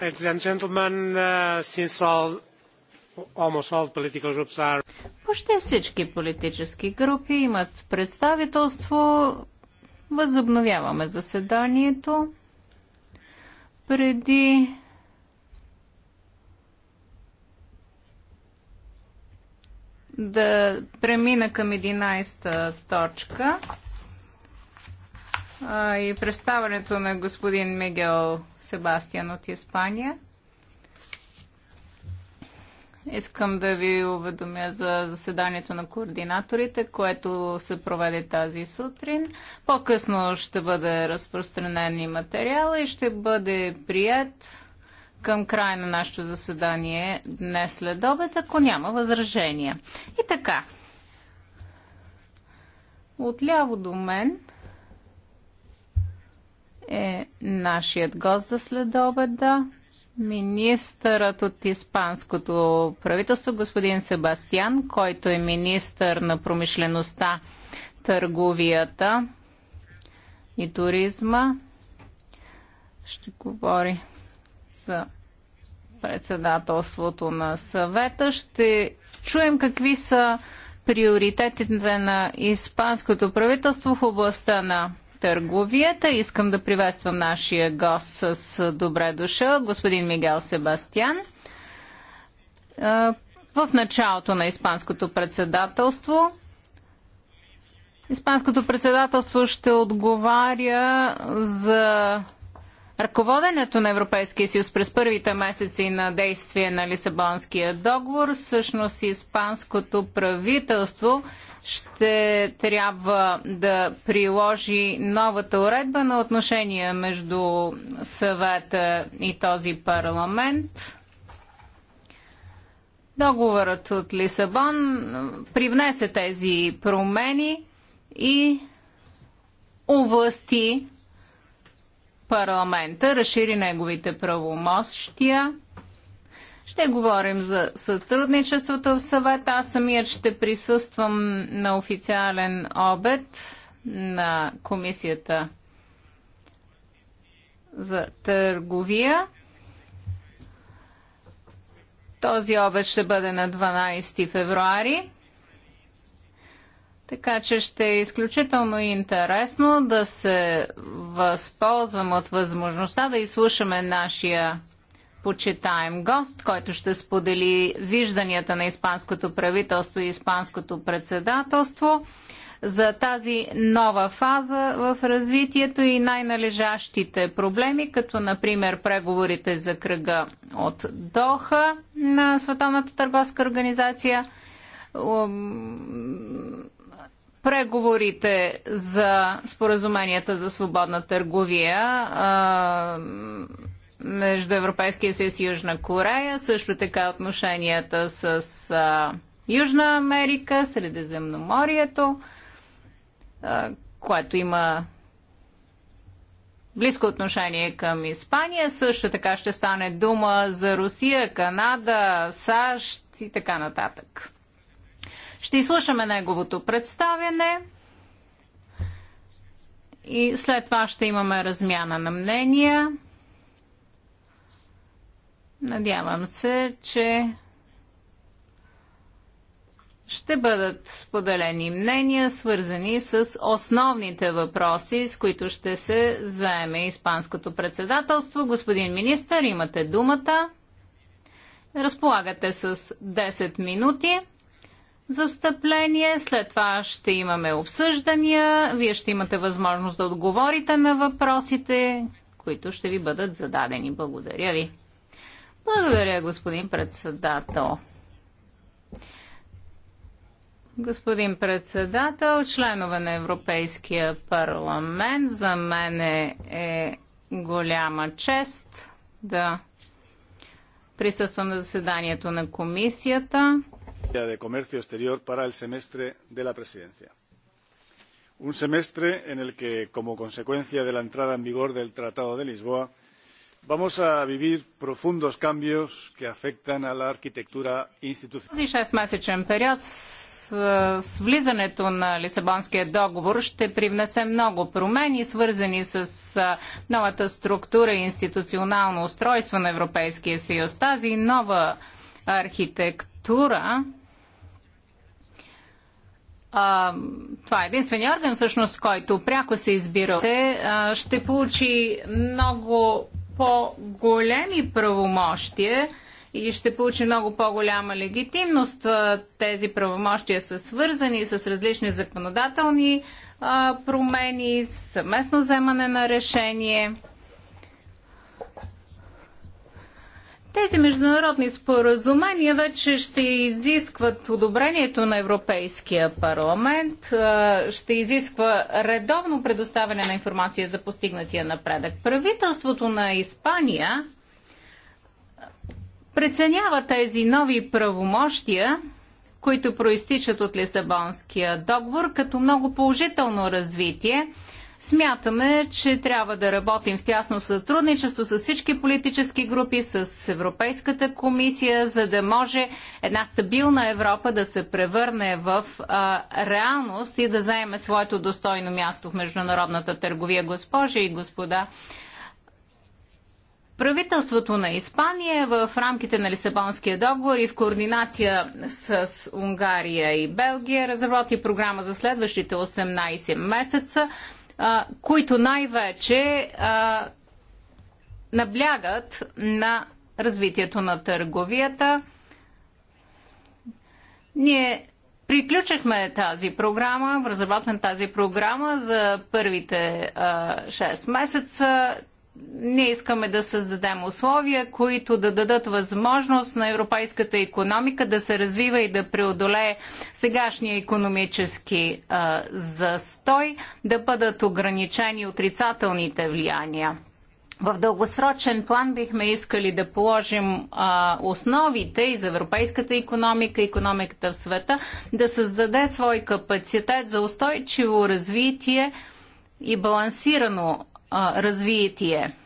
Ladies and gentlemen, uh, since all, almost all political groups are... Почти всички политически групи имат представителство. Възобновяваме заседанието. Преди да премина към 11-та точка а, и представането на господин Мигел Себастиан от Испания. Искам да ви уведомя за заседанието на координаторите, което се проведе тази сутрин. По-късно ще бъде разпространен и материал и ще бъде прият към края на нашето заседание днес след обед, ако няма възражения. И така, отляво до мен е нашият гост за следобеда. Министърът от Испанското правителство, господин Себастиан, който е министър на промишлеността, търговията и туризма, ще говори за председателството на съвета. Ще чуем какви са приоритетите на испанското правителство в областта на търговията. Искам да приветствам нашия гост с добре дошъл, господин Мигел Себастьян. В началото на Испанското председателство Испанското председателство ще отговаря за Ръководенето на Европейския съюз през първите месеци на действие на Лисабонския договор, всъщност испанското правителство ще трябва да приложи новата уредба на отношения между съвета и този парламент. Договорът от Лисабон привнесе тези промени и увласти парламента, разшири неговите правомощия. Ще говорим за сътрудничеството в съвет. Аз самият ще присъствам на официален обед на комисията за търговия. Този обед ще бъде на 12 февруари. Така че ще е изключително интересно да се възползвам от възможността да изслушаме нашия почитаем гост, който ще сподели вижданията на Испанското правителство и Испанското председателство за тази нова фаза в развитието и най-належащите проблеми, като например преговорите за кръга от Доха на Световната търговска организация преговорите за споразуменията за свободна търговия а, между Европейския съюз и Южна Корея, също така отношенията с а, Южна Америка, Средиземноморието, а, което има близко отношение към Испания. Също така ще стане дума за Русия, Канада, САЩ и така нататък. Ще изслушаме неговото представяне и след това ще имаме размяна на мнения. Надявам се, че ще бъдат споделени мнения, свързани с основните въпроси, с които ще се заеме Испанското председателство. Господин министър, имате думата. Разполагате с 10 минути за встъпление, след това ще имаме обсъждания, вие ще имате възможност да отговорите на въпросите, които ще ви бъдат зададени. Благодаря ви. Благодаря, господин председател. Господин председател, членове на Европейския парламент, за мен е, е голяма чест да присъствам на заседанието на комисията de Comercio Exterior para el semestre de la presidencia. Un semestre en el que, como consecuencia de la entrada en vigor del Tratado de Lisboa, Vamos a vivir profundos cambios que afectan a la arquitectura institucional. с влизането на Лисабонския договор ще привнесе много промени, свързани с новата структура и институционално устройство на Европейския съюз. Тази нова архитектура а, това е единствения орган, всъщност, който пряко се избира, е, а, ще получи много по-големи правомощия и ще получи много по-голяма легитимност. Тези правомощия са свързани с различни законодателни а, промени, съвместно вземане на решение. Тези международни споразумения вече ще изискват одобрението на Европейския парламент, ще изисква редовно предоставяне на информация за постигнатия напредък. Правителството на Испания преценява тези нови правомощия, които проистичат от Лисабонския договор, като много положително развитие – Смятаме, че трябва да работим в тясно сътрудничество с всички политически групи, с Европейската комисия, за да може една стабилна Европа да се превърне в а, реалност и да заеме своето достойно място в международната търговия. Госпожи и господа, Правителството на Испания е в рамките на Лисабонския договор и в координация с Унгария и Белгия разработи програма за следващите 18 месеца които най-вече наблягат на развитието на търговията. Ние приключихме тази програма, разработваме тази програма за първите 6 месеца ние искаме да създадем условия, които да дадат възможност на европейската економика да се развива и да преодолее сегашния економически а, застой, да бъдат ограничени отрицателните влияния. В дългосрочен план бихме искали да положим а, основите и за европейската економика, економиката в света, да създаде свой капацитет за устойчиво развитие и балансирано развитие.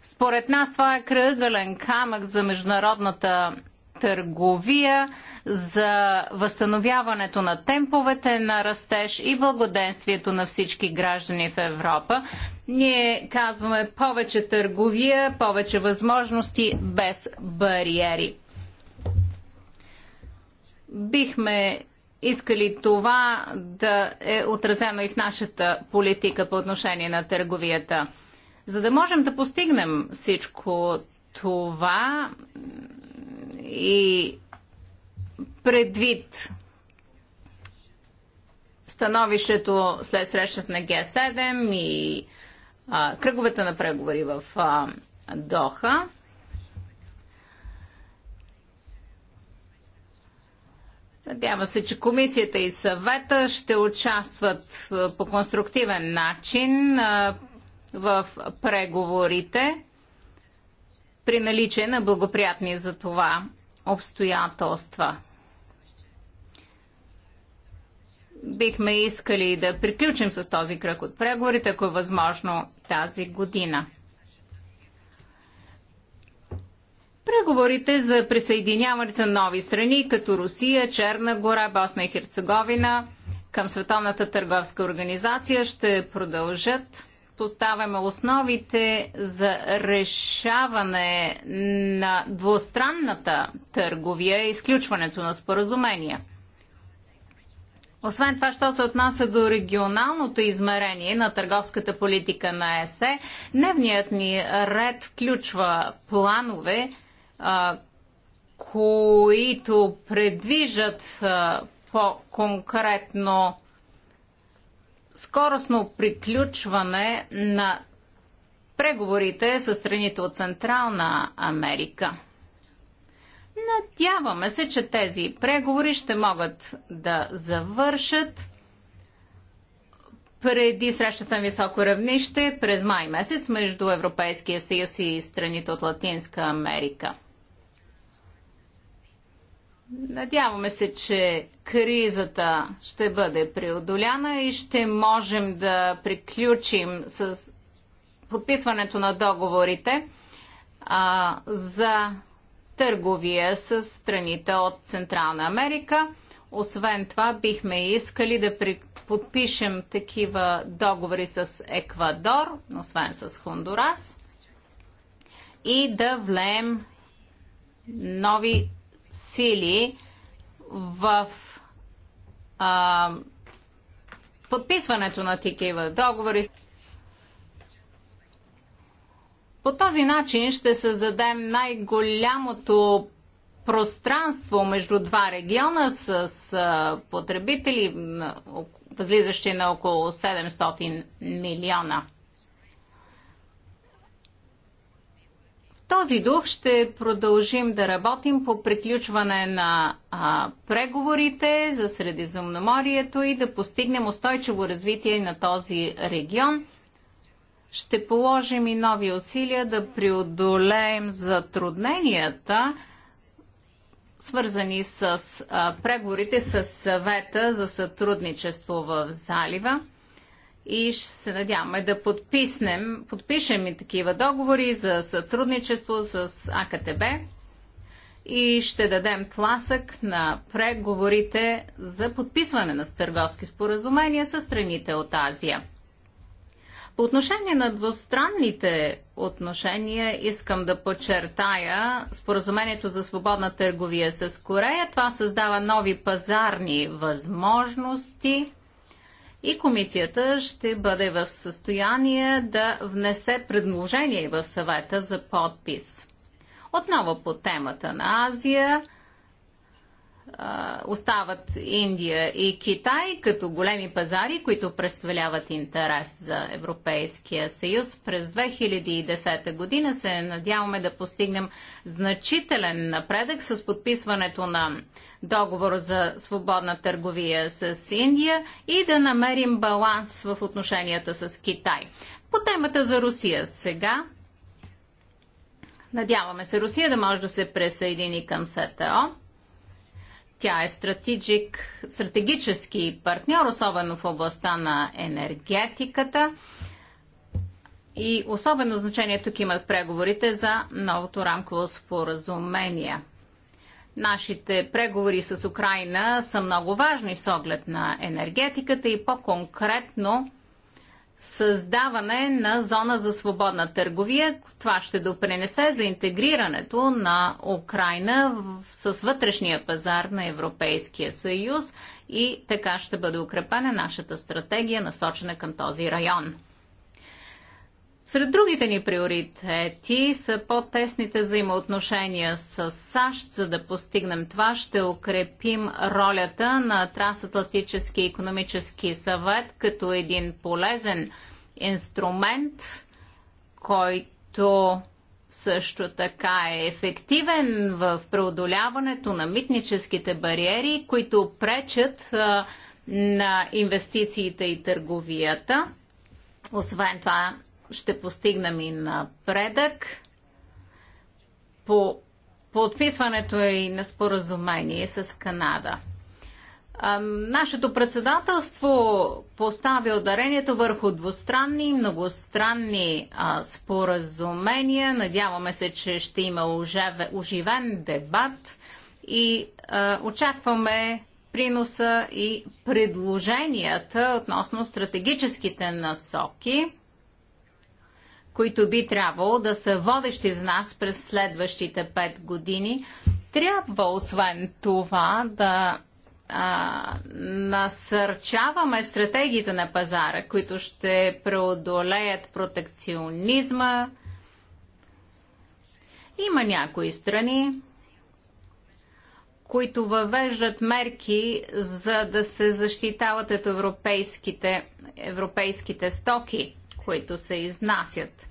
Според нас това е кръгълен камък за международната търговия, за възстановяването на темповете на растеж и благоденствието на всички граждани в Европа. Ние казваме повече търговия, повече възможности без бариери. Бихме иска ли това да е отразено и в нашата политика по отношение на търговията? За да можем да постигнем всичко това и предвид становището след срещата на Г7 и а, кръговете на преговори в а, Доха, Надява се, че комисията и съвета ще участват по конструктивен начин в преговорите при наличие на благоприятни за това обстоятелства. Бихме искали да приключим с този кръг от преговорите, ако е възможно тази година. Преговорите за присъединяването на нови страни, като Русия, Черна гора, Босна и Херцеговина към Световната търговска организация ще продължат. Поставяме основите за решаване на двустранната търговия и изключването на споразумения. Освен това, що се отнася до регионалното измерение на търговската политика на ЕСЕ, дневният ни ред включва планове, а, които предвижат по-конкретно скоростно приключване на преговорите с страните от Централна Америка. Надяваме се, че тези преговори ще могат да завършат преди срещата на високо равнище през май месец между Европейския съюз и страните от Латинска Америка. Надяваме се, че кризата ще бъде преодоляна и ще можем да приключим с подписването на договорите а, за търговия с страните от Централна Америка. Освен това, бихме искали да при... подпишем такива договори с Еквадор, освен с Хондурас, и да влеем нови сили в а, подписването на такива договори. По този начин ще създадем най-голямото пространство между два региона с а, потребители, възлизащи на около 700 милиона. този дух ще продължим да работим по приключване на а, преговорите за Средиземноморието и да постигнем устойчиво развитие на този регион. Ще положим и нови усилия да преодолеем затрудненията, свързани с а, преговорите с съвета за сътрудничество в залива и ще се надяваме да подписнем, подпишем и такива договори за сътрудничество с АКТБ и ще дадем тласък на преговорите за подписване на търговски споразумения с страните от Азия. По отношение на двустранните отношения искам да подчертая споразумението за свободна търговия с Корея. Това създава нови пазарни възможности и комисията ще бъде в състояние да внесе предложение в съвета за подпис. Отново по темата на Азия – остават Индия и Китай като големи пазари, които представляват интерес за Европейския съюз. През 2010 година се надяваме да постигнем значителен напредък с подписването на договор за свободна търговия с Индия и да намерим баланс в отношенията с Китай. По темата за Русия сега. Надяваме се Русия да може да се присъедини към СТО. Тя е стратегически партньор, особено в областта на енергетиката. И особено значение тук имат преговорите за новото рамково споразумение. Нашите преговори с Украина са много важни с оглед на енергетиката и по-конкретно създаване на зона за свободна търговия. Това ще допренесе за интегрирането на Украина с вътрешния пазар на Европейския съюз и така ще бъде укрепена нашата стратегия, насочена към този район. Сред другите ни приоритети са по-тесните взаимоотношения с САЩ. За да постигнем това, ще укрепим ролята на Трансатлантически економически съвет като един полезен инструмент, който също така е ефективен в преодоляването на митническите бариери, които пречат на инвестициите и търговията. Освен това, ще постигнем и напредък по подписването е и на споразумение с Канада. Нашето председателство поставя ударението върху двустранни и многостранни споразумения. Надяваме се, че ще има оживен дебат и очакваме приноса и предложенията относно стратегическите насоки които би трябвало да са водещи за нас през следващите пет години. Трябва освен това да а, насърчаваме стратегиите на пазара, които ще преодолеят протекционизма. Има някои страни, които въвеждат мерки за да се защитават от европейските, европейските стоки, които се изнасят.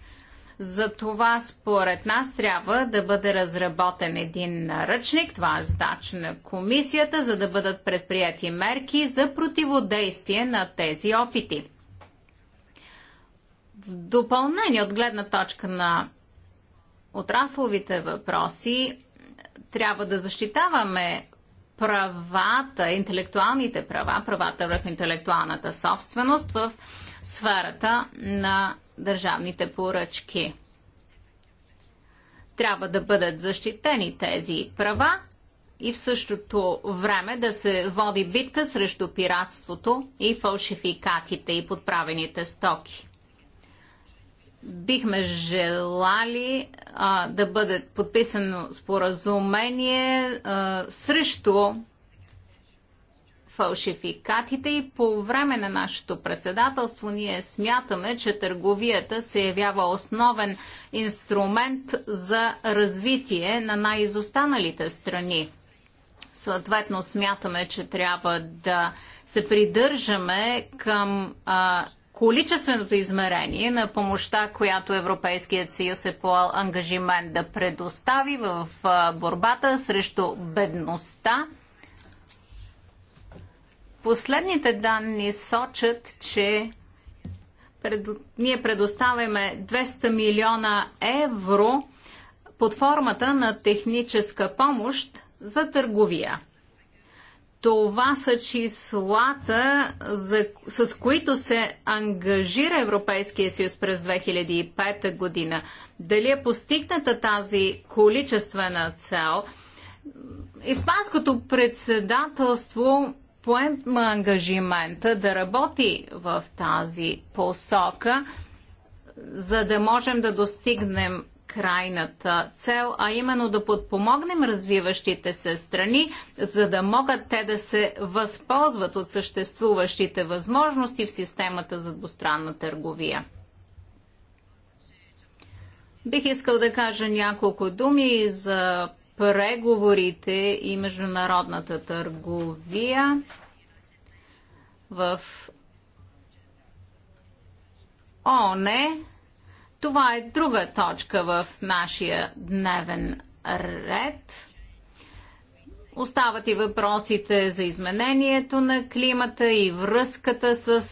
Затова според нас трябва да бъде разработен един наръчник, това е задача на комисията, за да бъдат предприяти мерки за противодействие на тези опити. В допълнение от гледна точка на отрасловите въпроси, трябва да защитаваме правата, интелектуалните права, правата върху интелектуалната собственост в сферата на държавните поръчки. Трябва да бъдат защитени тези права и в същото време да се води битка срещу пиратството и фалшификатите и подправените стоки. Бихме желали а, да бъде подписано споразумение а, срещу фалшификатите и по време на нашето председателство ние смятаме, че търговията се явява основен инструмент за развитие на най-изостаналите страни. Съответно смятаме, че трябва да се придържаме към а, количественото измерение на помощта, която Европейският съюз е поел ангажимент да предостави в борбата срещу бедността Последните данни сочат, че пред... ние предоставяме 200 милиона евро под формата на техническа помощ за търговия. Това са числата, за, с които се ангажира Европейския съюз през 2005 година. Дали е постигната тази количествена цел? Испанското председателство поема ангажимента да работи в тази посока, за да можем да достигнем крайната цел, а именно да подпомогнем развиващите се страни, за да могат те да се възползват от съществуващите възможности в системата за двустранна търговия. Бих искал да кажа няколко думи за преговорите и международната търговия в ОНЕ. Това е друга точка в нашия дневен ред. Остават и въпросите за изменението на климата и връзката с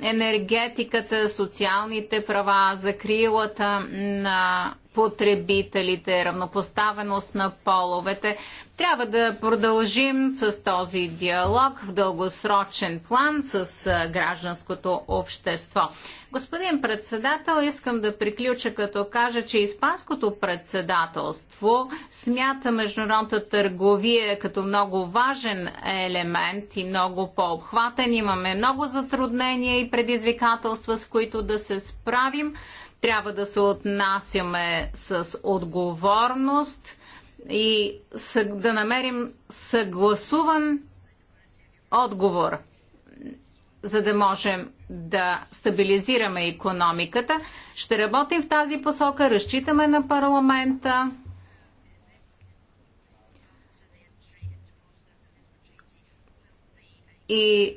енергетиката, социалните права, закрилата на потребителите, равнопоставеност на половете. Трябва да продължим с този диалог в дългосрочен план с гражданското общество. Господин председател, искам да приключа като кажа, че Испанското председателство смята международната търговия като много важен елемент и много по-обхватен. Имаме много затруднения и предизвикателства, с които да се справим трябва да се отнасяме с отговорност и да намерим съгласуван отговор, за да можем да стабилизираме економиката. Ще работим в тази посока, разчитаме на парламента. И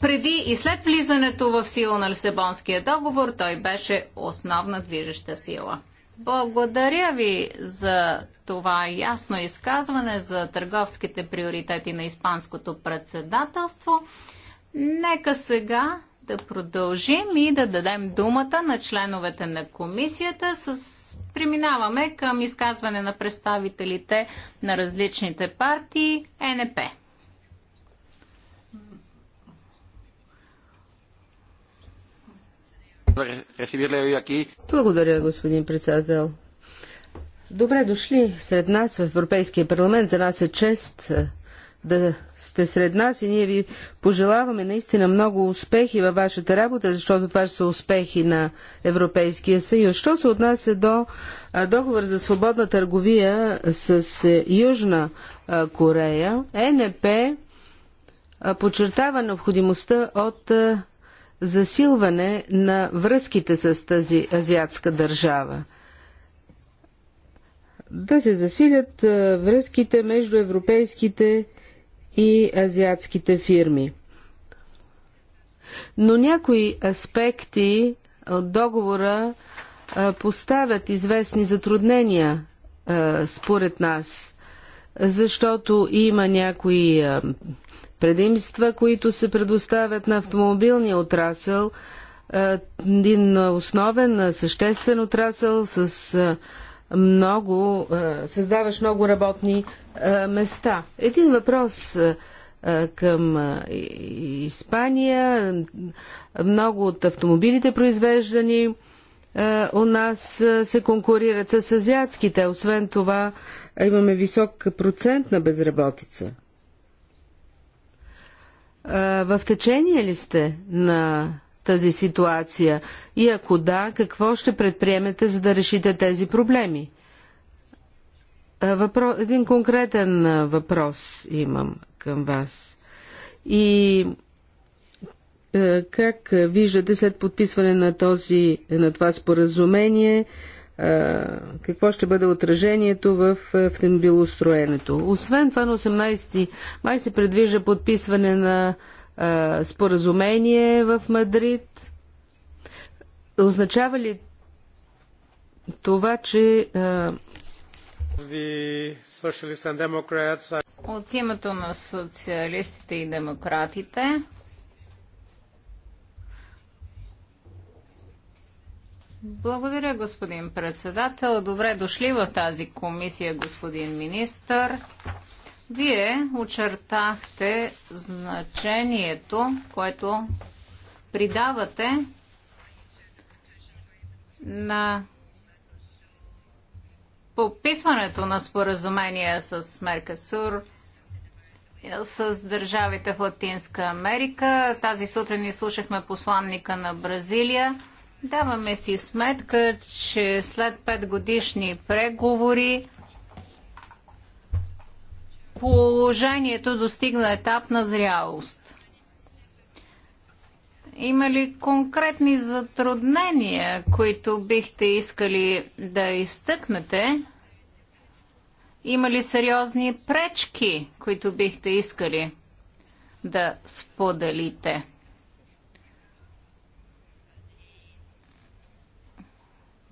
преди и след влизането в сила на Лисабонския договор, той беше основна движеща сила. Благодаря ви за това ясно изказване за търговските приоритети на Испанското председателство. Нека сега да продължим и да дадем думата на членовете на комисията. С... Преминаваме към изказване на представителите на различните партии е, НП. Благодаря, господин председател. Добре дошли сред нас в Европейския парламент. За нас е чест е, да сте сред нас и ние ви пожелаваме наистина много успехи във вашата работа, защото това ще са успехи на Европейския съюз. Що се отнася до договор за свободна търговия с е, Южна Корея, ЕНП подчертава необходимостта от засилване на връзките с тази азиатска държава. Да се засилят връзките между европейските и азиатските фирми. Но някои аспекти от договора поставят известни затруднения според нас, защото има някои предимства, които се предоставят на автомобилния отрасъл, един основен, съществен отрасъл с много, създаваш много работни места. Един въпрос към Испания. Много от автомобилите, произвеждани у нас, се конкурират с азиатските. Освен това, имаме висок процент на безработица. В течение ли сте на тази ситуация? И ако да, какво ще предприемете, за да решите тези проблеми? Въпро... Един конкретен въпрос имам към вас. И как виждате след подписване на, този, на това споразумение какво ще бъде отражението в автомобилостроенето. Освен това на 18 май се предвижда подписване на споразумение в Мадрид. Означава ли това, че от името на социалистите и демократите Благодаря, господин председател. Добре дошли в тази комисия, господин министър. Вие очертахте значението, което придавате на подписването на споразумение с Меркасур с държавите в Латинска Америка. Тази сутрин изслушахме посланника на Бразилия. Даваме си сметка, че след 5 годишни преговори положението достигна етап на зрялост. Има ли конкретни затруднения, които бихте искали да изтъкнете? Има ли сериозни пречки, които бихте искали да споделите?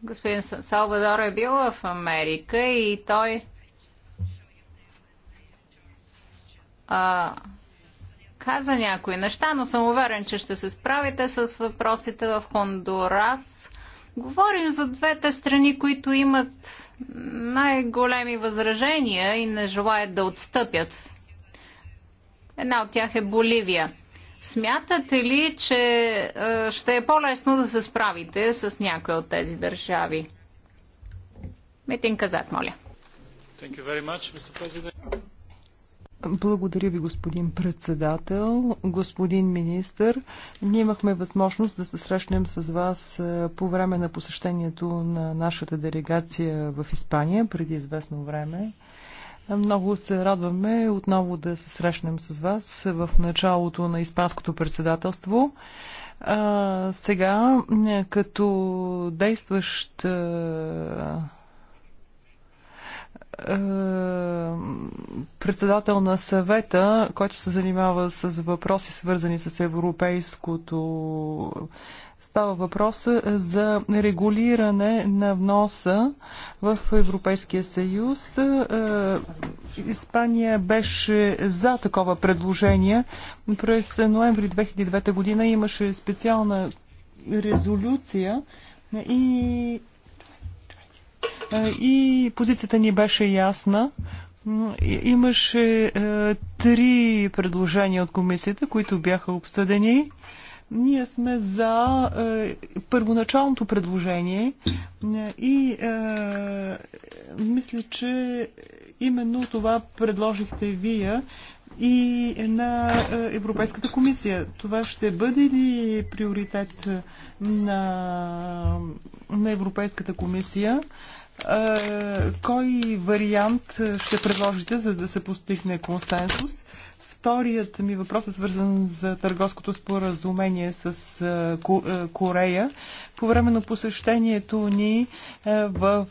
Господин Салвадор е бил в Америка и той а, каза някои неща, но съм уверен, че ще се справите с въпросите в Хондурас. Говорим за двете страни, които имат най-големи възражения и не желаят да отстъпят. Една от тях е Боливия. Смятате ли, че е, ще е по-лесно да се справите с някои от тези държави? Метин Казак, моля. Much, Благодаря ви, господин председател, господин министр. Ние имахме възможност да се срещнем с вас е, по време на посещението на нашата делегация в Испания преди известно време. Много се радваме отново да се срещнем с вас в началото на Испанското председателство. А, сега, е, като действащ е, е, председател на съвета, който се занимава с въпроси свързани с европейското Става въпрос е, за регулиране на вноса в Европейския съюз. Е, Испания беше за такова предложение. През ноември 2009 година имаше специална резолюция и, е, и позицията ни беше ясна. Имаше три предложения от комисията, които бяха обсъдени. Ние сме за е, първоначалното предложение е, и е, мисля, че именно това предложихте вие и на е, Европейската комисия. Това ще бъде ли приоритет на, на Европейската комисия? Е, кой вариант ще предложите, за да се постигне консенсус? Вторият ми въпрос е свързан за търговското споразумение с Корея. По време на посещението ни в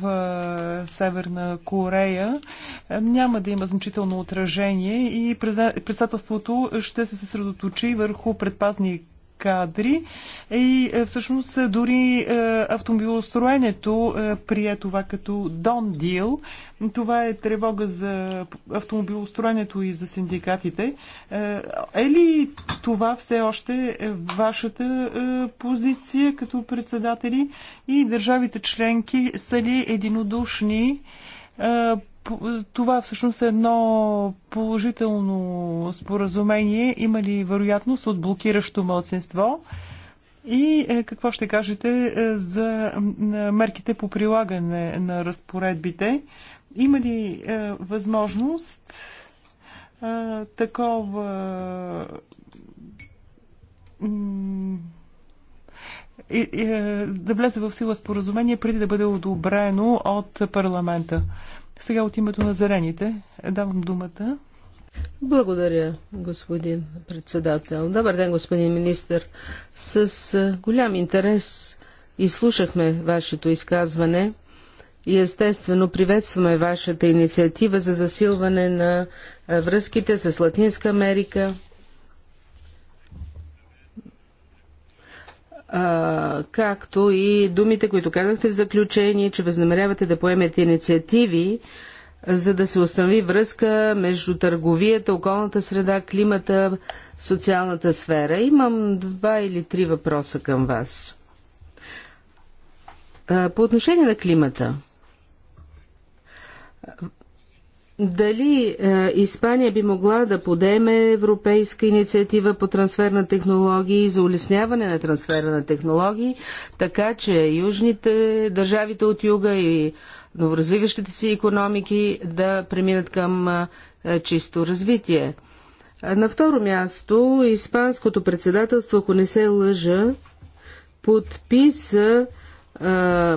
в Северна Корея няма да има значително отражение и председателството ще се съсредоточи върху предпазни кадри и е, всъщност е, дори е, автомобилостроенето прие това като дон дил. Това е тревога за автомобилостроенето и за синдикатите. Е ли това все още е вашата позиция като председатели и държавите членки са ли единодушни това всъщност е едно положително споразумение. Има ли вероятност от блокиращо мълцинство? И е, какво ще кажете е, за е, мерките по прилагане на разпоредбите? Има ли възможност такова да влезе в сила споразумение преди да бъде одобрено от парламента? Сега от името на зелените е, давам думата. Благодаря, господин председател. Добър ден, господин министр. С е, голям интерес изслушахме вашето изказване и естествено приветстваме вашата инициатива за засилване на е, връзките с Латинска Америка а, както и думите, които казахте в заключение, че възнамерявате да поемете инициативи, за да се установи връзка между търговията, околната среда, климата, социалната сфера. Имам два или три въпроса към вас. По отношение на климата, дали е, Испания би могла да подеме европейска инициатива по трансфер на технологии за улесняване на трансфера на технологии, така че южните държавите от юга и новоразвиващите си економики да преминат към е, чисто развитие? На второ място, Испанското председателство, ако не се лъжа, подписа е,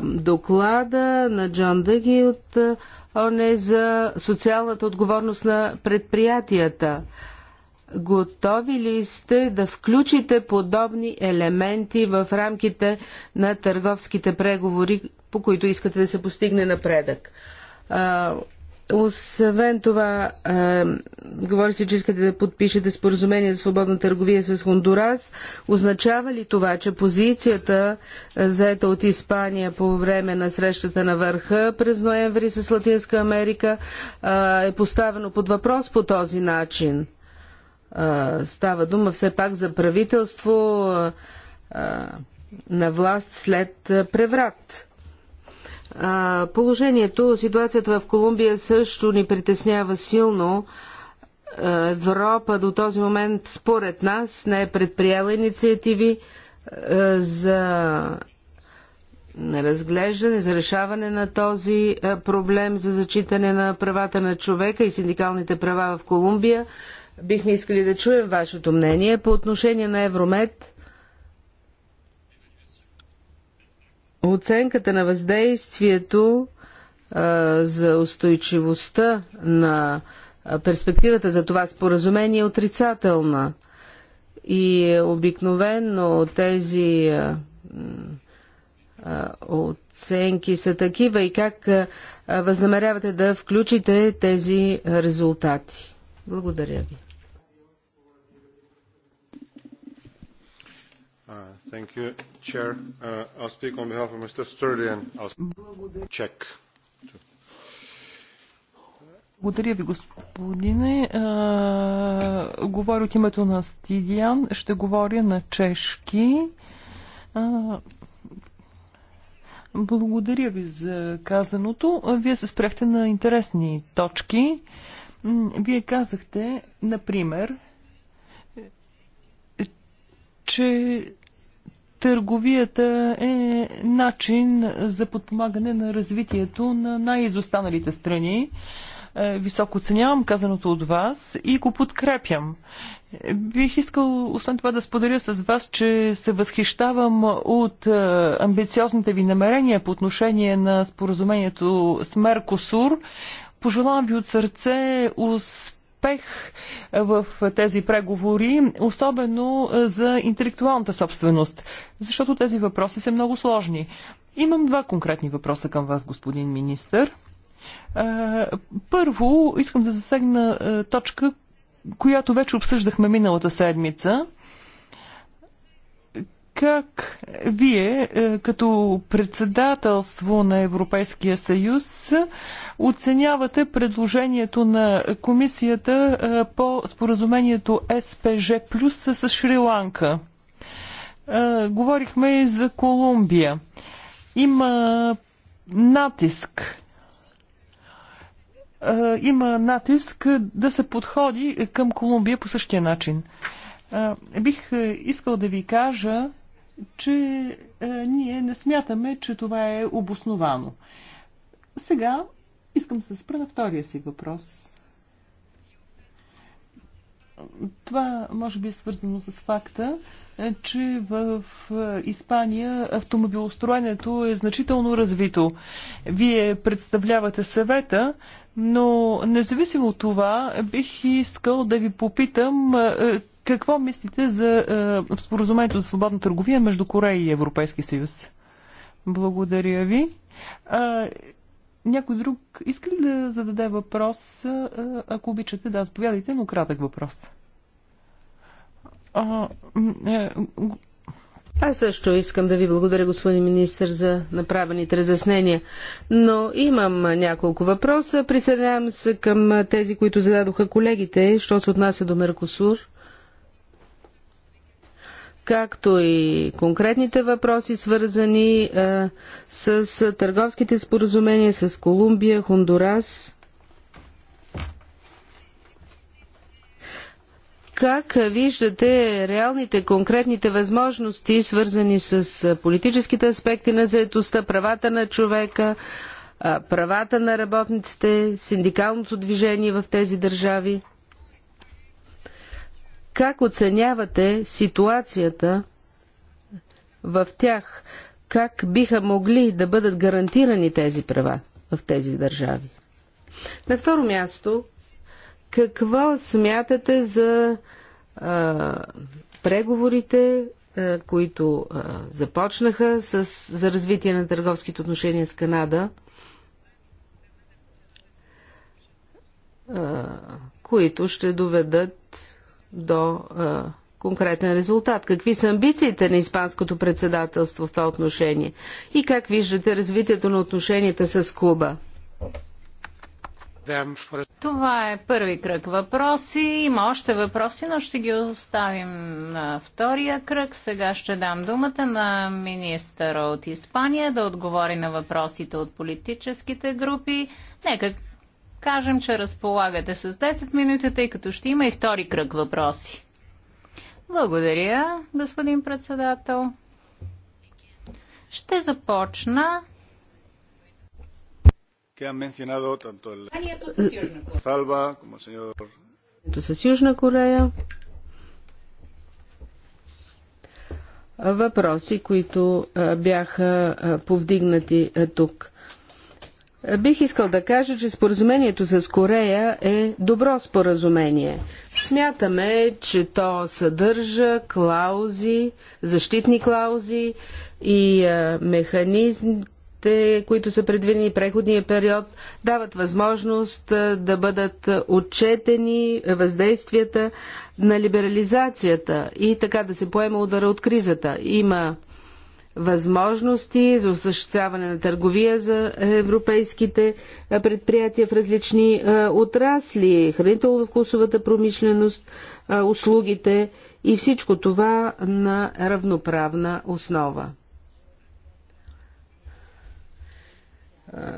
доклада на Джон Дъги от е, ООН е за социалната отговорност на предприятията. Готови ли сте да включите подобни елементи в рамките на търговските преговори, по които искате да се постигне напредък? Освен това, е, говори се, че искате да подпишете споразумение за свободна търговия с Хондурас. Означава ли това, че позицията заета от Испания по време на срещата на върха през ноември с Латинска Америка е, е поставено под въпрос по този начин? Става дума все пак за правителство на власт след преврат. Положението, ситуацията в Колумбия също ни притеснява силно. Европа до този момент, според нас, не е предприела инициативи за разглеждане, за решаване на този проблем за зачитане на правата на човека и синдикалните права в Колумбия. Бихме искали да чуем вашето мнение по отношение на Евромед. Оценката на въздействието за устойчивостта на перспективата за това споразумение е отрицателна. И е обикновено тези оценки са такива и как възнамерявате да включите тези резултати. Благодаря ви. Uh, Chair. Uh, I'll speak on behalf of Mr. I'll check. Благодаря ви, господине. А, говоря от името на Стидиан. Ще говоря на чешки. А, благодаря ви за казаното. Вие се спряхте на интересни точки. Вие казахте, например, че Търговията е начин за подпомагане на развитието на най-изостаналите страни. Е, високо оценявам казаното от вас и го подкрепям. Бих искал, освен това, да споделя с вас, че се възхищавам от е, амбициозните ви намерения по отношение на споразумението с Меркосур. Пожелавам ви от сърце успех успех в тези преговори, особено за интелектуалната собственост, защото тези въпроси са много сложни. Имам два конкретни въпроса към вас, господин министр. Първо, искам да засегна точка, която вече обсъждахме миналата седмица – как вие е, като председателство на Европейския съюз оценявате предложението на комисията е, по споразумението СПЖ плюс с Шри-Ланка? Е, говорихме и за Колумбия. Има натиск има натиск да се подходи към Колумбия по същия начин. Бих искал да ви кажа, че е, ние не смятаме, че това е обосновано. Сега искам да се спра на втория си въпрос. Това може би е свързано с факта, е, че в е, Испания автомобилостроенето е значително развито. Вие представлявате съвета, но независимо от това бих искал да ви попитам е, какво мислите за е, споразумението за свободна търговия между Корея и Европейски съюз? Благодаря ви. А, някой друг иска ли да зададе въпрос? А, е, ако обичате, да, заповядайте, но кратък въпрос. А, е, аз също искам да ви благодаря, господин министр, за направените разяснения. Но имам няколко въпроса. Присъединявам се към тези, които зададоха колегите, що се отнася до Меркосур както и конкретните въпроси, свързани е, с търговските споразумения с Колумбия, Хондурас. Как виждате реалните, конкретните възможности, свързани с е, политическите аспекти на заедостта, правата на човека, е, правата на работниците, синдикалното движение в тези държави? Как оценявате ситуацията в тях? Как биха могли да бъдат гарантирани тези права в тези държави? На второ място, какво смятате за а, преговорите, а, които а, започнаха с, за развитие на търговските отношения с Канада? които ще доведат до а, конкретен резултат. Какви са амбициите на Испанското председателство в това отношение? И как виждате развитието на отношенията с Куба? Това е първи кръг въпроси. Има още въпроси, но ще ги оставим на втория кръг. Сега ще дам думата на министъра от Испания да отговори на въпросите от политическите групи. Нека кажем, че разполагате с 10 минути, тъй като ще има и втори кръг въпроси. Благодаря, господин председател. Ще започна. С Южна Корея. Въпроси, които бяха повдигнати тук. Бих искал да кажа, че споразумението с Корея е добро споразумение. Смятаме, че то съдържа клаузи, защитни клаузи и е, механизмите, които са предвидени преходния период, дават възможност е, да бъдат отчетени въздействията на либерализацията и така да се поема удара от кризата. Има възможности за осъществяване на търговия за европейските предприятия в различни отрасли, хранително-вкусовата промишленост, услугите и всичко това на равноправна основа.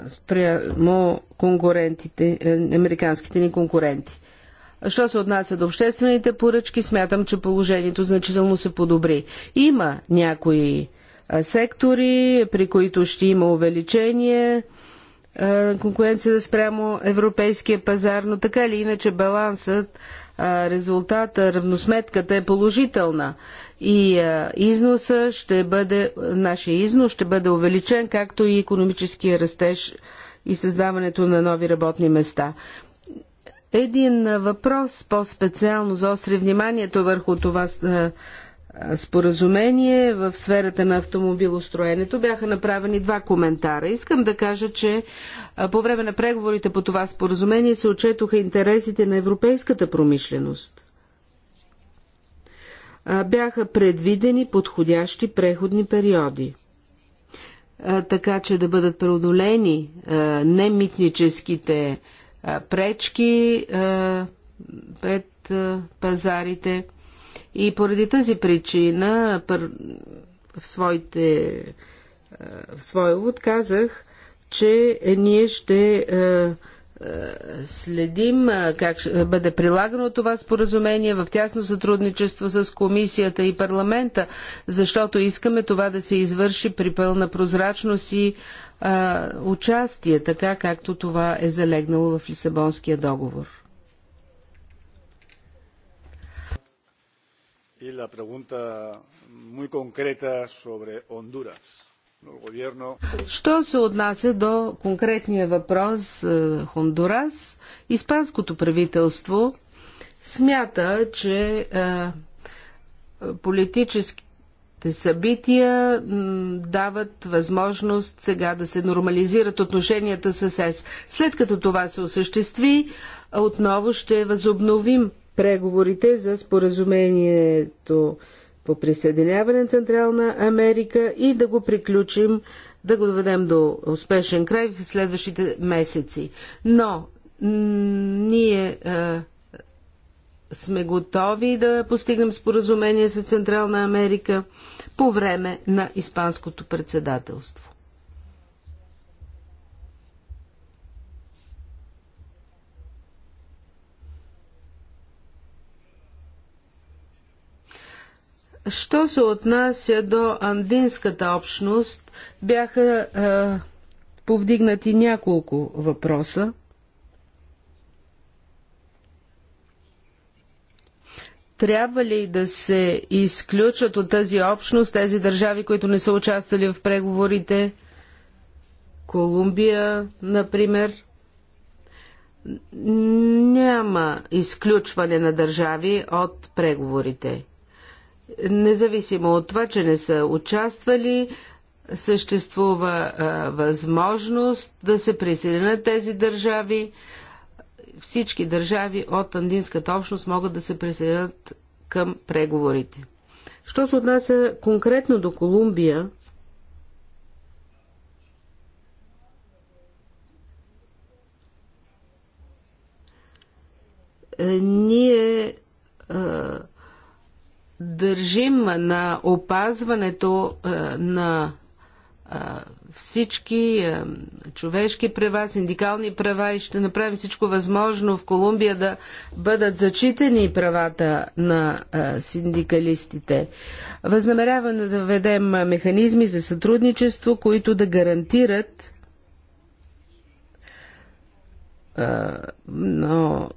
спрямо конкурентите, е, американските ни конкуренти. Що се отнася до обществените поръчки, смятам, че положението значително се подобри. Има някои сектори, при които ще има увеличение е, конкуренцията спрямо европейския пазар, но така или иначе балансът, е, резултата, равносметката е положителна и е, износа ще бъде, нашия износ ще бъде увеличен, както и економическия растеж и създаването на нови работни места. Един въпрос по-специално заостри вниманието върху това споразумение в сферата на автомобилостроенето бяха направени два коментара. Искам да кажа, че по време на преговорите по това споразумение се отчетоха интересите на европейската промишленост. Бяха предвидени подходящи преходни периоди, така че да бъдат преодолени немитническите пречки пред пазарите – и поради тази причина в, своите, в своя увод казах, че ние ще следим как ще бъде прилагано това споразумение в тясно сътрудничество с комисията и парламента, защото искаме това да се извърши при пълна прозрачност и а, участие, така както това е залегнало в Лисабонския договор. y la pregunta muy concreta sobre Honduras. Що се отнася до конкретния въпрос е, Хондурас, испанското правителство смята, че е, политическите събития дават възможност сега да се нормализират отношенията с ЕС. След като това се осъществи, отново ще възобновим преговорите за споразумението по присъединяване на Централна Америка и да го приключим, да го доведем до успешен край в следващите месеци. Но ние сме готови да постигнем споразумение с Централна Америка по време на Испанското председателство. Що се отнася до андинската общност, бяха е, повдигнати няколко въпроса. Трябва ли да се изключат от тази общност тези държави, които не са участвали в преговорите? Колумбия, например. Няма изключване на държави от преговорите. Независимо от това, че не са участвали, съществува а, възможност да се присъединят тези държави. Всички държави от андинската общност могат да се присъединят към преговорите. Що се отнася конкретно до Колумбия, е, ние а, държим на опазването е, на е, всички е, човешки права, синдикални права и ще направим всичко възможно в Колумбия да бъдат зачитани правата на синдикалистите. Възнамеряваме да введем механизми за сътрудничество, които да гарантират но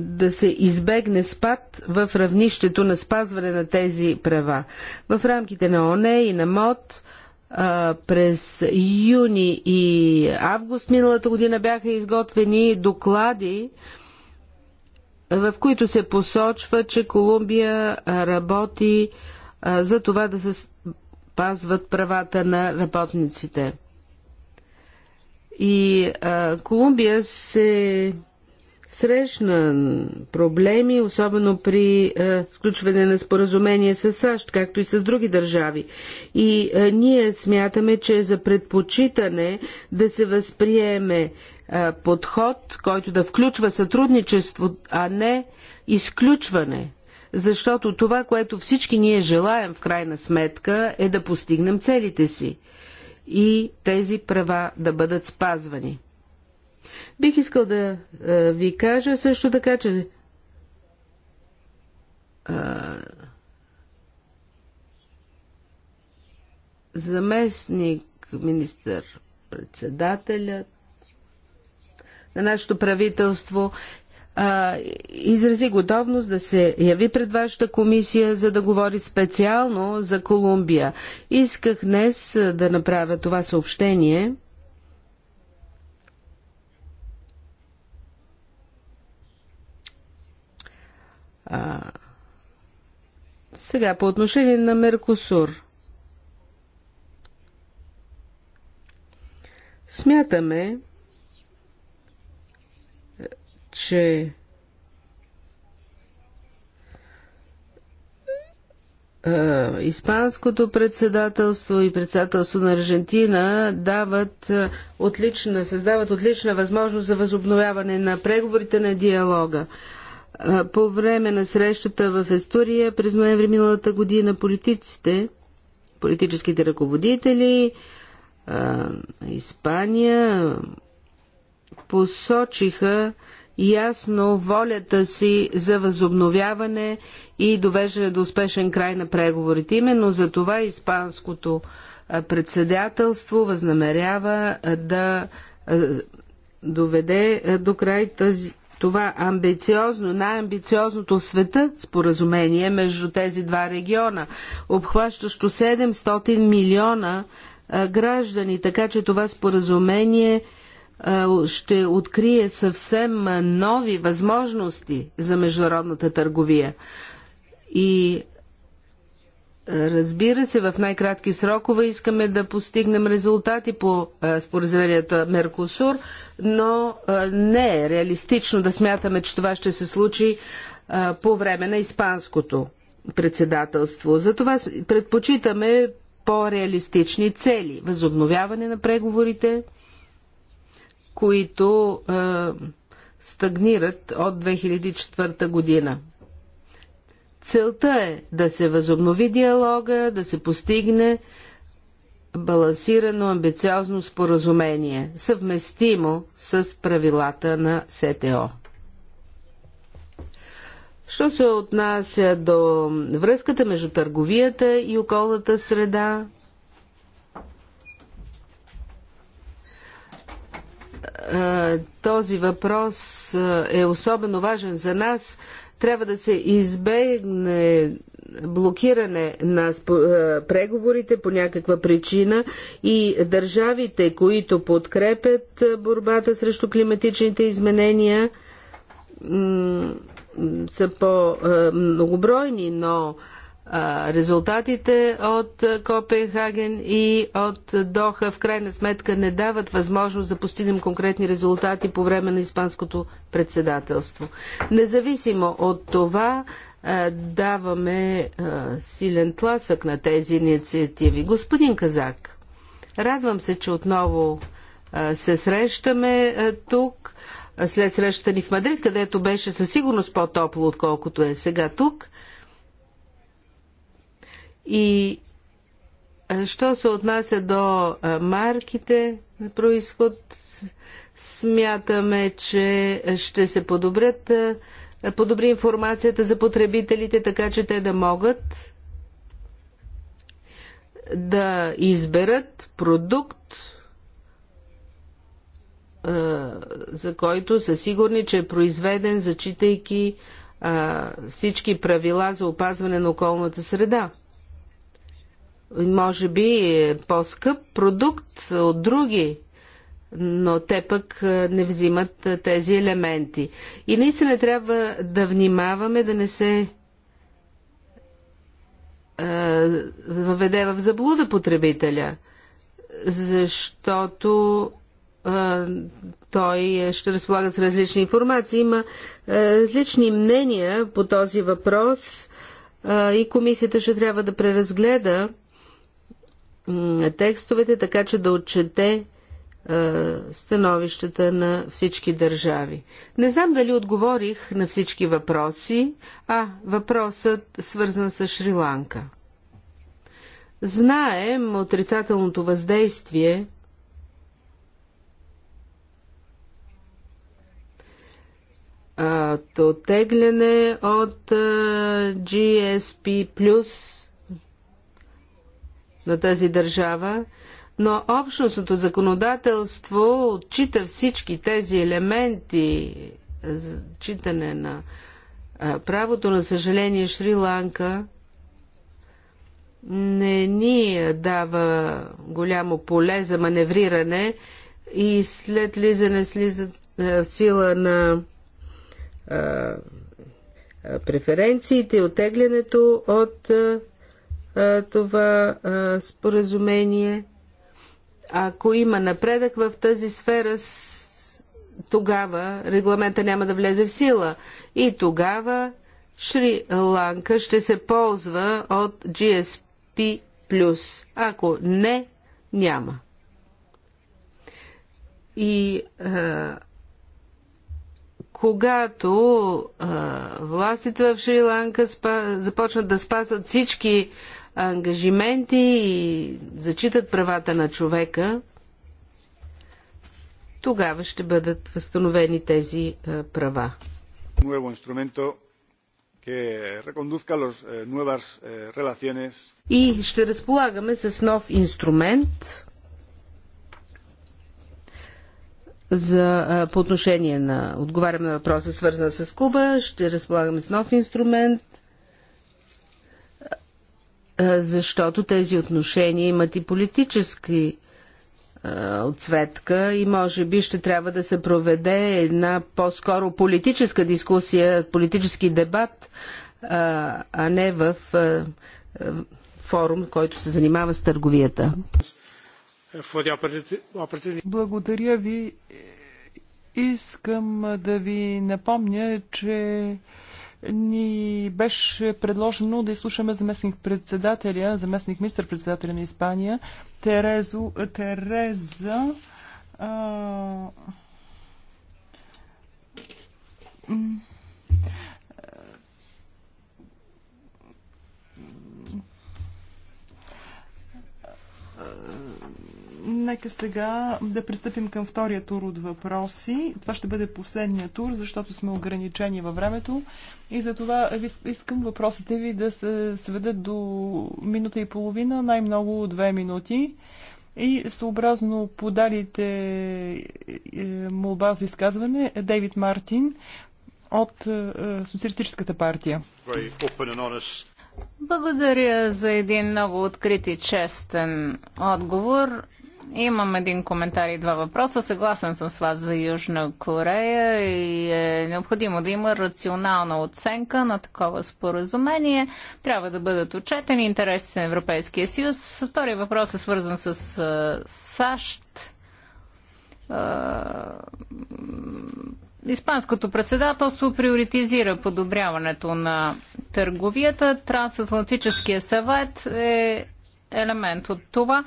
да се избегне спад в равнището на спазване на тези права. В рамките на ОНЕ и на МОД през юни и август миналата година бяха изготвени доклади, в които се посочва, че Колумбия работи за това да се пазват правата на работниците. И а, Колумбия се срещна проблеми, особено при е, сключване на споразумение с САЩ, както и с други държави. И е, ние смятаме, че е за предпочитане да се възприеме е, подход, който да включва сътрудничество, а не изключване. Защото това, което всички ние желаем в крайна сметка, е да постигнем целите си и тези права да бъдат спазвани. Бих искал да ви кажа също така, че заместник министър председателят на нашето правителство а, изрази готовност да се яви пред вашата комисия, за да говори специално за Колумбия. Исках днес да направя това съобщение. А, сега, по отношение на Меркосур. Смятаме, че Испанското председателство и председателство на Аржентина дават отлична, създават отлична възможност за възобновяване на преговорите на диалога. По време на срещата в Естурия през ноември миналата година политиците, политическите ръководители, Испания посочиха ясно волята си за възобновяване и довеждане до успешен край на преговорите. Именно за това испанското председателство възнамерява да доведе до край тази, това амбициозно, най-амбициозното в света споразумение между тези два региона, обхващащо 700 милиона а, граждани, така че това споразумение а, ще открие съвсем нови възможности за международната търговия. И Разбира се, в най-кратки срокове искаме да постигнем резултати по споразумението Меркосур, но не е реалистично да смятаме, че това ще се случи по време на испанското председателство. Затова предпочитаме по-реалистични цели. Възобновяване на преговорите, които стагнират от 2004 година. Целта е да се възобнови диалога, да се постигне балансирано, амбициозно споразумение, съвместимо с правилата на СТО. Що се отнася до връзката между търговията и околната среда, този въпрос е особено важен за нас, трябва да се избегне блокиране на е, преговорите по някаква причина и държавите, които подкрепят е, борбата срещу климатичните изменения, са по-многобройни, е, но резултатите от Копенхаген и от Доха в крайна сметка не дават възможност да постигнем конкретни резултати по време на испанското председателство. Независимо от това, даваме силен тласък на тези инициативи. Господин Казак, радвам се, че отново се срещаме тук, след срещата ни в Мадрид, където беше със сигурност по-топло, отколкото е сега тук – и що се отнася до марките на происход, смятаме, че ще се подобрят, подобри информацията за потребителите, така че те да могат да изберат продукт, за който са сигурни, че е произведен, зачитайки всички правила за опазване на околната среда може би е по-скъп продукт от други, но те пък е, не взимат е, тези елементи. И наистина трябва да внимаваме да не се е, въведе в заблуда потребителя, защото той ще разполага с различни информации. Има различни мнения по този въпрос и комисията ще трябва да преразгледа текстовете, така че да отчете становищата на всички държави. Не знам дали отговорих на всички въпроси, а въпросът свързан с Шри-Ланка. Знаем отрицателното въздействие от оттегляне от GSP плюс на тази държава, но общностното законодателство отчита всички тези елементи за читане на правото на съжаление Шри-Ланка не ни дава голямо поле за маневриране и след влизане слиза, сила на а, преференциите, отеглянето от а, това споразумение. Ако има напредък в тази сфера, тогава регламента няма да влезе в сила. И тогава Шри-Ланка ще се ползва от GSP+. Ако не, няма. И а, когато а, властите в Шри-Ланка започнат да спазват всички а, ангажименти и зачитат правата на човека, тогава ще бъдат възстановени тези права. Eh, eh, и ще разполагаме с нов инструмент за, по отношение на, отговаряме на въпроса свързан с Куба, ще разполагаме с нов инструмент защото тези отношения имат и политически отцветка и може би ще трябва да се проведе една по-скоро политическа дискусия, политически дебат, а не в форум, който се занимава с търговията. Благодаря ви. Искам да ви напомня, че ни беше предложено да изслушаме заместник председателя, заместник министър председателя на Испания, Терезо, Тереза а, Нека сега да пристъпим към втория тур от въпроси. Това ще бъде последния тур, защото сме ограничени във времето и за това искам въпросите ви да се сведат до минута и половина, най-много две минути. И съобразно подалите е, молба за изказване, Дейвид Мартин от е, Социалистическата партия. Благодаря за един много открит и честен отговор. Имам един коментар и два въпроса. Съгласен съм с вас за Южна Корея и е необходимо да има рационална оценка на такова споразумение. Трябва да бъдат отчетени интересите на Европейския съюз. Втори въпрос е свързан с е, САЩ. Е, Испанското председателство приоритизира подобряването на търговията. Трансатлантическия съвет е елемент от това.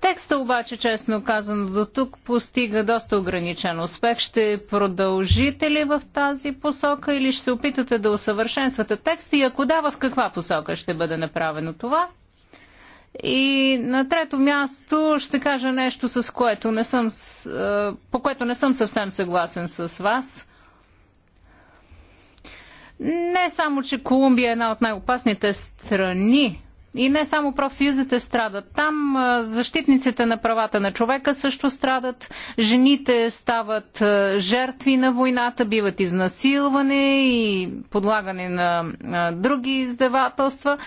Текста обаче, честно казано, до тук постига доста ограничен успех. Ще продължите ли в тази посока или ще се опитате да усъвършенствате текста и ако да, в каква посока ще бъде направено това? И на трето място ще кажа нещо, с което не съм, е, по което не съм съвсем съгласен с вас. Не само, че Колумбия е една от най-опасните страни и не само профсъюзите страдат. Там защитниците на правата на човека също страдат. Жените стават жертви на войната, биват изнасилване и подлагане на други издевателства.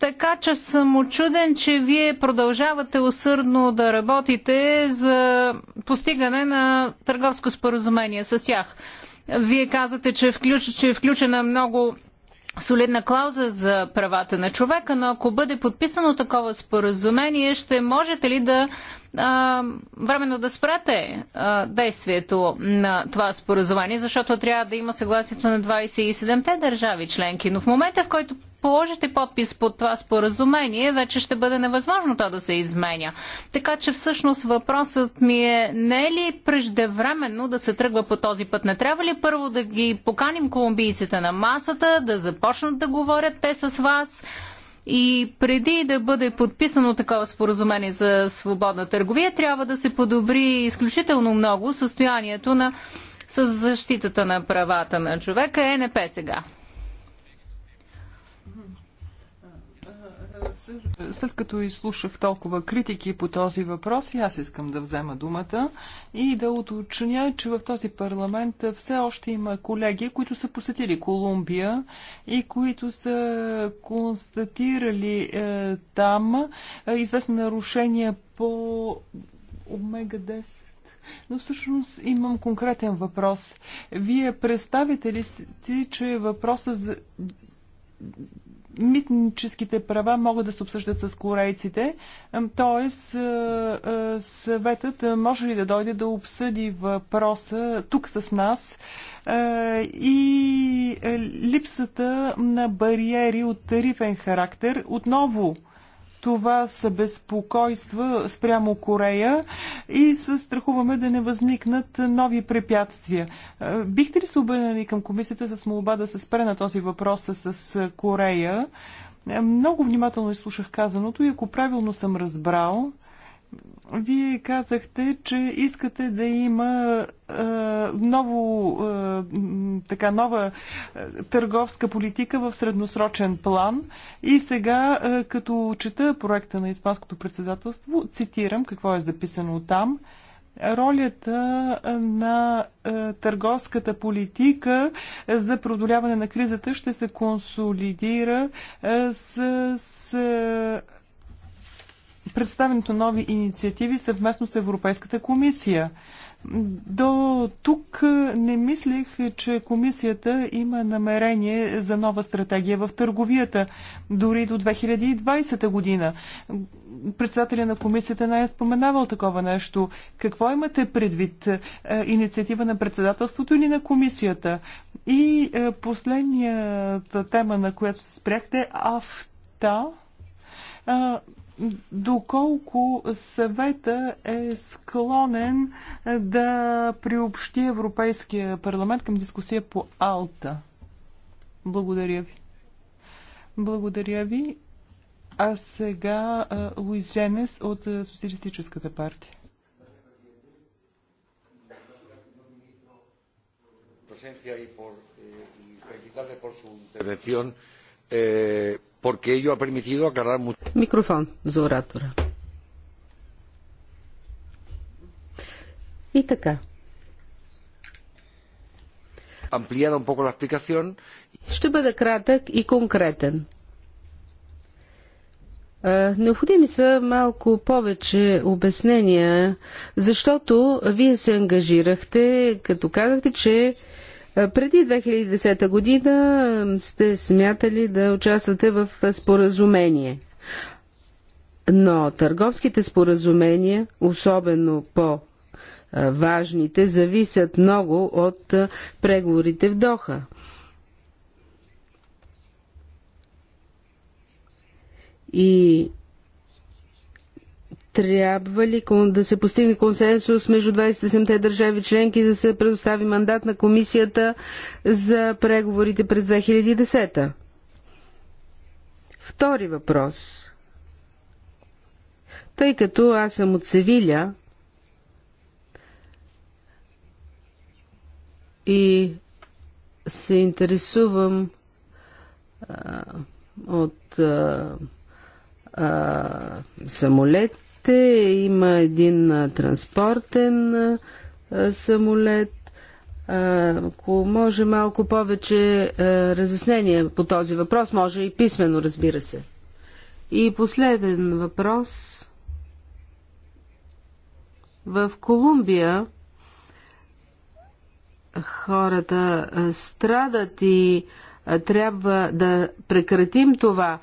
Така че съм очуден, че вие продължавате усърдно да работите за постигане на търговско споразумение с тях. Вие казвате, че, е че е включена много солидна клауза за правата на човека, но ако бъде подписано такова споразумение, ще можете ли да временно да спрате действието на това споразумение, защото трябва да има съгласието на 27-те държави членки. Но в момента, в който положите подпис под това споразумение, вече ще бъде невъзможно то да се изменя. Така че всъщност въпросът ми е не е ли преждевременно да се тръгва по този път? Не трябва ли първо да ги поканим колумбийците на масата, да започнат да говорят те с вас? И преди да бъде подписано такова споразумение за свободна търговия, трябва да се подобри изключително много състоянието на с защитата на правата на човека. ЕНП сега. След като изслушах толкова критики по този въпрос, и аз искам да взема думата и да уточня, че в този парламент все още има колеги, които са посетили Колумбия и които са констатирали е, там е, известни нарушения по омега-10. Но всъщност имам конкретен въпрос. Вие представите ли си, че въпроса за митническите права могат да се обсъждат с корейците, т.е. Е, съветът е, може ли да дойде да обсъди въпроса тук с нас е, и липсата на бариери от тарифен характер отново това са безпокойства спрямо Корея и се страхуваме да не възникнат нови препятствия. Е, бихте ли се обърнали към комисията с молба да се спре на този въпрос с Корея? Е, много внимателно изслушах казаното и ако правилно съм разбрал, вие казахте, че искате да има а, ново, а, така, нова търговска политика в средносрочен план. И сега, а, като чета проекта на Испанското председателство, цитирам какво е записано там ролята на търговската политика за преодоляване на кризата ще се консолидира с, с представенето нови инициативи съвместно с Европейската комисия. До тук е, не мислих, че комисията има намерение за нова стратегия в търговията, дори до 2020 година. Председателя на комисията не е споменавал такова нещо. Какво имате предвид? Е, инициатива на председателството или на комисията? И е, последната тема, на която се спряхте, авто доколко съвета е склонен е, да приобщи Европейския парламент към дискусия по АЛТА. Благодаря ви. Благодаря ви. А сега е, Луис Женес от е, Социалистическата партия. presencia y por eh, y felicitarle por su intervención eh, porque ello ha permitido aclarar mucho. Микрофон за оратора. И така. Ampliar un poco la explicación. Ще бъда кратък и конкретен. Необходими са малко повече обяснения, защото вие се ангажирахте, като казахте, че е, преди 2010 година сте смятали да участвате в споразумение. Но търговските споразумения, особено по е, важните, зависят много от е, преговорите в Доха. И трябва ли да се постигне консенсус между 27-те държави членки за да се предостави мандат на комисията за преговорите през 2010? -та? Втори въпрос. Тъй като аз съм от Севиля и се интересувам а, от а, а, самолет, казахте, има един транспортен самолет. Ако може малко повече разяснение по този въпрос, може и писменно, разбира се. И последен въпрос. В Колумбия хората страдат и трябва да прекратим това.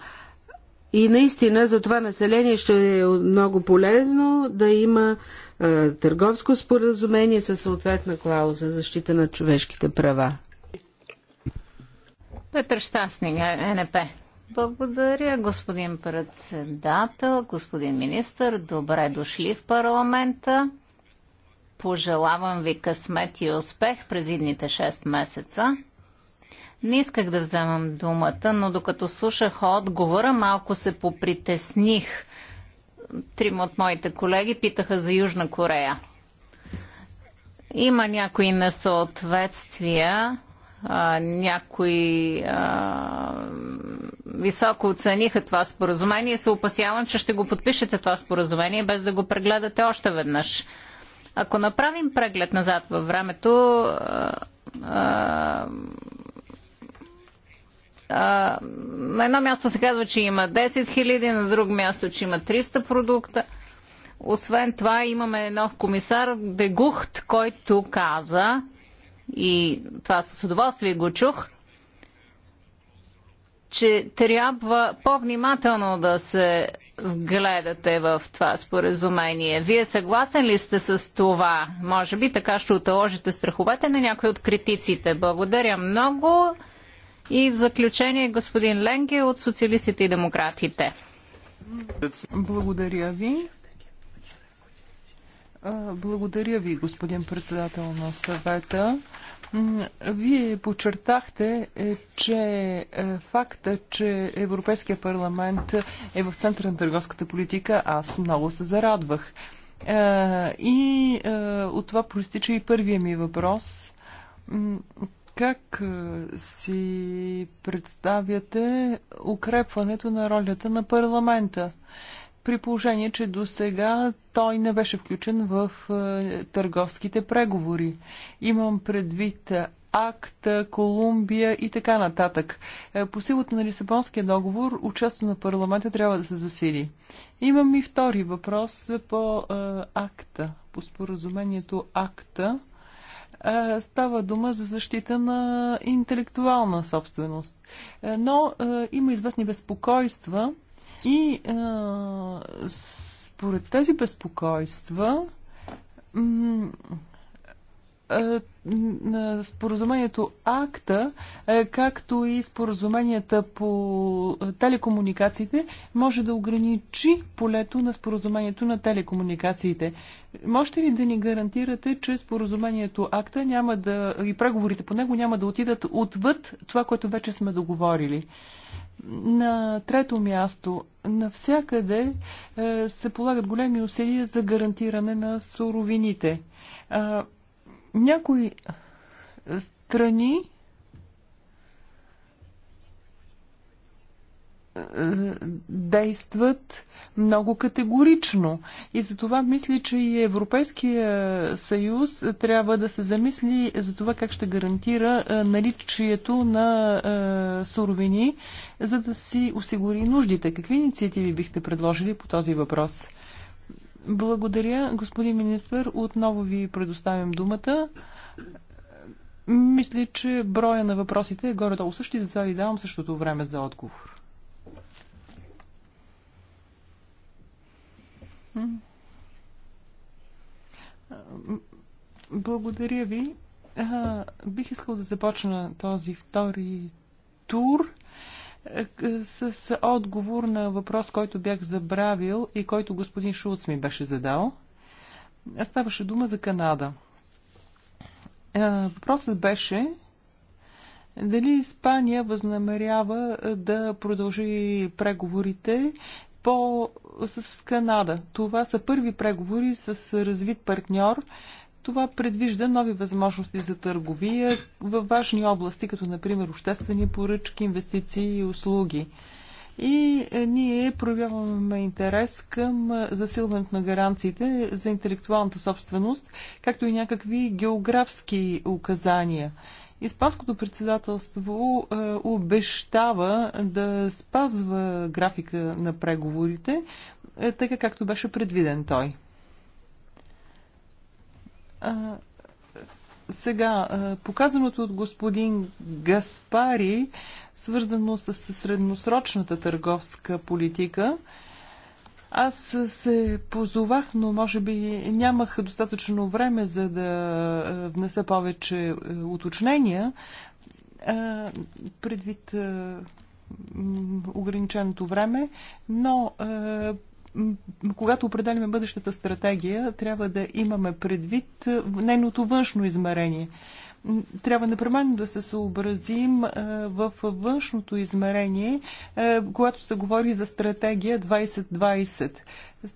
И наистина за това население ще е много полезно да има е, търговско споразумение със съответна клауза защита на човешките права. Петър Щастник, е, е НП. Благодаря, господин председател, господин министр. Добре дошли в парламента. Пожелавам ви късмет и успех през идните 6 месеца. Не исках да вземам думата, но докато слушах отговора, малко се попритесних. Трима от моите колеги питаха за Южна Корея. Има някои несъответствия, някои високо оцениха това споразумение. Се опасявам, че ще го подпишете това споразумение, без да го прегледате още веднъж. Ако направим преглед назад във времето, а, а, на едно място се казва, че има 10 000, на друго място, че има 300 продукта. Освен това имаме нов комисар Дегухт, който каза, и това с удоволствие го чух, че трябва по-внимателно да се гледате в това споразумение. Вие съгласен ли сте с това? Може би така ще оталожите страховете на някои от критиците. Благодаря много. И в заключение господин Ленге от Социалистите и Демократите. Благодаря ви. Благодаря ви, господин председател на съвета. Вие подчертахте, е, че е, факта, че Европейския парламент е в центъра на търговската политика, аз много се зарадвах. И от това проистича и първия ми въпрос как си представяте укрепването на ролята на парламента? При положение, че до сега той не беше включен в търговските преговори. Имам предвид акта, Колумбия и така нататък. Е, по силата на Лисабонския договор, участието на парламента трябва да се засили. Имам и втори въпрос по акта, по споразумението акта. Става дума за защита на интелектуална собственост. Е, но е, има известни безпокойства и е, според тези безпокойства е, е, споразумението АКТА, е, както и споразуменията по телекомуникациите, може да ограничи полето на споразумението на телекомуникациите. Можете ли да ни гарантирате, че споразумението АКТА няма да, и преговорите по него няма да отидат отвъд това, което вече сме договорили? На трето място, навсякъде се полагат големи усилия за гарантиране на суровините. Някои страни е, действат много категорично. И за това мисля, че и Европейския съюз трябва да се замисли за това как ще гарантира е, наличието на е, суровини, за да си осигури нуждите. Какви инициативи бихте предложили по този въпрос? Благодаря, господин министър. Отново ви предоставям думата. Мисля, че броя на въпросите е горе-долу същи, затова ви давам същото време за отговор. Благодаря ви. бих искал да започна този втори тур с отговор на въпрос, който бях забравил и който господин Шулц ми беше задал. Ставаше дума за Канада. Е, въпросът беше дали Испания възнамерява е, да продължи преговорите по, с Канада. Това са първи преговори с развит партньор това предвижда нови възможности за търговия в важни области, като например обществени поръчки, инвестиции и услуги. И е, ние проявяваме интерес към е, засилването на гаранциите за интелектуалната собственост, както и някакви географски указания. Испанското председателство е, обещава да спазва графика на преговорите, е, така както беше предвиден той сега, показаното от господин Гаспари, свързано с средносрочната търговска политика, аз се позовах, но може би нямах достатъчно време, за да внеса повече уточнения, предвид ограниченото време, но когато определяме бъдещата стратегия, трябва да имаме предвид нейното външно измерение. Трябва непременно да се съобразим в външното измерение, когато се говори за стратегия 2020.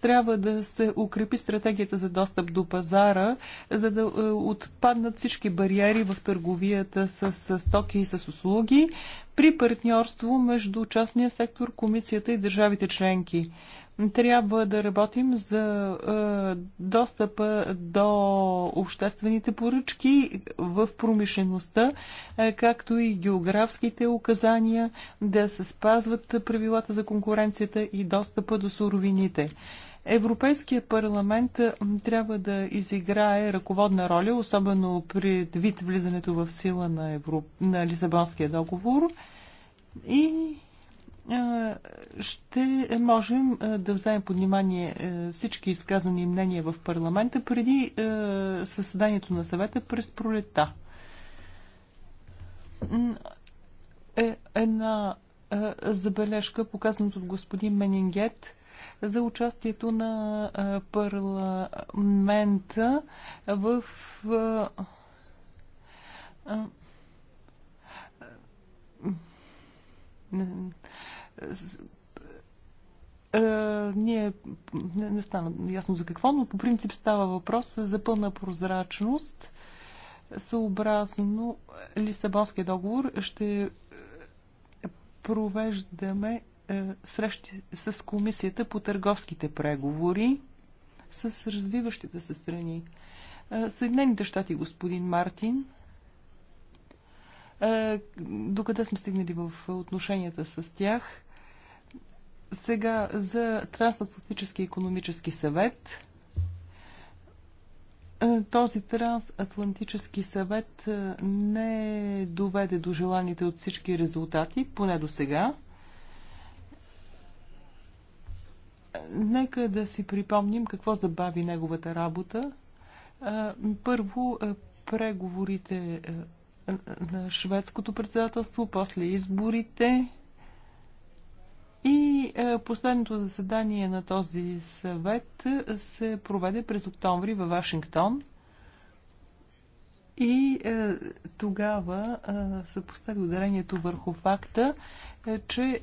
Трябва да се укрепи стратегията за достъп до пазара, за да отпаднат всички бариери в търговията с стоки и с услуги при партньорство между частния сектор, комисията и държавите членки. Трябва да работим за е, достъпа до обществените поръчки в промишлеността, е, както и географските указания, да се спазват правилата за конкуренцията и достъпа до суровините. Европейския парламент е, трябва да изиграе ръководна роля, особено предвид влизането в сила на, Европ... на Лисабонския договор. И ще можем да вземем под внимание всички изказани мнения в парламента преди съседанието на съвета през пролета. Е, една забележка, показана от господин Менингет, за участието на парламента в е, ние не, не стана ясно за какво, но по принцип става въпрос за пълна прозрачност. Съобразно Лисабонския договор ще провеждаме uh, срещи с комисията по търговските преговори с развиващите се страни. Е, Съединените щати, господин Мартин, е, докъде сме стигнали в отношенията с тях? Сега за Трансатлантически економически съвет. Е, този Трансатлантически съвет е, не доведе до желаните от всички резултати, поне до сега. Нека да си припомним какво забави неговата работа. Първо, преговорите на шведското председателство, после изборите. И е, последното заседание на този съвет се проведе през октомври във Вашингтон. И е, тогава е, се постави ударението върху факта, е, че е,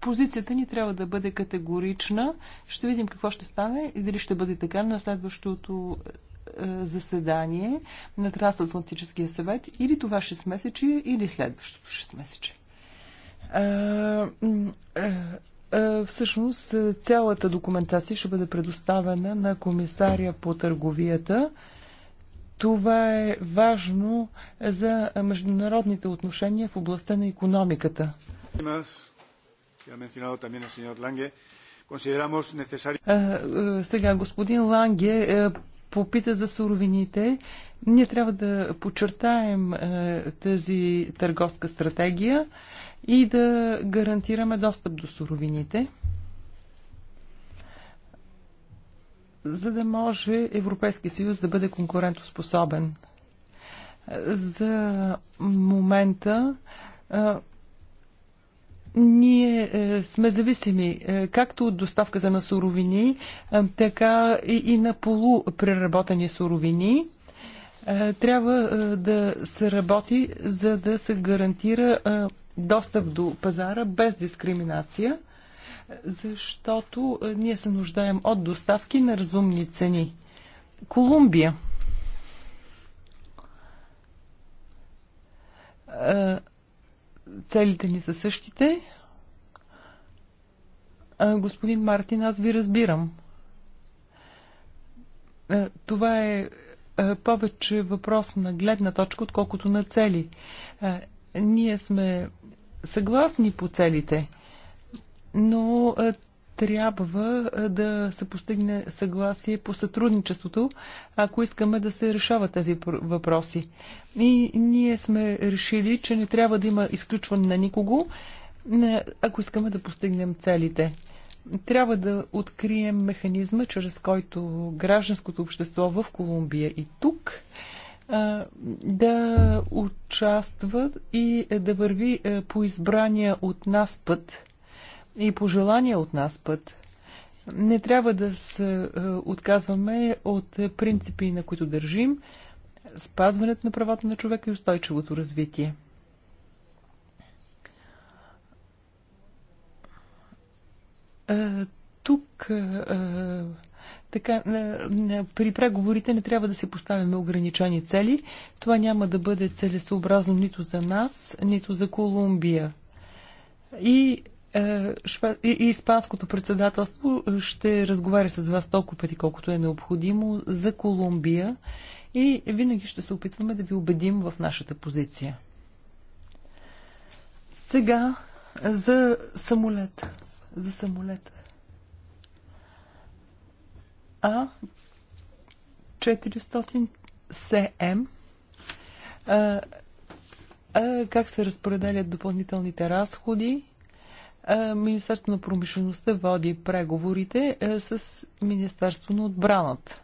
позицията ни трябва да бъде категорична. Ще видим какво ще стане и дали ще бъде така на следващото е, заседание на Трансатлантическия съвет или това 6 месече, или следващото 6 месече. Е, е, всъщност цялата документация ще бъде предоставена на комисаря по търговията. Това е важно за международните отношения в областта на економиката. Сега господин Ланге попита за суровините. Ние трябва да подчертаем е, тази търговска стратегия и да гарантираме достъп до суровините, за да може Европейски съюз да бъде конкурентоспособен. Е, за момента е, ние е, сме зависими е, както от доставката на суровини, е, така и, и на полупреработени суровини. Е, трябва е, да се работи, за да се гарантира е, достъп до пазара без дискриминация, защото е, ние се нуждаем от доставки на разумни цени. Колумбия. Е, целите ни са същите. Господин Мартин, аз ви разбирам. Това е повече въпрос на гледна точка, отколкото на цели. Ние сме съгласни по целите, но трябва да се постигне съгласие по сътрудничеството, ако искаме да се решават тези въпроси. И ние сме решили, че не трябва да има изключване на никого, ако искаме да постигнем целите. Трябва да открием механизма, чрез който гражданското общество в Колумбия и тук да участват и да върви по избрания от нас път и пожелания от нас път. Не трябва да се е, отказваме от принципи, на които държим, спазването на правата на човека и устойчивото развитие. Е, тук е, така, при преговорите не трябва да се поставяме ограничени цели. Това няма да бъде целесообразно нито за нас, нито за Колумбия. И е, и Испанското председателство е, ще разговаря с вас толкова пъти, колкото е необходимо за Колумбия и винаги ще се опитваме да ви убедим в нашата позиция. Сега е, за самолет. За самолет. А 400 СМ а, а, как се разпределят допълнителните разходи Министерство на промишлеността води преговорите с Министерство на отбраната.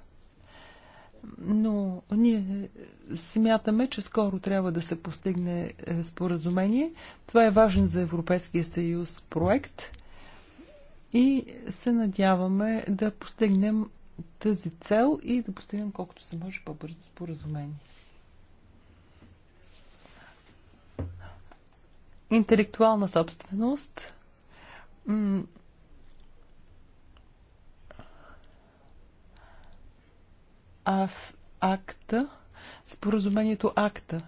Но ние смятаме, че скоро трябва да се постигне е, споразумение. Това е важен за Европейския съюз проект и се надяваме да постигнем тази цел и да постигнем колкото се може по-бързо споразумение. Интелектуална собственост – аз акта, споразумението акта.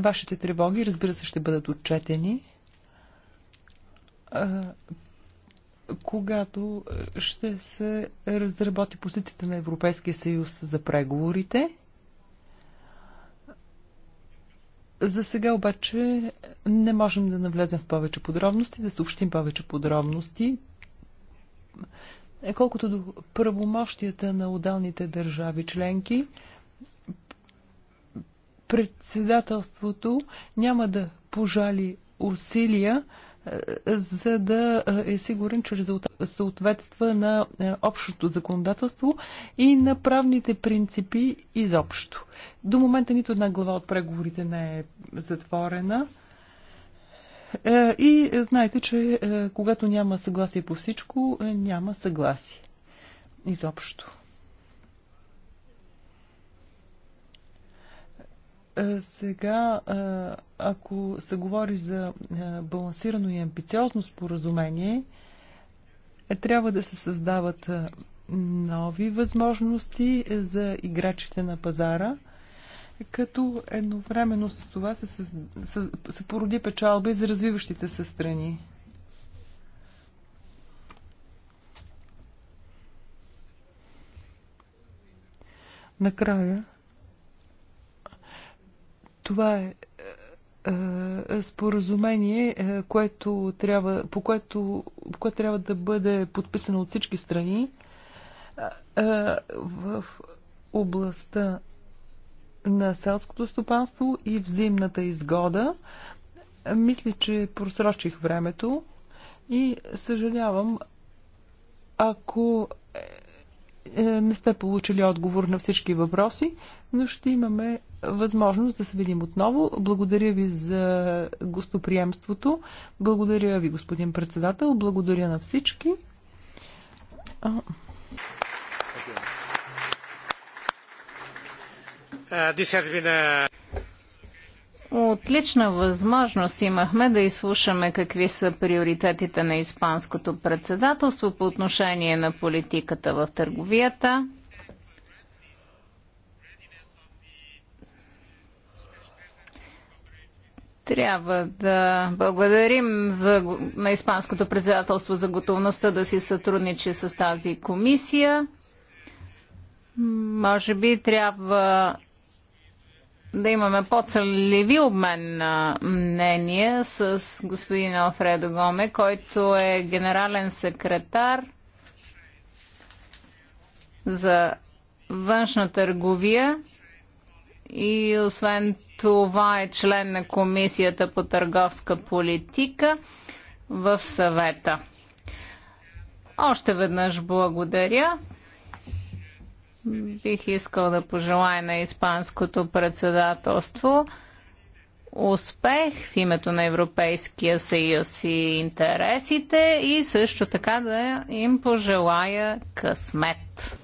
Вашите тревоги, разбира се, ще бъдат отчетени. Когато ще се разработи позицията на Европейския съюз за преговорите, За сега обаче не можем да навлезем в повече подробности, да съобщим повече подробности. Е, колкото до правомощията на отдалните държави членки, председателството няма да пожали усилия за да е, е сигурен, че резултатът съответства на е, общото законодателство и на правните принципи изобщо. До момента нито една глава от преговорите не е затворена. Е, и знаете, че когато няма съгласие по всичко, няма съгласие изобщо. Е, сега, е, ако се говори за е, балансирано и амбициозно споразумение, трябва да се създават нови възможности за играчите на пазара, като едновременно с това се, се, се породи печалба и за развиващите се страни. Накрая това е, е, е споразумение, е, което трябва, по което, по което трябва да бъде подписано от всички страни в областта на селското стопанство и в зимната изгода. Мисля, че просрочих времето и съжалявам, ако е, не сте получили отговор на всички въпроси, но ще имаме възможност да се видим отново. Благодаря ви за гостоприемството. Благодаря ви, господин председател. Благодаря на всички. Uh, a... Отлична възможност имахме да изслушаме какви са приоритетите на Испанското председателство по отношение на политиката в търговията. Трябва да благодарим за, на Испанското председателство за готовността да си сътрудничи с тази комисия. Може би трябва да имаме по-целеви обмен на мнение с господин Алфредо Гоме, който е генерален секретар за външна търговия и освен това е член на Комисията по търговска политика в съвета. Още веднъж благодаря бих искал да пожелая на Испанското председателство успех в името на Европейския съюз и интересите и също така да им пожелая късмет.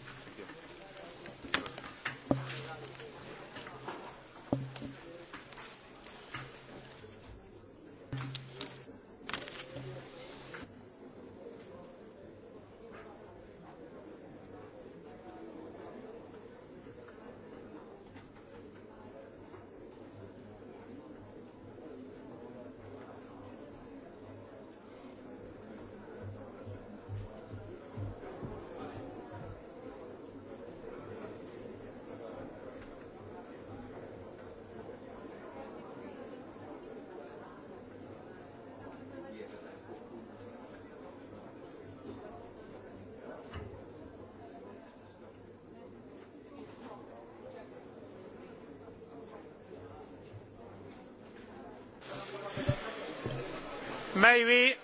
we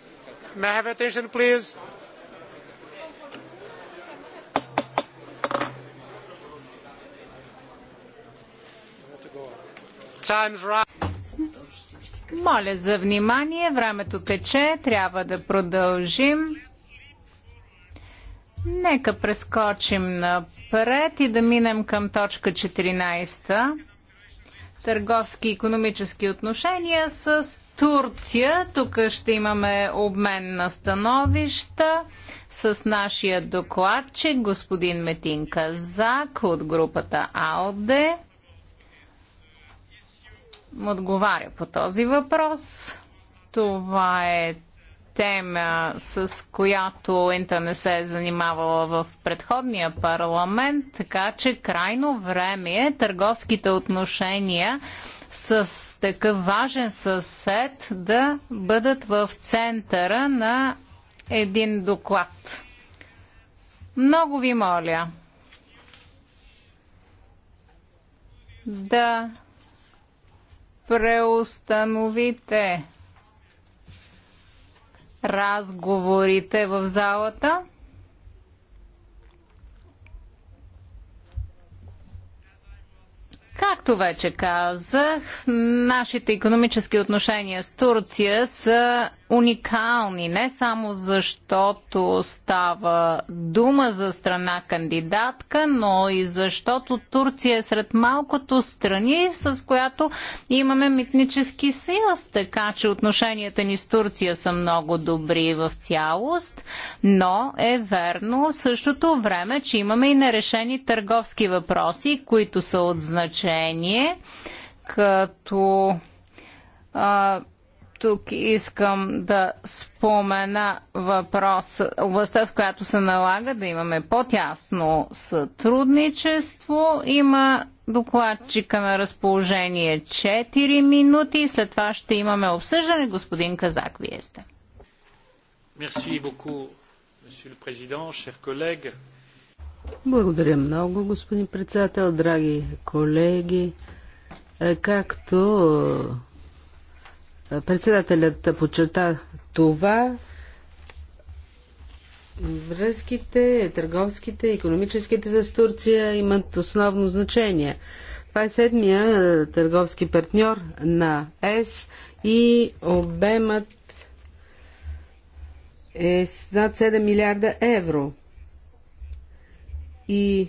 may I have attention, please? Time's right. Моля за внимание, времето тече, трябва да продължим. Нека прескочим напред и да минем към точка 14 търговски и економически отношения с Турция. Тук ще имаме обмен на становища с нашия докладчик, господин Метин Казак от групата АОДЕ. Отговаря по този въпрос. Това е тема, с която Инта не се е занимавала в предходния парламент, така че крайно време е търговските отношения с такъв важен съсед да бъдат в центъра на един доклад. Много ви моля да преустановите разговорите в залата. Както вече казах, нашите економически отношения с Турция са уникални, не само защото става дума за страна кандидатка, но и защото Турция е сред малкото страни, с която имаме митнически съюз, така че отношенията ни с Турция са много добри в цялост, но е верно в същото време, че имаме и нерешени търговски въпроси, които са от значение, като а, тук искам да спомена въпрос, областта, в която се налага да имаме по-тясно сътрудничество. Има докладчика на разположение 4 минути. След това ще имаме обсъждане. Господин Казак, вие сте. Мерси Благодаря много, господин председател, драги колеги. Е, както Председателят подчерта това. Връзките, търговските, економическите с Турция имат основно значение. Това е седмия е, търговски партньор на ЕС и обемът е над 7 милиарда евро. И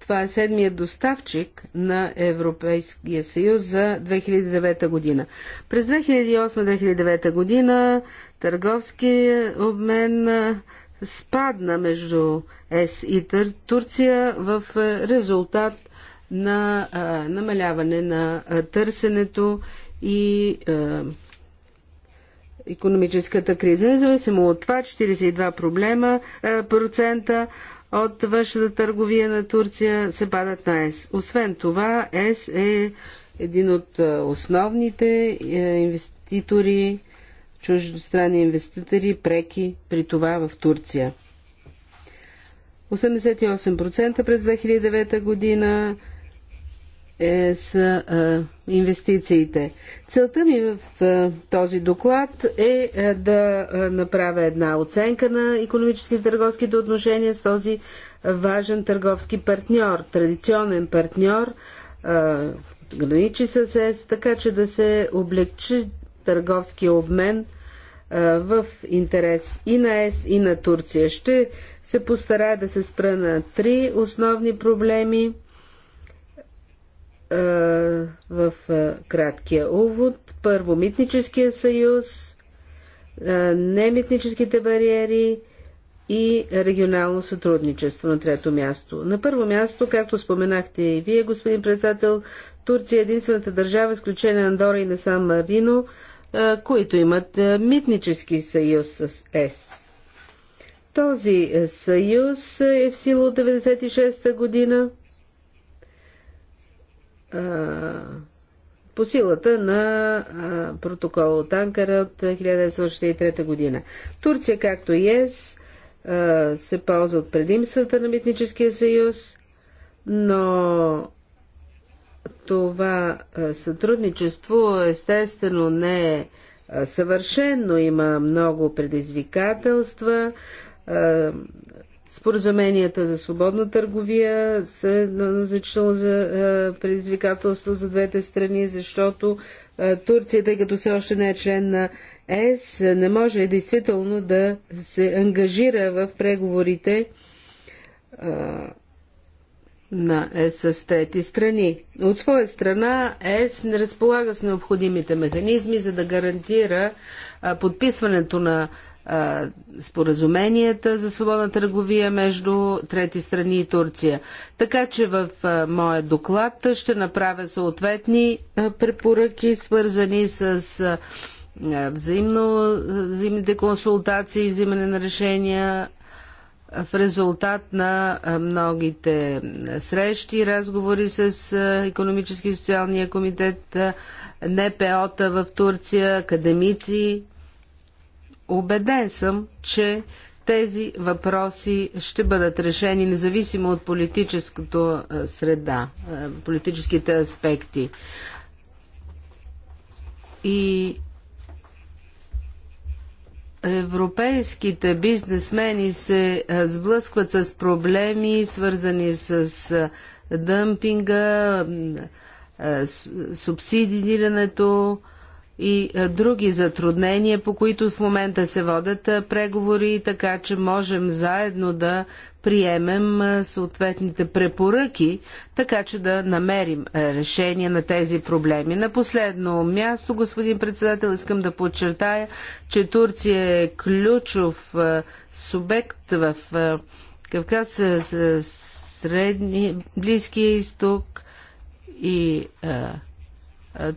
това е седмият доставчик на Европейския съюз за 2009 година. През 2008-2009 година търговски обмен спадна между ЕС и Турция в резултат на намаляване на търсенето и економическата криза. Независимо от това, 42 проблема, процента от външната търговия на Турция се падат на ЕС. Освен това, ЕС е един от е, основните е, инвеститори, чуждестранни инвеститори, преки при това в Турция. 88% през 2009 година е, с е, инвестициите. Целта ми в е, този доклад е, е да направя една оценка на економически и търговските отношения с този важен търговски партньор, традиционен партньор, граничи с ЕС, така че да се облегчи търговския обмен в интерес и на ЕС, и на Турция. Ще се постарая да се спра на три основни проблеми в краткия увод. Първо, митническия съюз, немитническите бариери и регионално сътрудничество на трето място. На първо място, както споменахте и вие, господин председател, Турция е единствената държава, изключение на Андора и на Сан Марино, които имат митнически съюз с ЕС. Този съюз е в сила от 1996 година по силата на протокол от Анкара от 1963 година. Турция, както и ЕС, се ползва от предимствата на Митническия съюз, но това сътрудничество естествено не е съвършено, има много предизвикателства, Споразуменията за свободна търговия са назначено за е, предизвикателство за двете страни, защото е, Турция, тъй като все още не е член на ЕС, не може действително да се ангажира в преговорите е, на ЕС с трети страни. От своя страна ЕС не разполага с необходимите механизми, за да гарантира подписването на споразуменията за свободна търговия между трети страни и Турция. Така че в моя доклад ще направя съответни препоръки, свързани с взаимно, взаимните консултации, взимане на решения в резултат на многите срещи, разговори с економически и социалния комитет, НПО-та в Турция, академици, Обеден съм, че тези въпроси ще бъдат решени независимо от политическото е, среда, е, политическите аспекти. И европейските бизнесмени се е, сблъскват с проблеми, свързани с дъмпинга, субсидирането, и е, други затруднения, по които в момента се водят е, преговори, така че можем заедно да приемем е, съответните препоръки, така че да намерим решение на тези проблеми. На последно място, господин председател, искам да подчертая, че Турция е ключов субект в Кавказ, Средния, Близкия изток и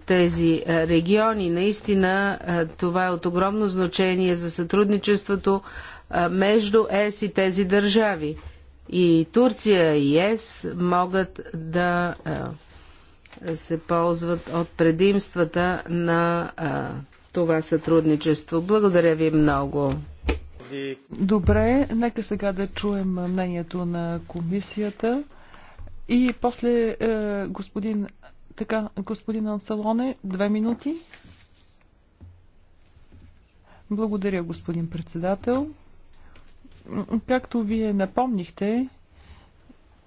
тези региони. Наистина това е от огромно значение за сътрудничеството между ЕС и тези държави. И Турция и ЕС могат да се ползват от предимствата на това сътрудничество. Благодаря ви много. Добре, нека сега да чуем мнението на комисията. И после е, господин така, господин Ансалоне, две минути. Благодаря, господин председател. Както вие напомнихте,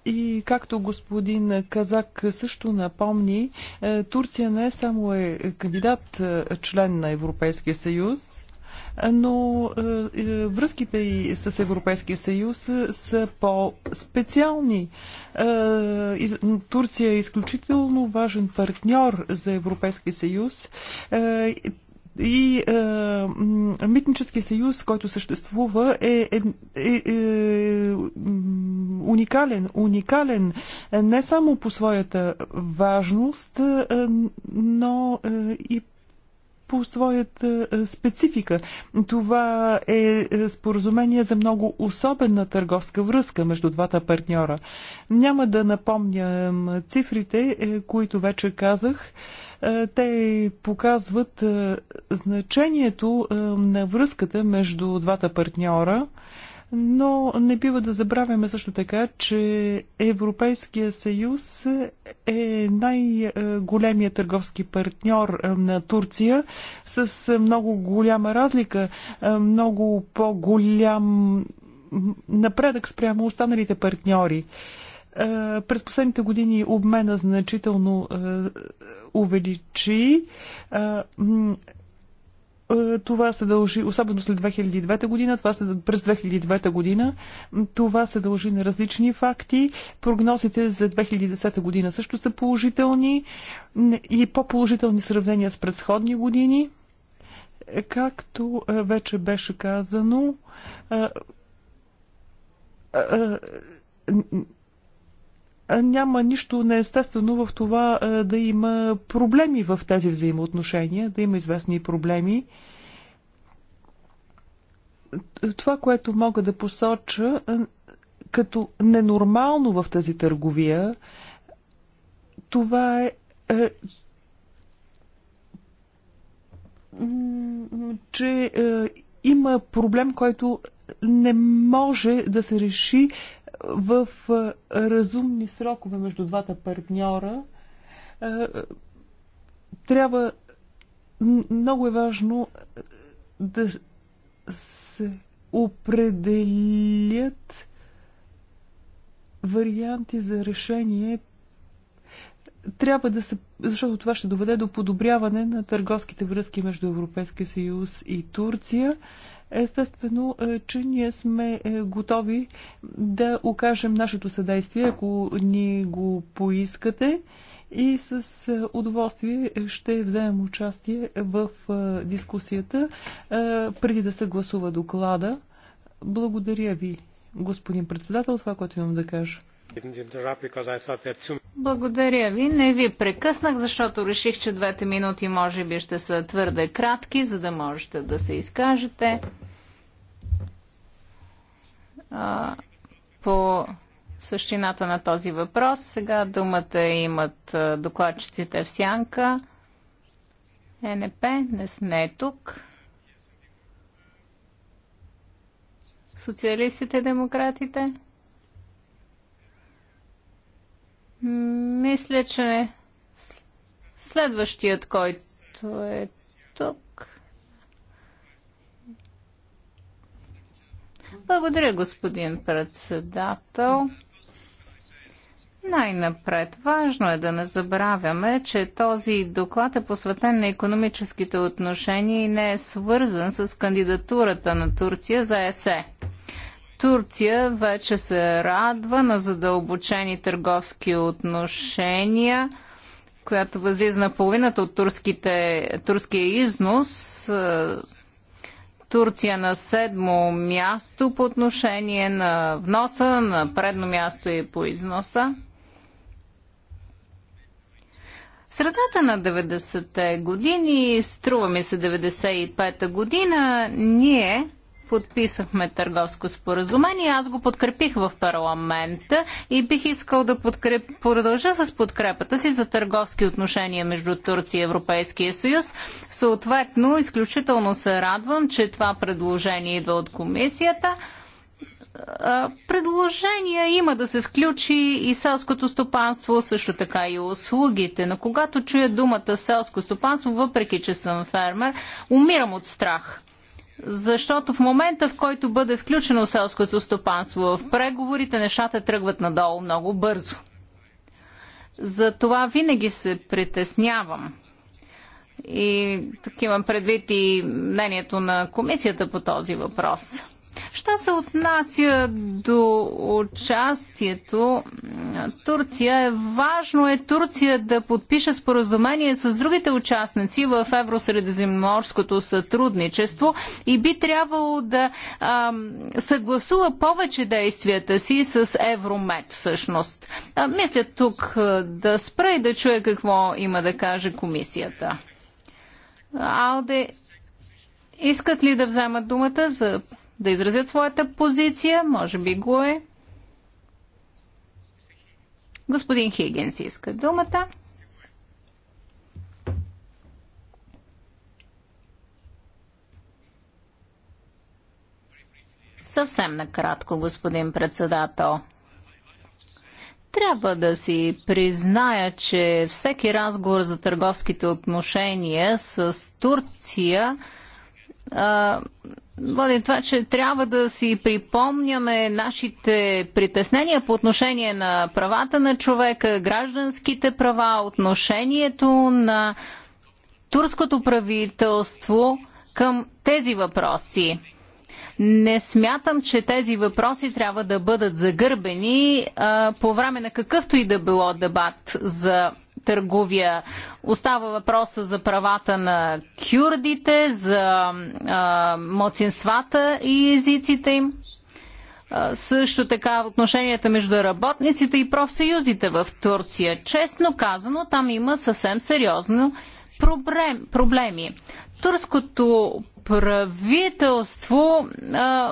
и както господин Казак също напомни, е, Турция не само е кандидат е, член на Европейския съюз, но е, е, връзките и с Европейския съюз са по-специални. Е, Турция е изключително важен партньор за Европейския съюз и е, митнически съюз, който съществува, е, е, е, е уникален. Уникален не само по своята важност, е, но е, и по своята е, специфика. Това е, е споразумение за много особена търговска връзка между двата партньора. Няма да напомням цифрите, е, които вече казах те показват значението на връзката между двата партньора – но не бива да забравяме също така, че Европейския съюз е най-големия търговски партньор на Турция с много голяма разлика, много по-голям напредък спрямо останалите партньори. Е, през последните години обмена значително е, увеличи е, е, това се дължи, особено след 2009 година, това се, през 2009 година, това се дължи на различни факти. Прогнозите за 2010 година също са положителни и по-положителни сравнения с предходни години. Е, както е, вече беше казано, няма нищо неестествено в това да има проблеми в тези взаимоотношения, да има известни проблеми. Това, което мога да посоча като ненормално в тази търговия, това е, е че е, има проблем, който не може да се реши в разумни срокове между двата партньора. Трябва много е важно да се определят варианти за решение трябва да се, защото това ще доведе до подобряване на търговските връзки между Европейския съюз и Турция. Естествено, е, че ние сме е, готови да окажем нашето съдействие, ако ни го поискате и с е, удоволствие ще вземем участие в дискусията преди да се гласува доклада. Благодаря ви, господин председател, това, което имам да кажа. Благодаря ви. Не ви прекъснах, защото реших, че двете минути може би ще са твърде кратки, за да можете да се изкажете. по същината на този въпрос. Сега думата имат докладчиците в сянка. ЕНП не, е тук. Социалистите и демократите? Мисля, че следващият, който е тук. Благодаря, господин председател. Най-напред, важно е да не забравяме, че този доклад е посветен на економическите отношения и не е свързан с кандидатурата на Турция за ЕСЕ. Турция вече се радва на задълбочени търговски отношения, която възлиза на половината от турските, турския износ. Турция на седмо място по отношение на вноса, на предно място и по износа. В средата на 90-те години, струва ми се 95-та година, ние подписахме търговско споразумение. Аз го подкрепих в парламента и бих искал да подкреп... продължа с подкрепата си за търговски отношения между Турция и Европейския съюз. Съответно, изключително се радвам, че това предложение идва от комисията предложения има да се включи и селското стопанство, също така и услугите. Но когато чуя думата селско стопанство, въпреки че съм фермер, умирам от страх защото в момента, в който бъде включено селското стопанство в преговорите, нещата тръгват надолу много бързо. За това винаги се притеснявам. И тук имам предвид и мнението на комисията по този въпрос. Що се отнася до участието, Турция е важно е Турция да подпише споразумение с другите участници в Евросредиземноморското сътрудничество и би трябвало да а, съгласува повече действията си с Евромет всъщност. А, мисля тук да спра и да чуя какво има да каже комисията. Алде, искат ли да вземат думата за да изразят своята позиция. Може би го е. Господин Хигенс иска думата. Съвсем накратко, господин председател. Трябва да си призная, че всеки разговор за търговските отношения с Турция бъде това, че трябва да си припомняме нашите притеснения по отношение на правата на човека, гражданските права, отношението на турското правителство към тези въпроси. Не смятам, че тези въпроси трябва да бъдат загърбени а, по време на какъвто и да било дебат за търговия. Остава въпроса за правата на кюрдите, за а, младсинствата и езиците им. също така отношенията между работниците и профсъюзите в Турция. Честно казано, там има съвсем сериозно проблем, проблеми. Турското правителство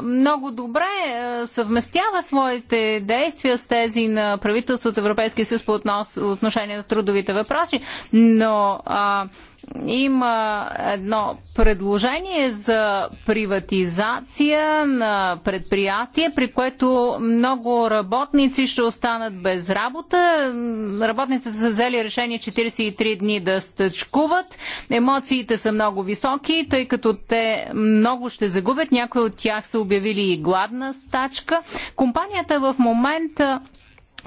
много добре съвместява своите действия с тези на правителството Европейския съюз по отношение на трудовите въпроси, но а, има едно предложение за приватизация на предприятие, при което много работници ще останат без работа. Работниците са взели решение 43 дни да стъчкуват. Емоциите са много високи, тъй като те много ще загубят. Някои от тях са обявили и гладна стачка. Компанията в момента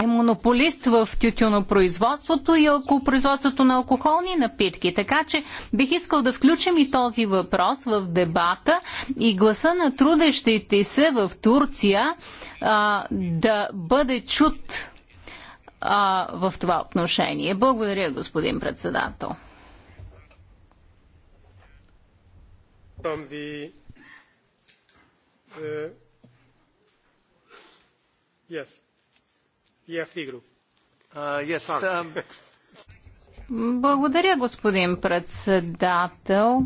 е монополист в тютюнопроизводството и ако производството на алкохолни напитки. Така че бих искал да включим и този въпрос в дебата и гласа на трудещите се в Турция а, да бъде чут а, в това отношение. Благодаря, господин председател. Uh, yes. Е um, Благодаря, господин председател.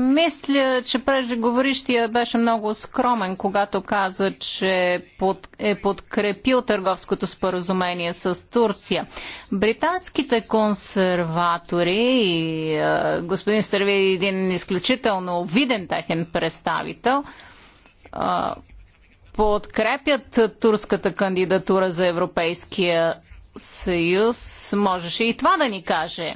Мисля, че преждеговорищия беше много скромен, когато каза, че под, е подкрепил търговското споразумение с Турция. Британските консерватори и е, господин Стърви е един изключително виден техен представител, е, подкрепят турската кандидатура за Европейския съюз, можеше и това да ни каже.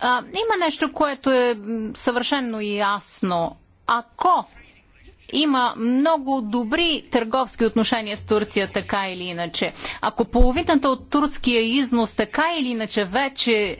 А, има нещо, което е съвършенно ясно. Ако има много добри търговски отношения с Турция, така или иначе, ако половината от турския износ така или иначе вече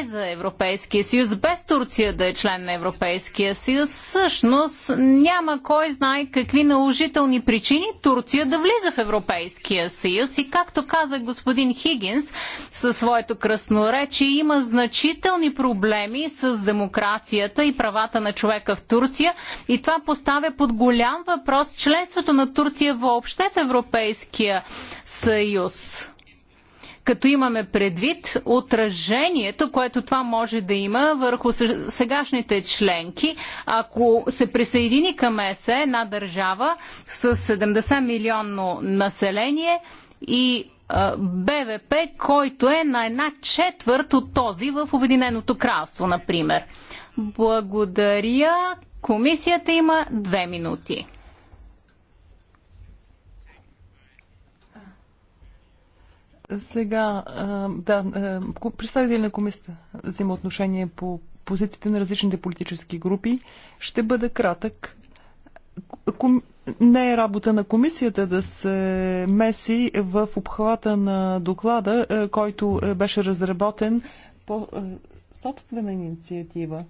е за Европейския съюз, без Турция да е член на Европейския съюз, всъщност няма кой знае какви наложителни причини Турция да влиза в Европейския съюз. И както каза господин Хигинс със своето красноречие, има значителни проблеми с демокрацията и правата на човека в Турция. И това поставя под голям въпрос членството на Турция въобще в Европейския съюз като имаме предвид отражението, което това може да има върху сегашните членки. Ако се присъедини към ЕСЕ една държава с 70 милионно население и БВП, който е на една четвърт от този в Обединеното кралство, например. Благодаря. Комисията има две минути. Сега, да, представители на комисията взима отношение по позициите на различните политически групи. Ще бъда кратък. Не е работа на комисията да се меси в обхвата на доклада, който беше разработен по собствена инициатива.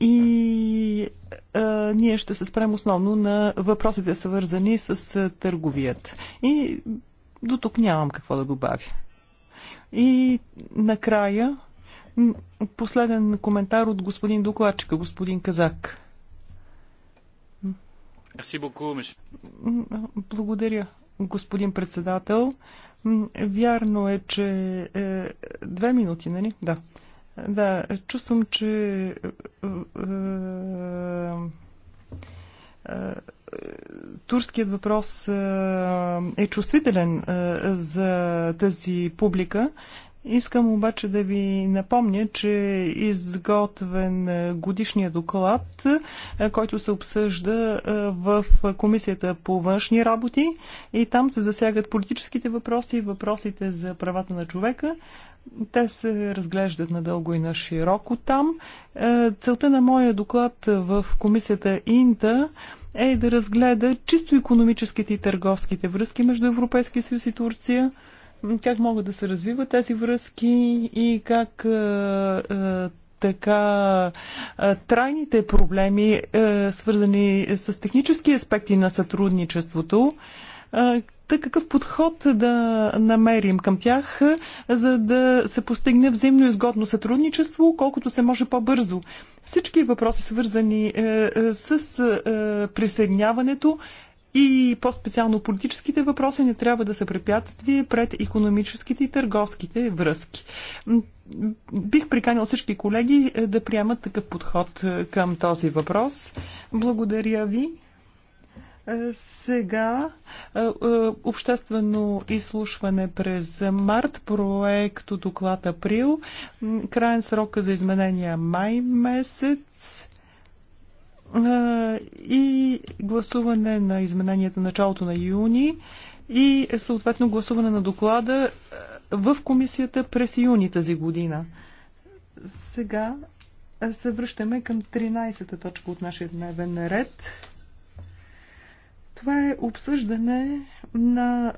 И а, ние ще се спрем основно на въпросите, свързани с търговият. И до тук нямам какво да добавя. И накрая последен коментар от господин докладчика, господин Казак. Благодаря, господин председател. Вярно е, че е, две минути, нали? Да. Да, чувствам, че е, е, е турският въпрос е чувствителен за тази публика. Искам обаче да ви напомня, че е изготвен годишния доклад, който се обсъжда в Комисията по външни работи и там се засягат политическите въпроси, въпросите за правата на човека. Те се разглеждат надълго и на широко там. Целта на моя доклад в Комисията Инта е е да разгледа чисто економическите и търговските връзки между Европейския съюз и Турция, как могат да се развиват тези връзки и как така трайните проблеми, свързани с технически аспекти на сътрудничеството, Та какъв подход да намерим към тях, за да се постигне взаимно изгодно сътрудничество, колкото се може по-бързо? Всички въпроси, свързани е, е, с е, присъединяването, и по-специално политическите въпроси не трябва да са препятствие пред економическите и търговските връзки. Бих приканил всички колеги да приемат такъв подход към този въпрос. Благодаря ви. Е, сега е, е, обществено изслушване през март, от доклад април, крайен срок за изменения май месец и гласуване на измененията началото на юни и съответно гласуване на доклада в комисията през юни тази година. Сега се връщаме към 13-та точка от нашия дневен ред. Това е обсъждане на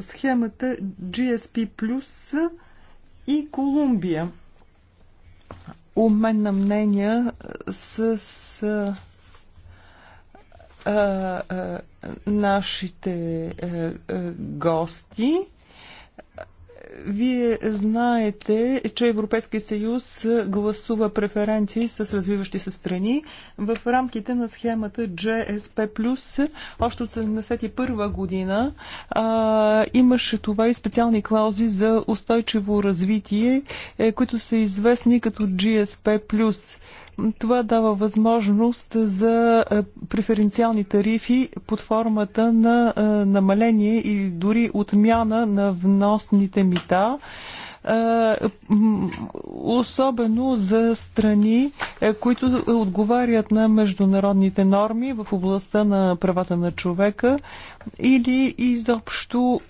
схемата GSP Plus и Колумбия. Умен на мнения с а, а, нашите а, а, гости. Вие знаете, че Европейския съюз гласува преференции с развиващи се страни в рамките на схемата GSP+. Още от 1971 година а, имаше това и специални клаузи за устойчиво развитие, е, които са известни като GSP+. Това дава възможност за е, преференциални тарифи под формата на е, намаление или дори отмяна на вносните мита особено за страни, е, които отговарят на международните норми в областта на правата на човека или изобщо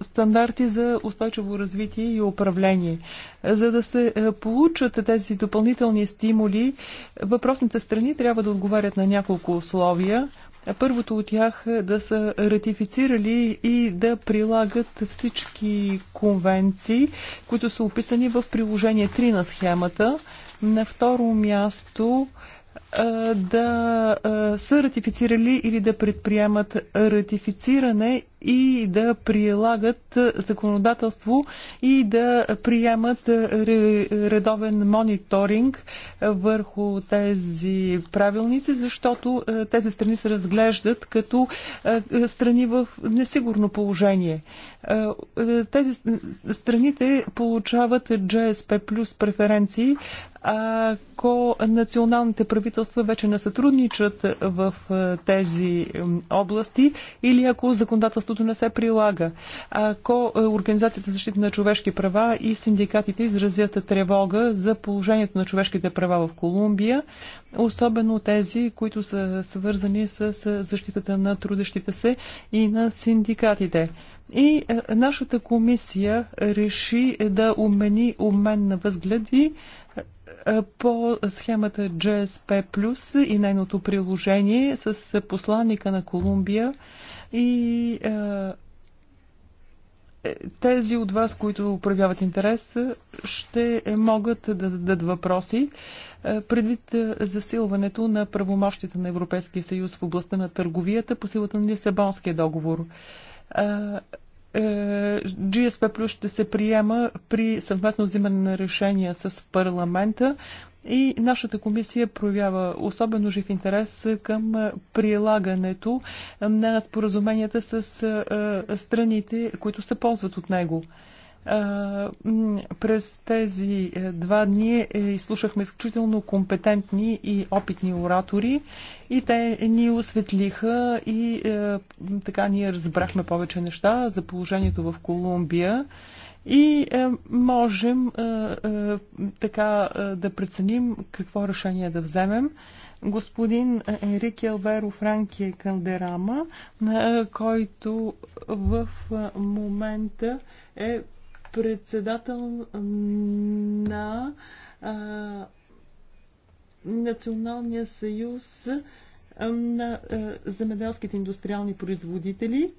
стандарти за устойчиво развитие и управление. За да се получат тези допълнителни стимули, въпросните страни трябва да отговарят на няколко условия – Първото от тях е да са ратифицирали и да прилагат всички конвенции, които са описани в приложение 3 на схемата. На второ място да са ратифицирали или да предприемат ратифициране и да прилагат законодателство и да приемат редовен мониторинг върху тези правилници, защото тези страни се разглеждат като страни в несигурно положение. Тези страните получават GSP плюс преференции, ако националните правителства вече не сътрудничат в тези области или ако законодателството законодателството не се прилага. Ако е, Организацията за защита на човешки права и синдикатите изразят тревога за положението на човешките права в Колумбия, особено тези, които са свързани с защитата на трудещите се и на синдикатите. И е, нашата комисия реши е, да умени обмен на възгледи по схемата GSP Plus и нейното приложение с посланника на Колумбия и е, е, тези от вас, които проявяват интерес, ще могат да зададат въпроси е, предвид засилването на правомощите на Европейския съюз в областта на търговията по силата на Лисабонския договор. GSP Plus ще се приема при съвместно взимане на решения с парламента и нашата комисия проявява особено жив интерес към прилагането на споразуменията с страните, които се ползват от него. През тези е, два дни е, изслушахме изключително компетентни и опитни оратори и те ни осветлиха и е, така ние разбрахме повече неща за положението в Колумбия и е, можем е, е, така е, да преценим какво решение да вземем. Господин Ерик Елверо Франки е Калдерама, е, който в е, момента е председател на е, Националния съюз е, на е, земеделските индустриални производители.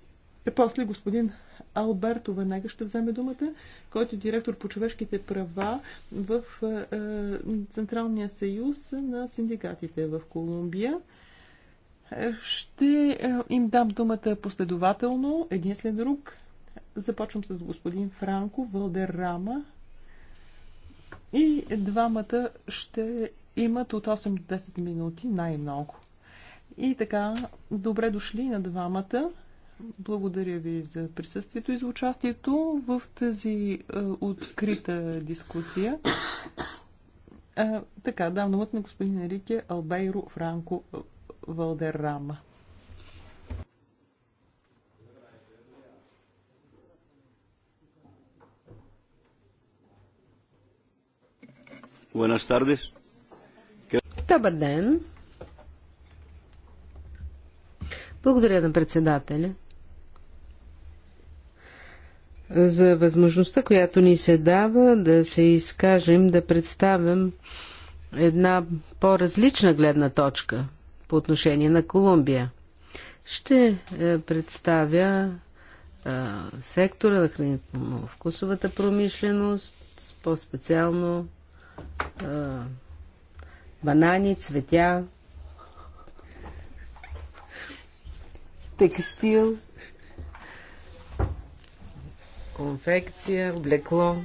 После господин Алберто веднага ще вземе думата, който е директор по човешките права в е, е, Централния съюз на синдикатите в Колумбия. Ще е, им дам думата последователно, един след друг. Започвам с господин Франко Валдерама. И двамата ще имат от 8 до 10 минути най-много. И така, добре дошли на двамата. Благодаря ви за присъствието и за участието в тази е, открита дискусия. Е, така, давам на господин Рике Албейро Франко Валдеррама. Добър ден! Благодаря на председателя за възможността, която ни се дава да се изкажем, да представим една по-различна гледна точка по отношение на Колумбия. Ще е, представя а, е, сектора на хранително-вкусовата промишленост, по-специално е, банани, цветя, текстил конфекция, облекло.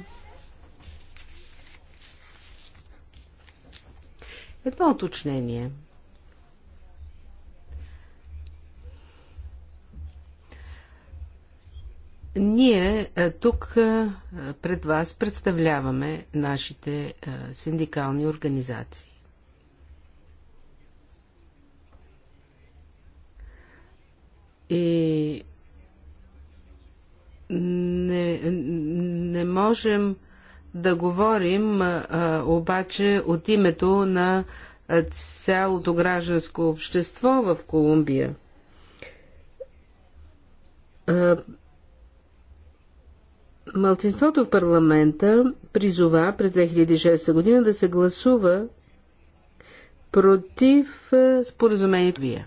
Едно уточнение. Ние е, тук е, пред вас представляваме нашите е, синдикални организации. И не, не можем да говорим а, обаче от името на цялото гражданско общество в Колумбия. А, Малцинството в парламента призова през 2006 година да се гласува против споразумението ВИА.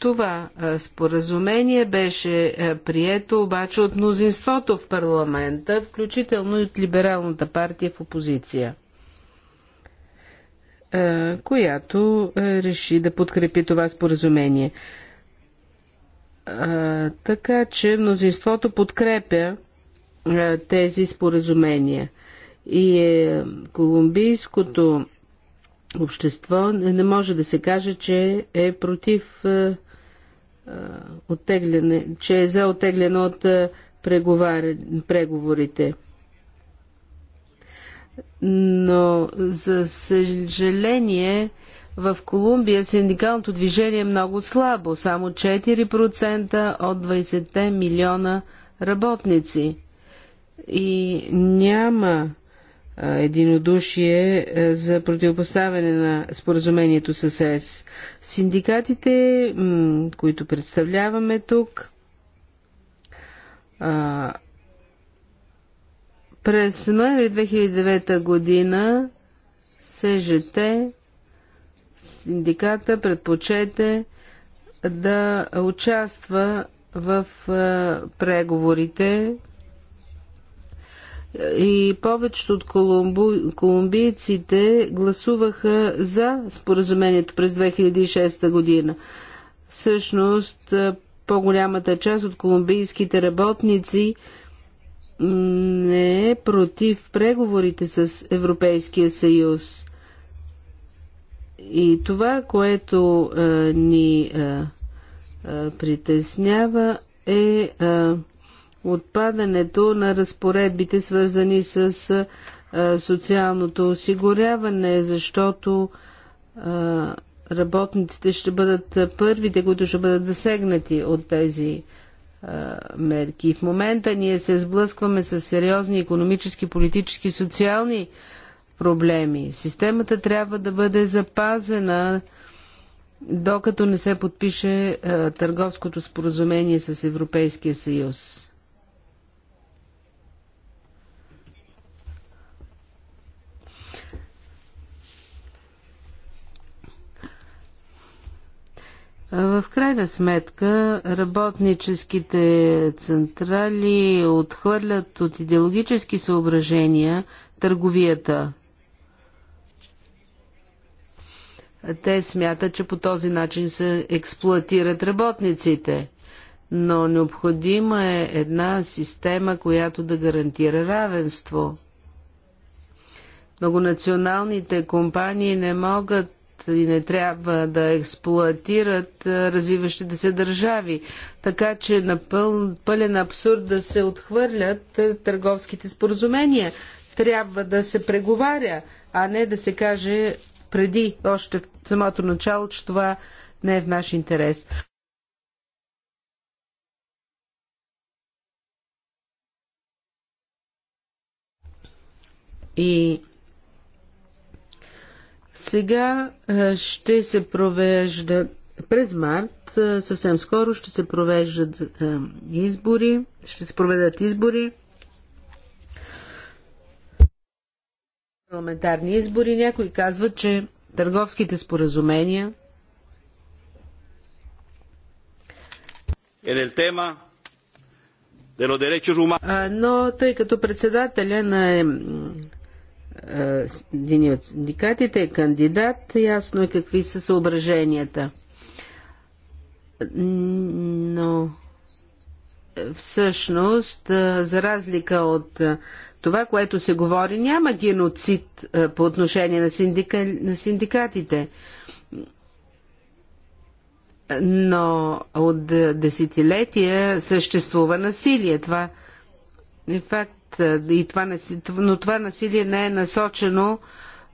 Това споразумение беше прието обаче от мнозинството в парламента, включително и от либералната партия в опозиция, която реши да подкрепи това споразумение. Така че мнозинството подкрепя тези споразумения. И е, колумбийското общество не може да се каже, че е против оттегляне, че е за оттегляне от преговорите. Но, за съжаление, в Колумбия синдикалното движение е много слабо, само 4% от 20 милиона работници. И няма единодушие за противопоставяне на споразумението с ЕС. Синдикатите, които представляваме тук, през ноември 2009 година СЖТ, синдиката, предпочете да участва в преговорите и повечето от колумбу... колумбийците гласуваха за споразумението през 2006 година. Всъщност, по-голямата част от колумбийските работници не е против преговорите с Европейския съюз. И това, което а, ни а, а, притеснява е а, отпадането на разпоредбите, свързани с социалното осигуряване, защото работниците ще бъдат първите, които ще бъдат засегнати от тези мерки. В момента ние се сблъскваме с сериозни економически, политически, социални проблеми. Системата трябва да бъде запазена, докато не се подпише търговското споразумение с Европейския съюз. В крайна сметка работническите централи отхвърлят от идеологически съображения търговията. Те смятат, че по този начин се експлуатират работниците, но необходима е една система, която да гарантира равенство. Многонационалните компании не могат и не трябва да експлуатират развиващите се държави. Така че напъл, пълен абсурд да се отхвърлят търговските споразумения. Трябва да се преговаря, а не да се каже преди, още в самото начало, че това не е в наш интерес. И сега е, ще се провеждат през март, е, съвсем скоро ще се провеждат е, избори, ще се проведат избори. Парламентарни избори. Някои казват, че търговските споразумения Но тъй като председателя на е, един от синдикатите е кандидат, ясно е какви са съображенията. Но е, всъщност, е, за разлика от това, което се говори, няма геноцид по отношение на, синдика... на синдикатите. Но от десетилетия съществува насилие. Това е факт. Е, и това, но това насилие не е насочено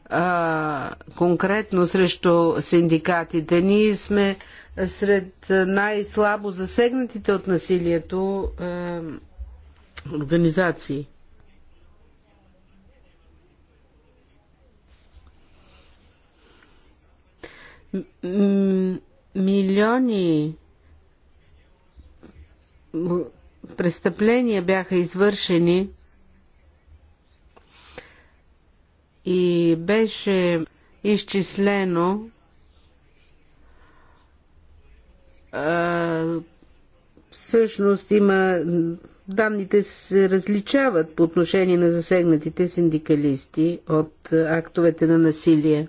а, конкретно срещу синдикатите. Ние сме сред най-слабо засегнатите от насилието а, е, организации. милиони престъпления бяха извършени и беше изчислено всъщност има данните се различават по отношение на засегнатите синдикалисти от актовете на насилие.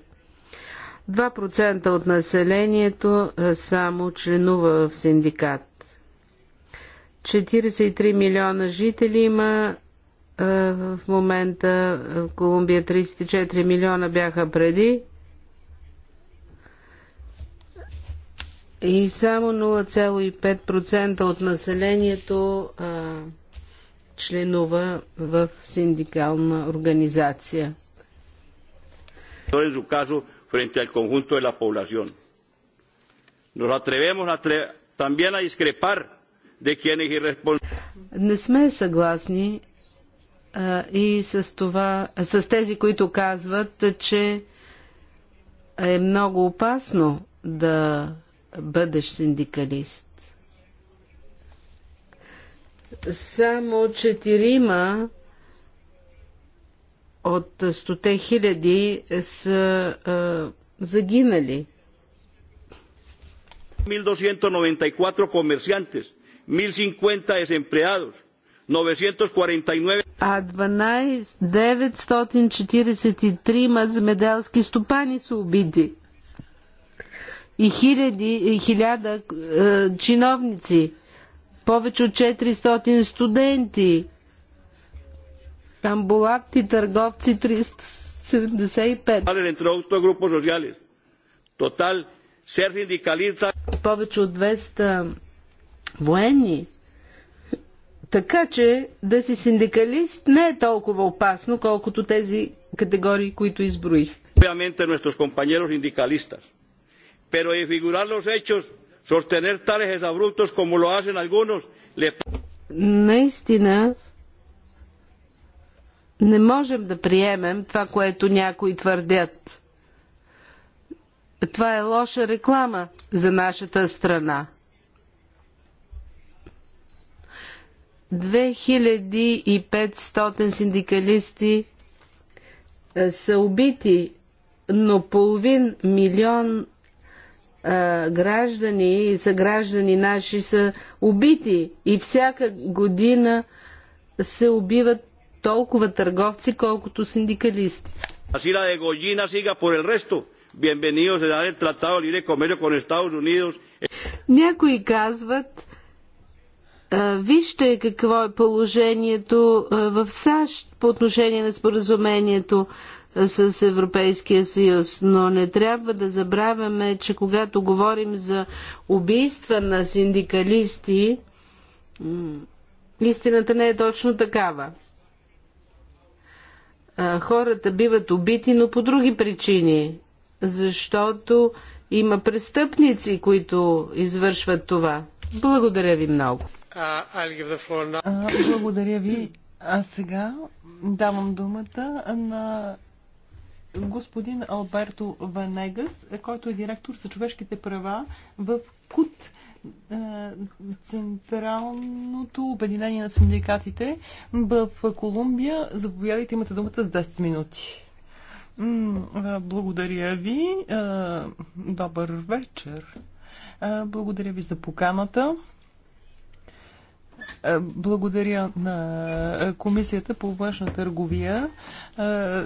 2% от населението само членува в синдикат. 43 милиона жители има в момента в Колумбия 34 милиона бяха преди и само 0,5% от населението а, членува в синдикална организация. Todo en su caso frente al conjunto de la población. Nos atrevemos a atre... también a discrepar de quienes irresponsables. Не сме съгласни и с, това, с тези, които казват, че е много опасно да бъдеш синдикалист. Само четирима от стоте хиляди са а, загинали. 1294 comerciantes, 1050 desempleados, 949... А 12.943 земеделски стопани са убити. И хиляди, и хиляда е, чиновници. Повече от 400 студенти. амбулакти, търговци 375. Повече от 200 военни така че да си синдикалист не е толкова опасно, колкото тези категории, които изброих. Obviamente nuestros compañeros sindicalistas, pero desfigurar los hechos, sostener tales exabruptos como lo hacen algunos, le... Наистина не можем да приемем това, което някои твърдят. Това е лоша реклама за нашата страна. 2500 синдикалисти е, са убити, но половин милион е, граждани и съграждани наши са убити и всяка година се убиват толкова търговци, колкото синдикалисти. Así la degollina siga por el resto. Bienvenidos a el Tratado de Libre Comercio con Estados Unidos. Някои казват, Вижте какво е положението в САЩ по отношение на споразумението с Европейския съюз. Но не трябва да забравяме, че когато говорим за убийства на синдикалисти, истината не е точно такава. Хората биват убити, но по други причини, защото има престъпници, които извършват това. Благодаря ви много. Uh, благодаря ви. А сега давам думата на господин Алберто Ванегас, който е директор за човешките права в КУТ, е, Централното обединение на синдикатите в Колумбия. Заповядайте, имате думата с 10 минути. Благодаря ви. Добър вечер. Благодаря ви за поканата. Е, благодаря на е, Комисията по външна търговия. Е,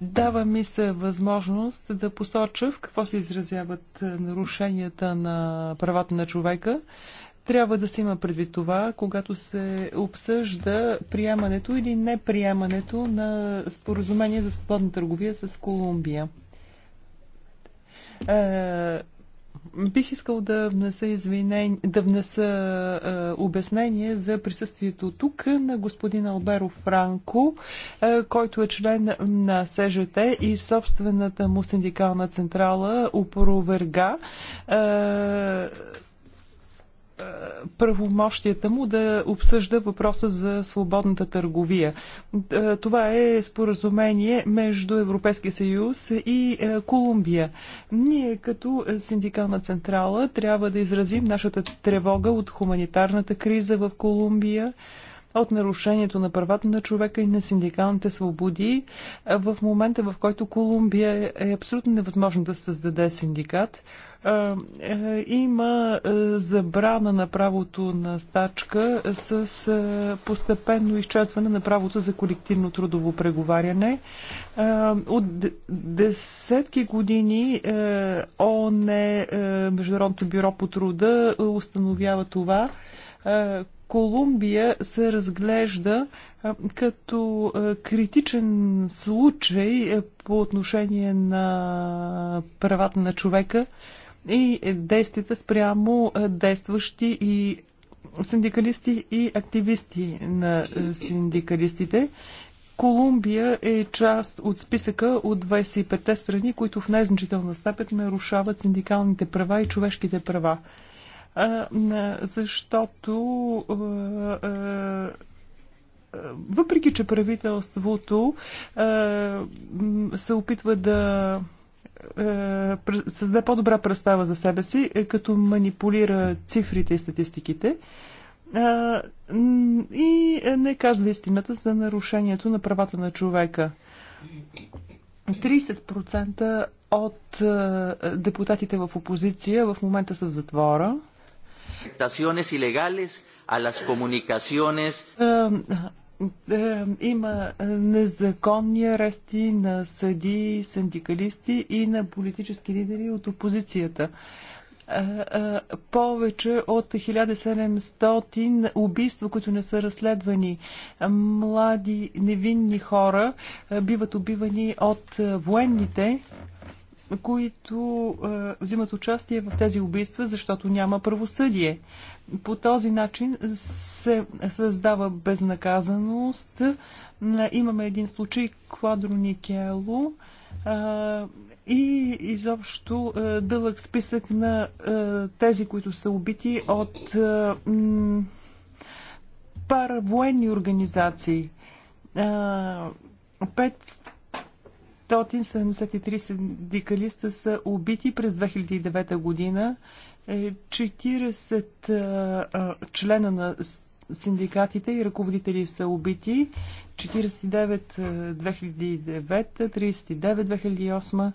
дава ми се възможност да посоча в какво се изразяват нарушенията на правата на човека. Трябва да се има предвид това, когато се обсъжда приемането или неприемането на споразумение за свободна търговия с Колумбия. Бих искал да внеса, извинен... да внеса е, обяснение за присъствието тук на господин Алберо Франко, е, който е член на СЖТ и собствената му синдикална централа Опроверга. Е, правомощията му да обсъжда въпроса за свободната търговия. Е, това е споразумение между Европейския съюз и е, Колумбия. Ние като синдикална централа трябва да изразим нашата тревога от хуманитарната криза в Колумбия от нарушението на правата на човека и на синдикалните свободи е, в момента, в който Колумбия е абсолютно невъзможно да създаде синдикат. Е, е, има е, забрана на правото на стачка с постепенно изчезване на правото за колективно трудово преговаряне. От десетки години ООН, Международното бюро по труда, установява това. Колумбия се разглежда като критичен случай по отношение на правата на човека и действията спрямо е, действащи и синдикалисти и активисти на е, синдикалистите. Колумбия е част от списъка от 25-те страни, които в най-значителна степен нарушават синдикалните права и човешките права. защото е, въпреки, че правителството се опитва да създаде по-добра представа за себе си, е, като манипулира цифрите и статистиките е, и е, не казва истината за нарушението на правата на човека. 30% от депутатите в опозиция в момента са в затвора. Afectaciones ilegales a las comunicaciones. Е, има незаконни арести на съди, синдикалисти и на политически лидери от опозицията. Е, е, повече от 1700 убийства, които не са разследвани. Млади, невинни хора биват убивани от военните, които взимат участие в тези убийства, защото няма правосъдие. По този начин се създава безнаказаност. Имаме един случай Квадро Никело и изобщо дълъг списък на тези, които са убити от паравоенни организации. 573 синдикалиста са убити през 2009 година. 40 е, члена на синдикатите и ръководители са убити. 49 2009, 39 2008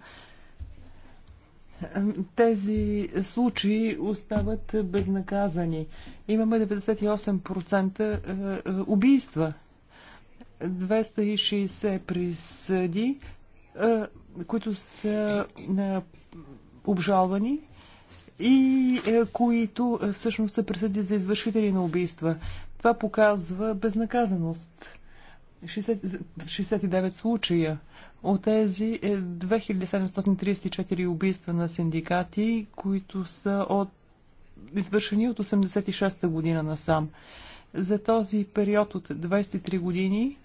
тези случаи остават безнаказани. Имаме 98% убийства, 260 присъди, които са обжалвани и е, които е, всъщност са присъди за извършители на убийства. Това показва безнаказаност. 60, 69 случая. От тези 2734 е, убийства на синдикати, които са от, извършени от 86-та година насам. За този период от 23 години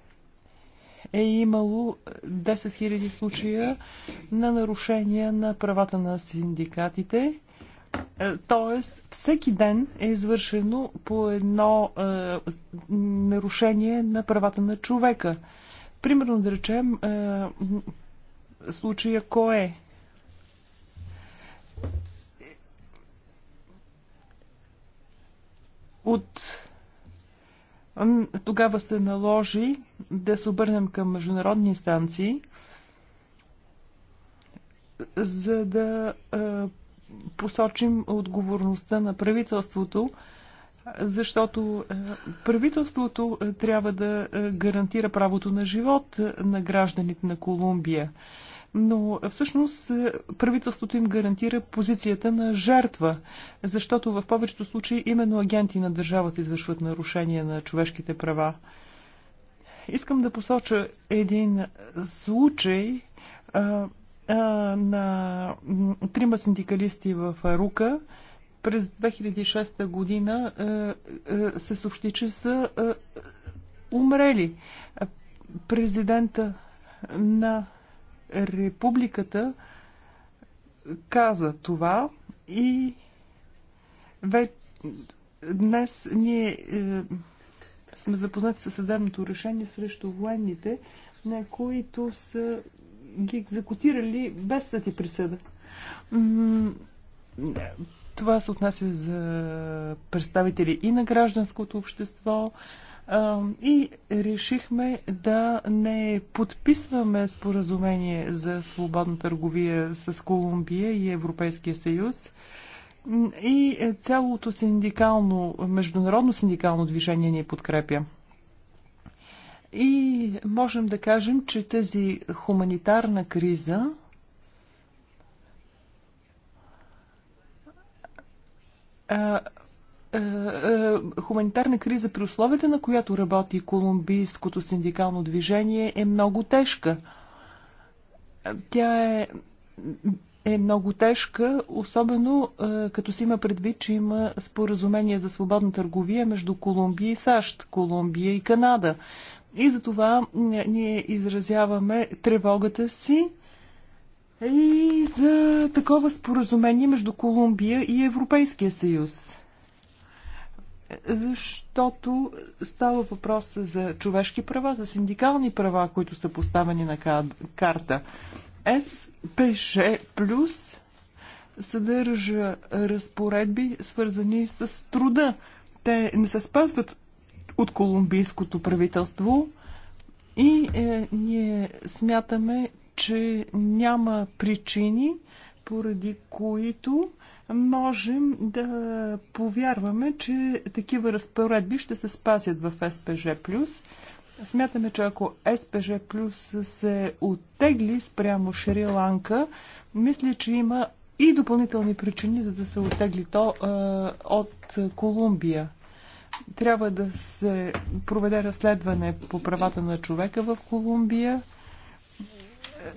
е имало 10 000 случая на нарушения на правата на синдикатите е, тоест, всеки ден е извършено по едно е, нарушение на правата на човека. Примерно, да речем, е, случая кое? Е, от тогава се наложи да се обърнем към международни инстанции, за да е, посочим отговорността на правителството, защото е, правителството е, трябва да е, гарантира правото на живот на гражданите на Колумбия. Но всъщност правителството им гарантира позицията на жертва, защото в повечето случаи именно агенти на държавата извършват нарушения на човешките права. Искам да посоча един случай, на трима синдикалисти в Рука. През 2006 година се съобщи, че са умрели. Президента на републиката каза това и вече днес ние е, сме запознати със съдебното решение срещу военните, на които са ги екзекутирали без съд и присъда. Това се отнася за представители и на гражданското общество, и решихме да не подписваме споразумение за свободна търговия с Колумбия и Европейския съюз. И цялото синдикално, международно синдикално движение ни подкрепя. И можем да кажем, че тази хуманитарна криза хуманитарна криза при условията, на която работи колумбийското синдикално движение, е много тежка. Тя е, е много тежка, особено като си има предвид, че има споразумение за свободна търговия между Колумбия и САЩ, Колумбия и Канада. И за това ние изразяваме тревогата си и за такова споразумение между Колумбия и Европейския съюз. Защото става въпрос за човешки права, за синдикални права, които са поставени на карта. СПЖ плюс съдържа разпоредби, свързани с труда. Те не се спазват от колумбийското правителство и е, ние смятаме, че няма причини, поради които можем да повярваме, че такива разпоредби ще се спасят в СПЖ+. Смятаме, че ако СПЖ Плюс се оттегли спрямо Шри-Ланка, мисля, че има и допълнителни причини, за да се оттегли то е, от Колумбия. Трябва да се проведе разследване по правата на човека в Колумбия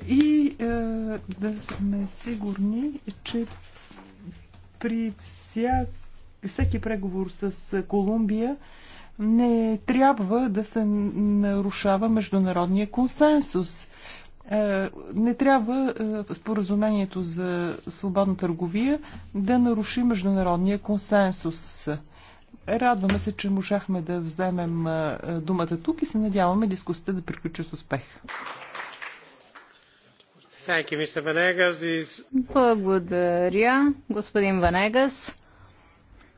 и е, да сме сигурни, че при вся, всеки преговор с Колумбия не трябва да се нарушава международния консенсус. Е, не трябва е, споразумението за свободна търговия да наруши международния консенсус. Радваме се, че можахме да вземем думата тук и се надяваме дискусията да приключи с успех. Благодаря, господин Ванегас.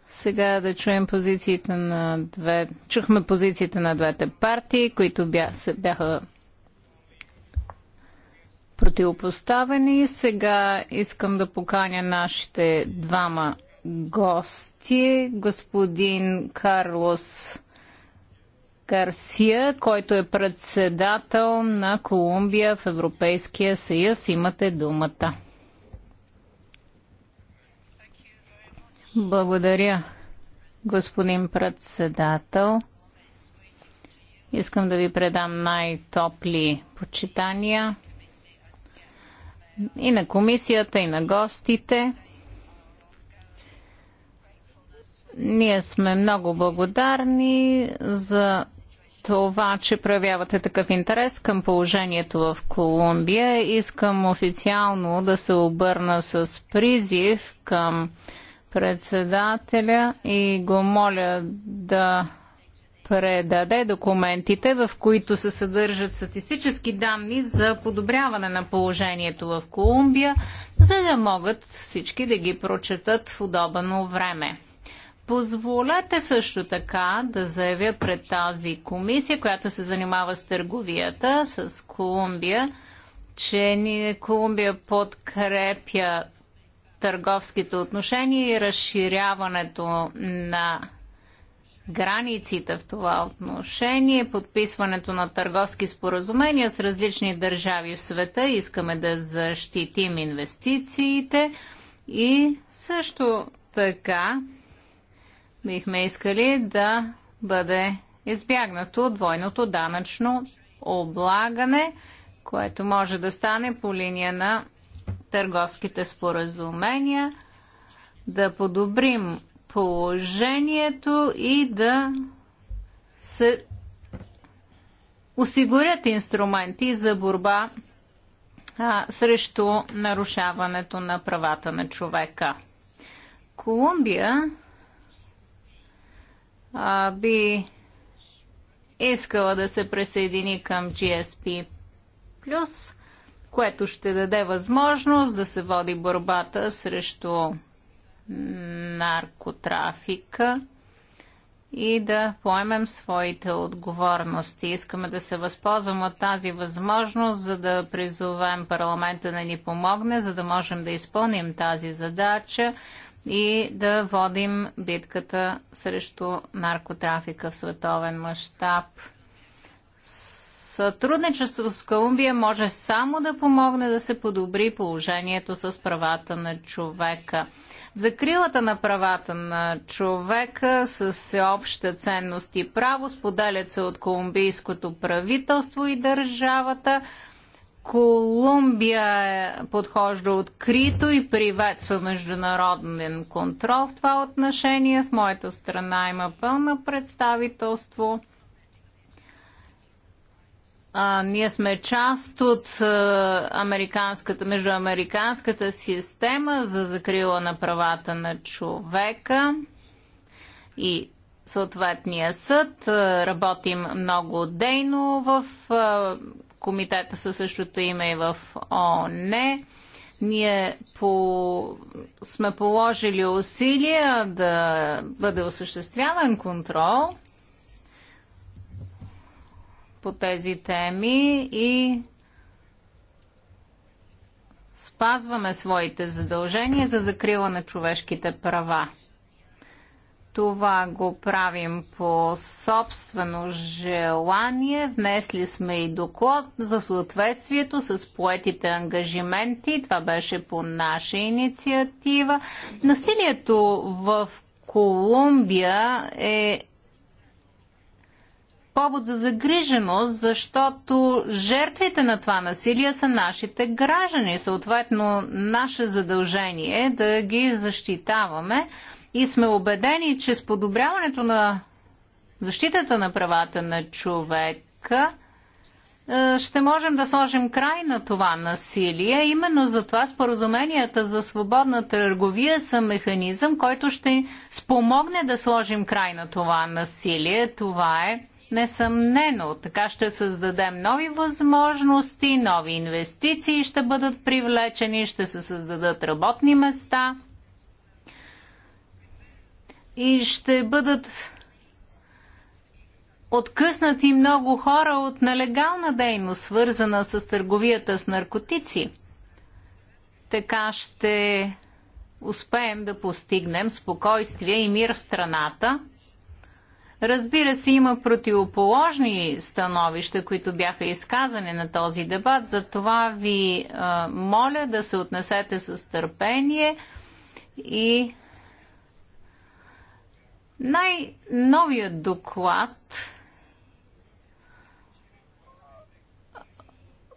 Сега да чуем позициите на две... Чухме позициите на двете партии, които бя... бяха противопоставени. Сега искам да поканя нашите двама гости, господин Карлос Гарсия, който е председател на Колумбия в Европейския съюз. Имате думата. Благодаря, господин председател. Искам да ви предам най-топли почитания и на комисията, и на гостите. Ние сме много благодарни за това, че проявявате такъв интерес към положението в Колумбия. Искам официално да се обърна с призив към председателя и го моля да предаде документите, в които се съдържат статистически данни за подобряване на положението в Колумбия, за да могат всички да ги прочетат в удобно време. Позволете също така да заявя пред тази комисия, която се занимава с търговията с Колумбия, че ни Колумбия подкрепя търговските отношения и разширяването на границите в това отношение, подписването на търговски споразумения с различни държави в света. Искаме да защитим инвестициите и също така бихме искали да бъде избягнато двойното данъчно облагане, което може да стане по линия на търговските споразумения, да подобрим положението и да се осигурят инструменти за борба а, срещу нарушаването на правата на човека. Колумбия а, би искала да се присъедини към GSP+, което ще даде възможност да се води борбата срещу наркотрафика и да поемем своите отговорности. Искаме да се възползвам от тази възможност, за да призовем парламента да ни помогне, за да можем да изпълним тази задача, и да водим битката срещу наркотрафика в световен мащаб. Сътрудничество с Колумбия може само да помогне да се подобри положението с правата на човека. Закрилата на правата на човека с всеобща ценност и право споделят се от колумбийското правителство и държавата – Колумбия е подхожда открито и приветства международен контрол в това отношение. В моята страна има пълно представителство. А, ние сме част от американската, междуамериканската система за закрила на правата на човека и съответния съд. Работим много дейно в комитета със същото име и в ООН. Ние по... сме положили усилия да бъде осъществяван контрол по тези теми и спазваме своите задължения за закрила на човешките права. Това го правим по собствено желание. Внесли сме и доклад за съответствието с поетите ангажименти. Това беше по наша инициатива. Насилието в Колумбия е повод за загриженост, защото жертвите на това насилие са нашите граждани. Съответно, наше задължение е да ги защитаваме и сме убедени, че с подобряването на защитата на правата на човека е, ще можем да сложим край на това насилие. Именно за това споразуменията за свободна търговия са механизъм, който ще спомогне да сложим край на това насилие. Това е несъмнено. Така ще създадем нови възможности, нови инвестиции ще бъдат привлечени, ще се създадат работни места – и ще бъдат откъснати много хора от нелегална дейност, свързана с търговията с наркотици. Така ще успеем да постигнем спокойствие и мир в страната. Разбира се, има противоположни становища, които бяха изказани на този дебат. Затова ви а, моля да се отнесете с търпение и най-новият доклад,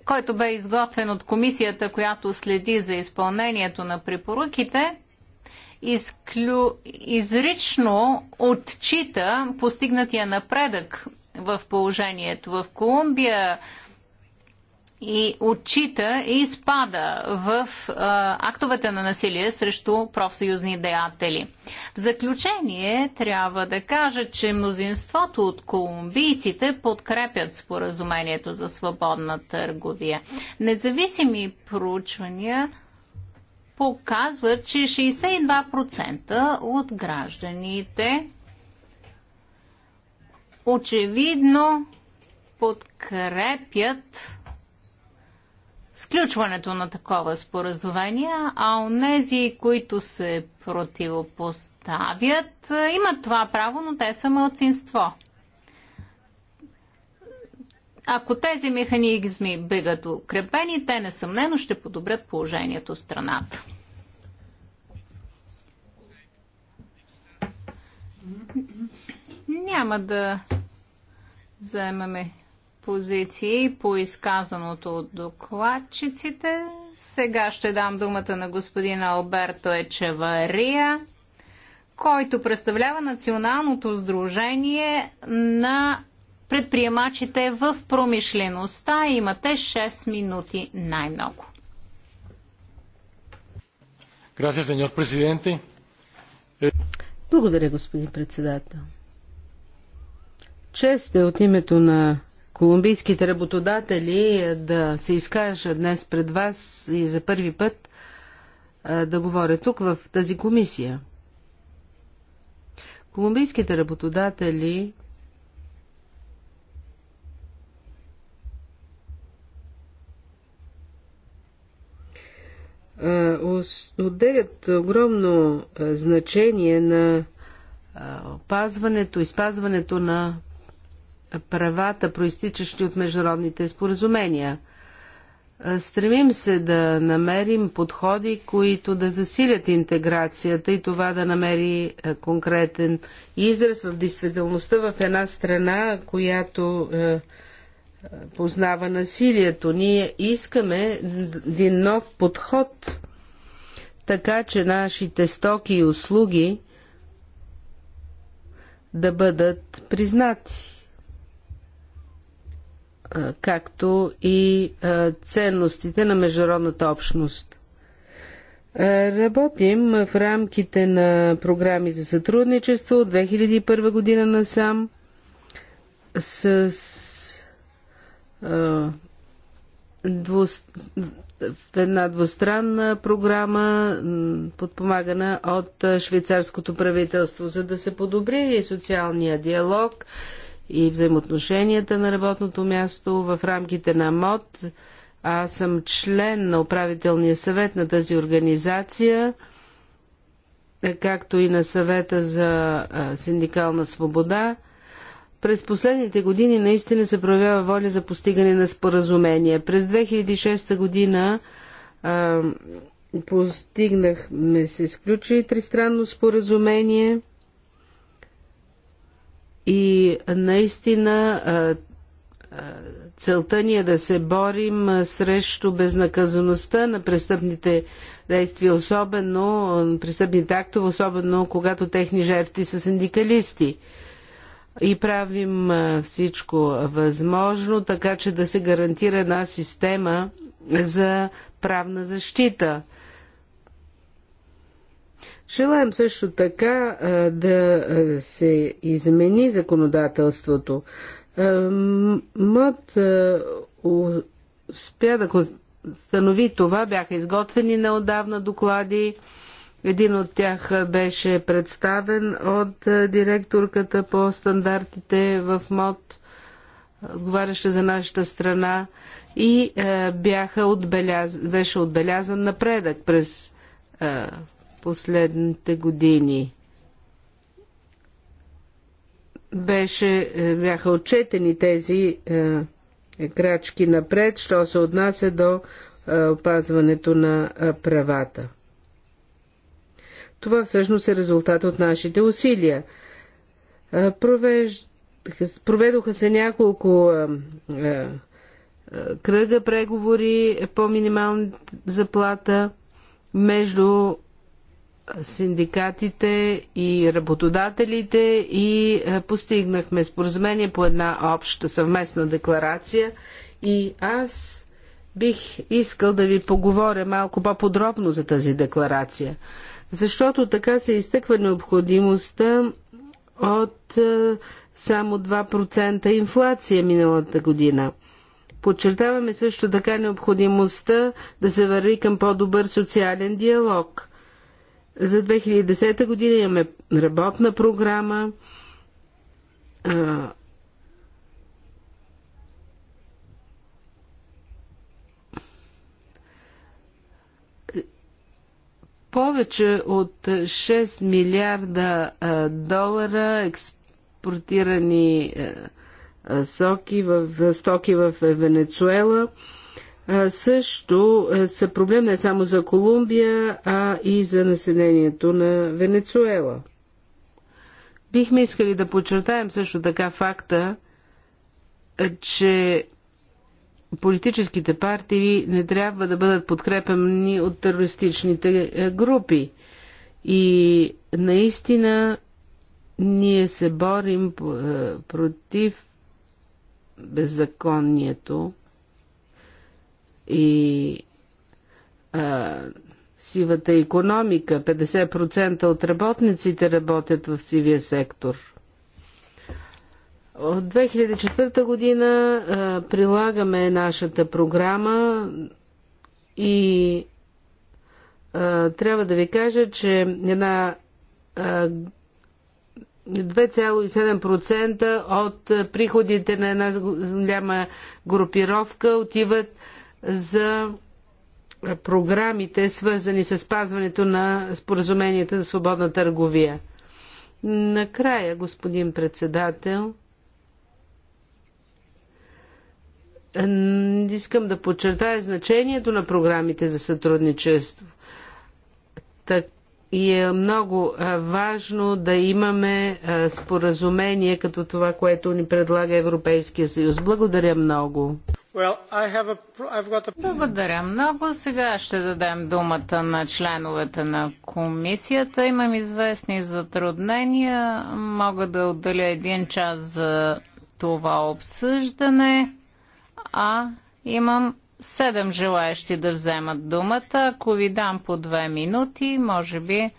който бе изготвен от комисията, която следи за изпълнението на препоръките, изклю... изрично отчита постигнатия напредък в положението в Колумбия, и отчита и изпада в а, актовете на насилие срещу профсъюзни деятели. В заключение трябва да кажа, че мнозинството от колумбийците подкрепят споразумението за свободна търговия. Независими проучвания показват, че 62% от гражданите очевидно подкрепят сключването на такова споразумение, а онези, които се противопоставят, е, имат това право, но те са мълцинство. Ако тези механизми бъдат укрепени, те несъмнено ще подобрят положението в страната. Няма да заемаме позиции по изказаното от докладчиците. Сега ще дам думата на господин Алберто Ечевария, който представлява Националното сдружение на предприемачите в промишлеността. Имате 6 минути най-много. Eh, Благодаря, господин председател. Чест е от името на колумбийските работодатели е, да се изкажа днес пред вас и за първи път е, да говоря тук в тази комисия. Колумбийските работодатели е, отделят огромно значение на опазването и спазването на правата, проистичащи от международните споразумения. Стремим се да намерим подходи, които да засилят интеграцията и това да намери конкретен израз в действителността в една страна, която познава насилието. Ние искаме един нов подход, така че нашите стоки и услуги да бъдат признати както и ценностите на международната общност. Работим в рамките на програми за сътрудничество от 2001 година насам с а, една двустранна програма, подпомагана от швейцарското правителство, за да се подобри и социалния диалог и взаимоотношенията на работното място в рамките на МОД. Аз съм член на управителния съвет на тази организация, както и на съвета за синдикална свобода. През последните години наистина се проявява воля за постигане на споразумения. През 2006 година а, постигнахме, се сключи тристранно споразумение – и наистина целта ни е да се борим срещу безнаказаността на престъпните действия, особено престъпните актове, особено когато техни жертви са синдикалисти. И правим всичко възможно, така че да се гарантира една система за правна защита – Желаем също така да се измени законодателството. Мът успя да установи това, бяха изготвени неодавна доклади. Един от тях беше представен от директорката по стандартите в МОД, отговаряща за нашата страна, и бяха отбеляз... беше отбелязан напредък през последните години. Беше, е, бяха отчетени тези е, крачки напред, що се отнася до е, опазването на е, правата. Това всъщност е резултат от нашите усилия. Е, провеж... Проведоха се няколко е, е, е кръга преговори по минимална заплата между синдикатите и работодателите и е, постигнахме споразумение по една обща съвместна декларация и аз бих искал да ви поговоря малко по-подробно за тази декларация, защото така се изтъква необходимостта от е, само 2% инфлация миналата година. Подчертаваме също така необходимостта да се върви към по-добър социален диалог – за 2010 година имаме работна програма. повече от 6 милиарда долара експортирани соки в, стоки в Венецуела – също са проблем не само за Колумбия, а и за населението на Венецуела. Бихме искали да подчертаем също така факта, че политическите партии не трябва да бъдат подкрепени от терористичните групи. И наистина ние се борим против беззаконието, и а, сивата економика. 50% от работниците работят в сивия сектор. От 2004 година а, прилагаме нашата програма и а, трябва да ви кажа, че една 2,7% от приходите на една голяма групировка отиват за програмите, свързани с спазването на споразуменията за свободна търговия. Накрая, господин председател, искам да подчертая значението на програмите за сътрудничество. Так, и е много важно да имаме споразумение като това, което ни предлага Европейския съюз. Благодаря много. Well, a... a... Благодаря много. Сега ще дадем думата на членовете на комисията. Имам известни затруднения. Мога да отделя един час за това обсъждане. А имам седем желаящи да вземат думата. Ако ви дам по две минути, може би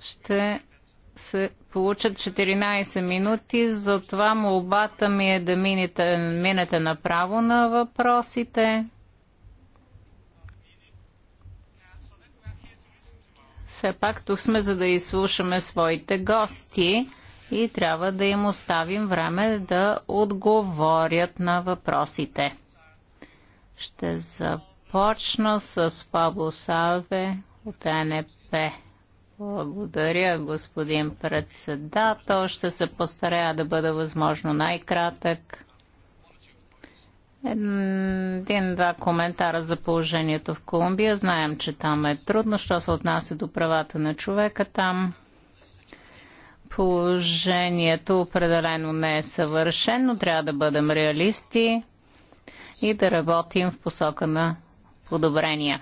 ще се получат 14 минути, затова молбата ми е да минете, минете направо на въпросите. Все пак тук сме за да изслушаме своите гости и трябва да им оставим време да отговорят на въпросите. Ще започна с Пабло Салве от НП. Благодаря, господин председател. Ще се постарая да бъда възможно най-кратък. Един-два коментара за положението в Колумбия. Знаем, че там е трудно, що се отнася до правата на човека там. Положението определено не е съвършено, трябва да бъдем реалисти и да работим в посока на подобрения.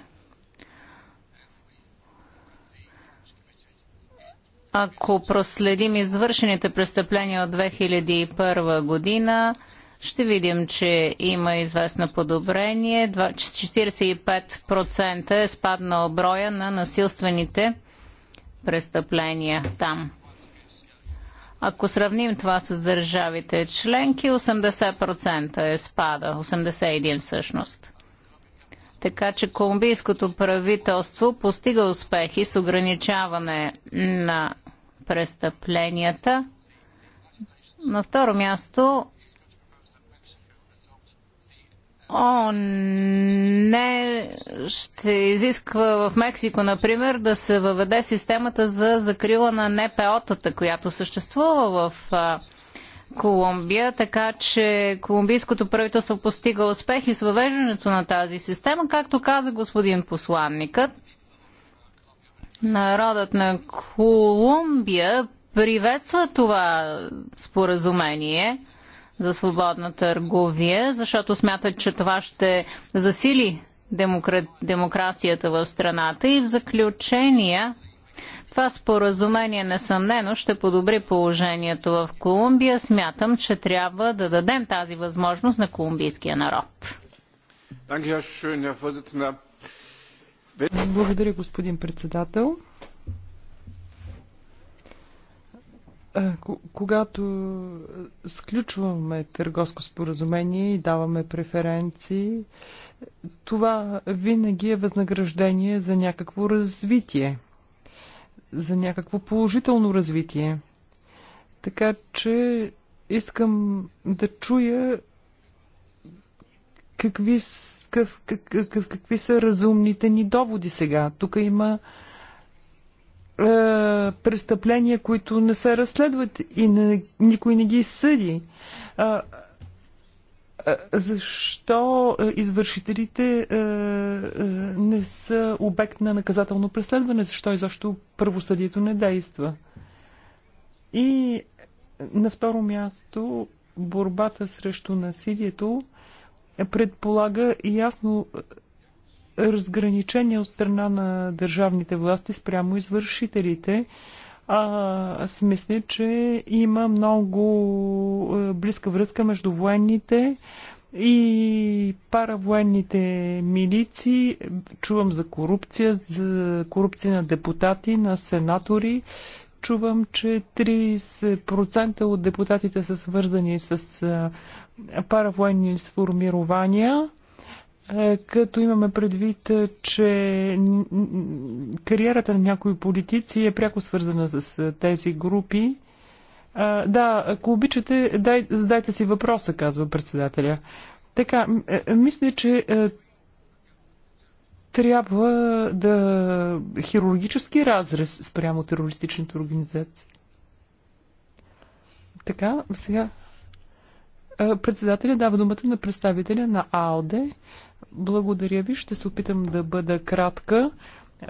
Ако проследим извършените престъпления от 2001 година, ще видим, че има известно подобрение. 45% е спаднал броя на насилствените престъпления там. Ако сравним това с държавите членки, 80% е спада, 81% всъщност. Така че колумбийското правителство постига успехи с ограничаване на престъпленията. На второ място О, не ще изисква в Мексико, например, да се въведе системата за закрила на НПО-тата, която съществува в Колумбия, така че колумбийското правителство постига успех и с въвеждането на тази система, както каза господин посланникът. Народът на Колумбия приветства това споразумение за свободна търговия, защото смятат, че това ще засили демокра... демокрацията в страната. И в заключение това споразумение несъмнено ще подобри положението в Колумбия. Смятам, че трябва да дадем тази възможност на колумбийския народ. Благодаря, господин председател. Когато сключваме търговско споразумение и даваме преференции, това винаги е възнаграждение за някакво развитие за някакво положително развитие. Така че искам да чуя какви, какъв, какъв, какви са разумните ни доводи сега. Тук има е, престъпления, които не се разследват и не, никой не ги съди. Е, защо извършителите не са обект на наказателно преследване, защо изобщо правосъдието не действа. И на второ място, борбата срещу насилието предполага ясно разграничение от страна на държавните власти спрямо извършителите, а, Аз мисля, че има много е, близка връзка между военните и паравоенните милици. Чувам за корупция, за корупция на депутати, на сенатори. Чувам, че 30% от депутатите са свързани с е, паравоенни сформирования. Е, като имаме предвид, е, че кариерата на някои политици е пряко свързана с е, тези групи. Да, ако обичате, дай, задайте си въпроса, казва председателя. Така, мисля, че трябва да хирургически разрез спрямо терористичните организации. Така, сега председателя дава думата на представителя на АОД. Благодаря ви. Ще се опитам да бъда кратка.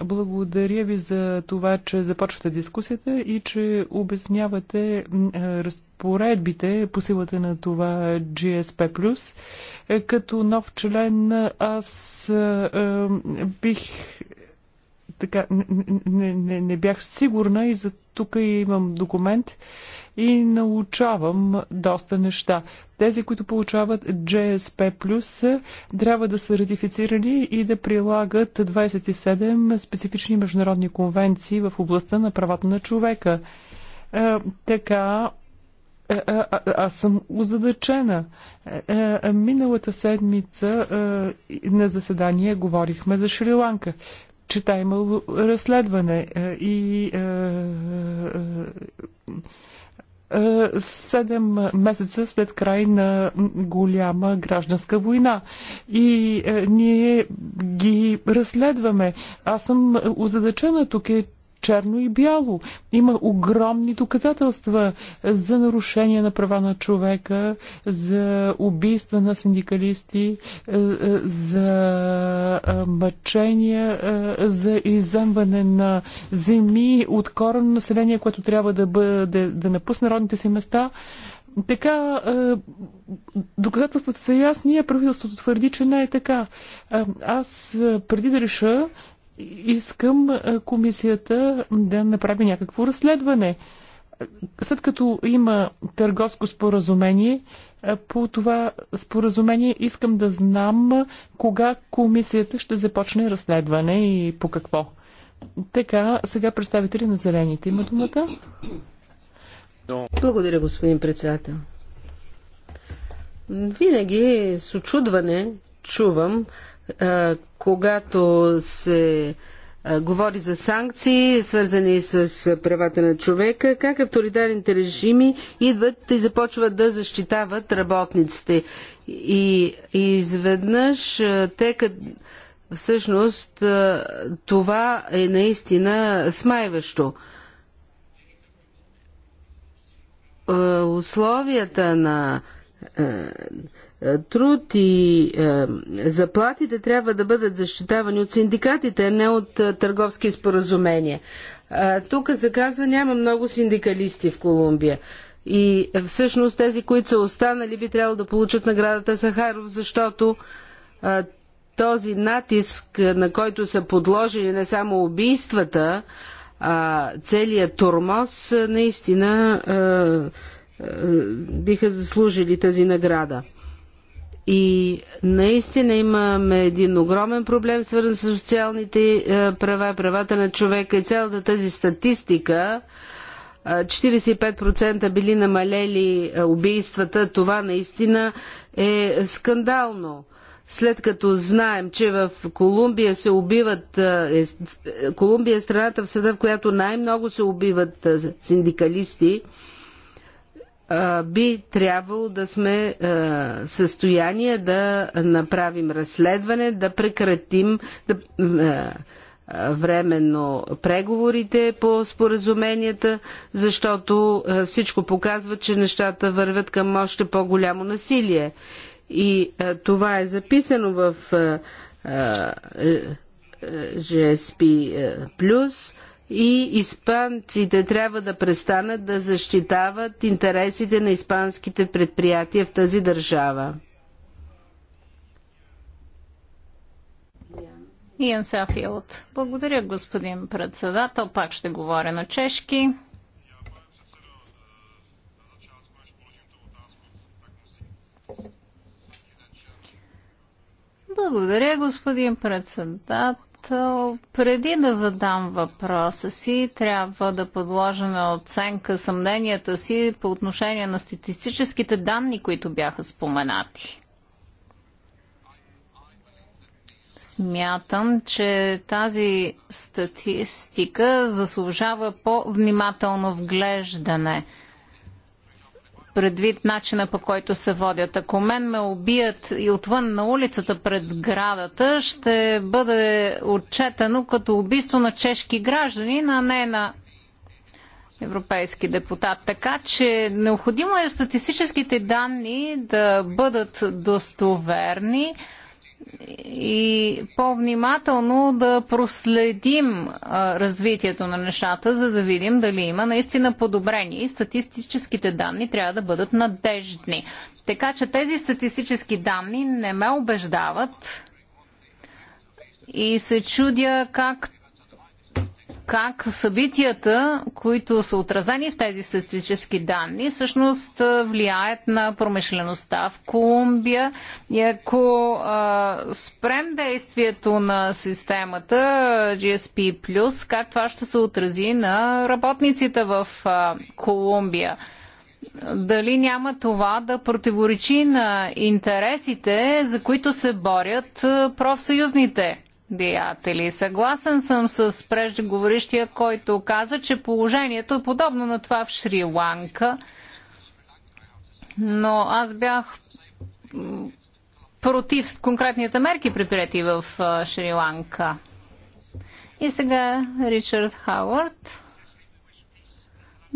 Благодаря ви за това, че започвате дискусията и че обяснявате е, разпоредбите по силата на това GSP+. Е, като нов член аз е, бих така, не, не, не бях сигурна и за тук имам документ и научавам доста неща. Тези, които получават GSP+, трябва да са ратифицирали и да прилагат 27 специфични международни конвенции в областта на правата на човека. Е, така, е, е, аз съм озадачена. Миналата седмица на заседание говорихме за Шри-Ланка, че та имало разследване и е, седем месеца след край на голяма гражданска война. И е, ние ги разследваме. Аз съм озадачена тук, е, черно и бяло. Има огромни доказателства за нарушение на права на човека, за убийства на синдикалисти, е, е, за е, мъчения, за изземване на земи от корено население, което трябва да, бъде, да напусне родните си места. Така, доказателствата са ясни, а правителството твърди, че не е така. Аз преди да реша искам комисията да направи някакво разследване. След като има търговско споразумение, по това споразумение искам да знам кога комисията ще започне разследване и по какво. Така, сега представители на зелените има думата. Благодаря, господин председател. Винаги с очудване чувам когато се говори за санкции, свързани с правата на човека, как авторитарните режими идват и започват да защитават работниците. И, изведнъж те Всъщност това е наистина смайващо. Условията на е, труд и е, заплатите трябва да бъдат защитавани от синдикатите, а не от е, търговски споразумения. Тук се казва, няма много синдикалисти в Колумбия. И всъщност тези, които са останали, би трябвало да получат наградата Сахаров, защото а, този натиск, на който са подложили не само убийствата, а целият тормоз, наистина а, а, биха заслужили тази награда. И наистина имаме един огромен проблем, свързан с социалните е, права, правата на човека и цялата тази статистика. 45% е, били намалели е, убийствата. Това наистина е скандално. След като знаем, че в Колумбия се убиват. Колумбия е страната в съда, в която най-много се убиват синдикалисти би трябвало да сме в състояние да направим разследване, да прекратим да, временно преговорите по споразуменията, защото всичко показва, че нещата вървят към още по-голямо насилие. И това е записано в GSP и испанците трябва да престанат да защитават интересите на испанските предприятия в тази държава. Иен Сафилд. Благодаря, господин председател. Пак ще говоря на чешки. Благодаря, господин председател преди да задам въпроса си, трябва да подложа на оценка съмненията си по отношение на статистическите данни, които бяха споменати. Смятам, че тази статистика заслужава по-внимателно вглеждане – предвид начина по който се водят. Ако мен ме убият и отвън на улицата пред сградата, ще бъде отчетено като убийство на чешки граждани, а не на европейски депутат. Така че необходимо е статистическите данни да бъдат достоверни и по-внимателно да проследим а, развитието на нещата, за да видим дали има наистина подобрение. И статистическите данни трябва да бъдат надеждни. Така че тези статистически данни не ме убеждават и се чудя как как събитията, които са отразени в тези статистически данни, всъщност влияят на промишлеността в Колумбия. И ако а, спрем действието на системата GSP+, как това ще се отрази на работниците в а, Колумбия? дали няма това да противоречи на интересите, за които се борят профсъюзните Деятели. Съгласен съм с преждеговорищия, който каза, че положението е подобно на това в Шри-Ланка. Но аз бях против конкретните мерки, предприяти в Шри-Ланка. И сега Ричард Хауърд.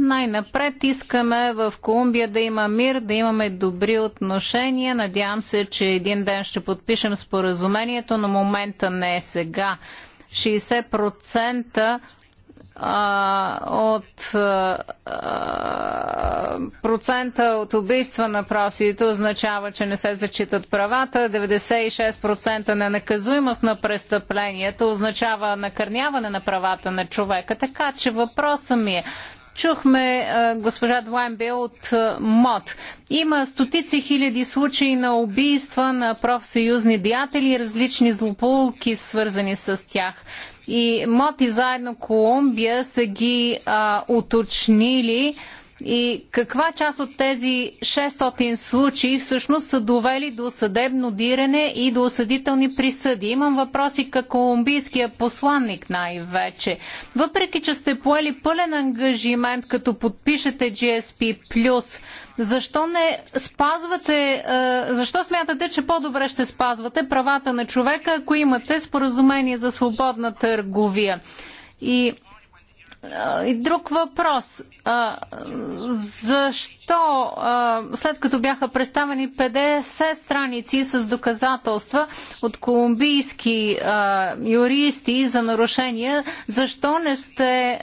Най-напред искаме в Колумбия да има мир, да имаме добри отношения. Надявам се, че един ден ще подпишем споразумението, но момента не е сега. 60% от процента от убийства на просите означава, че не се зачитат правата. 96% на наказуемост на престъплението означава накърняване на правата на човека. Така че въпросът ми е Чухме е, госпожа Длайнбел от е, МОД. Има стотици хиляди случаи на убийства на профсъюзни деятели и различни злополуки, свързани с тях. И МОД и заедно Колумбия са ги а, уточнили и каква част от тези 600 случаи всъщност са довели до съдебно дирене и до осъдителни присъди? Имам въпроси към колумбийския посланник най-вече. Въпреки, че сте поели пълен ангажимент, като подпишете GSP+, защо не спазвате, е, защо смятате, че по-добре ще спазвате правата на човека, ако имате споразумение за свободна търговия? И е, и друг въпрос защо след като бяха представени 50 страници с доказателства от колумбийски юристи за нарушения, защо не сте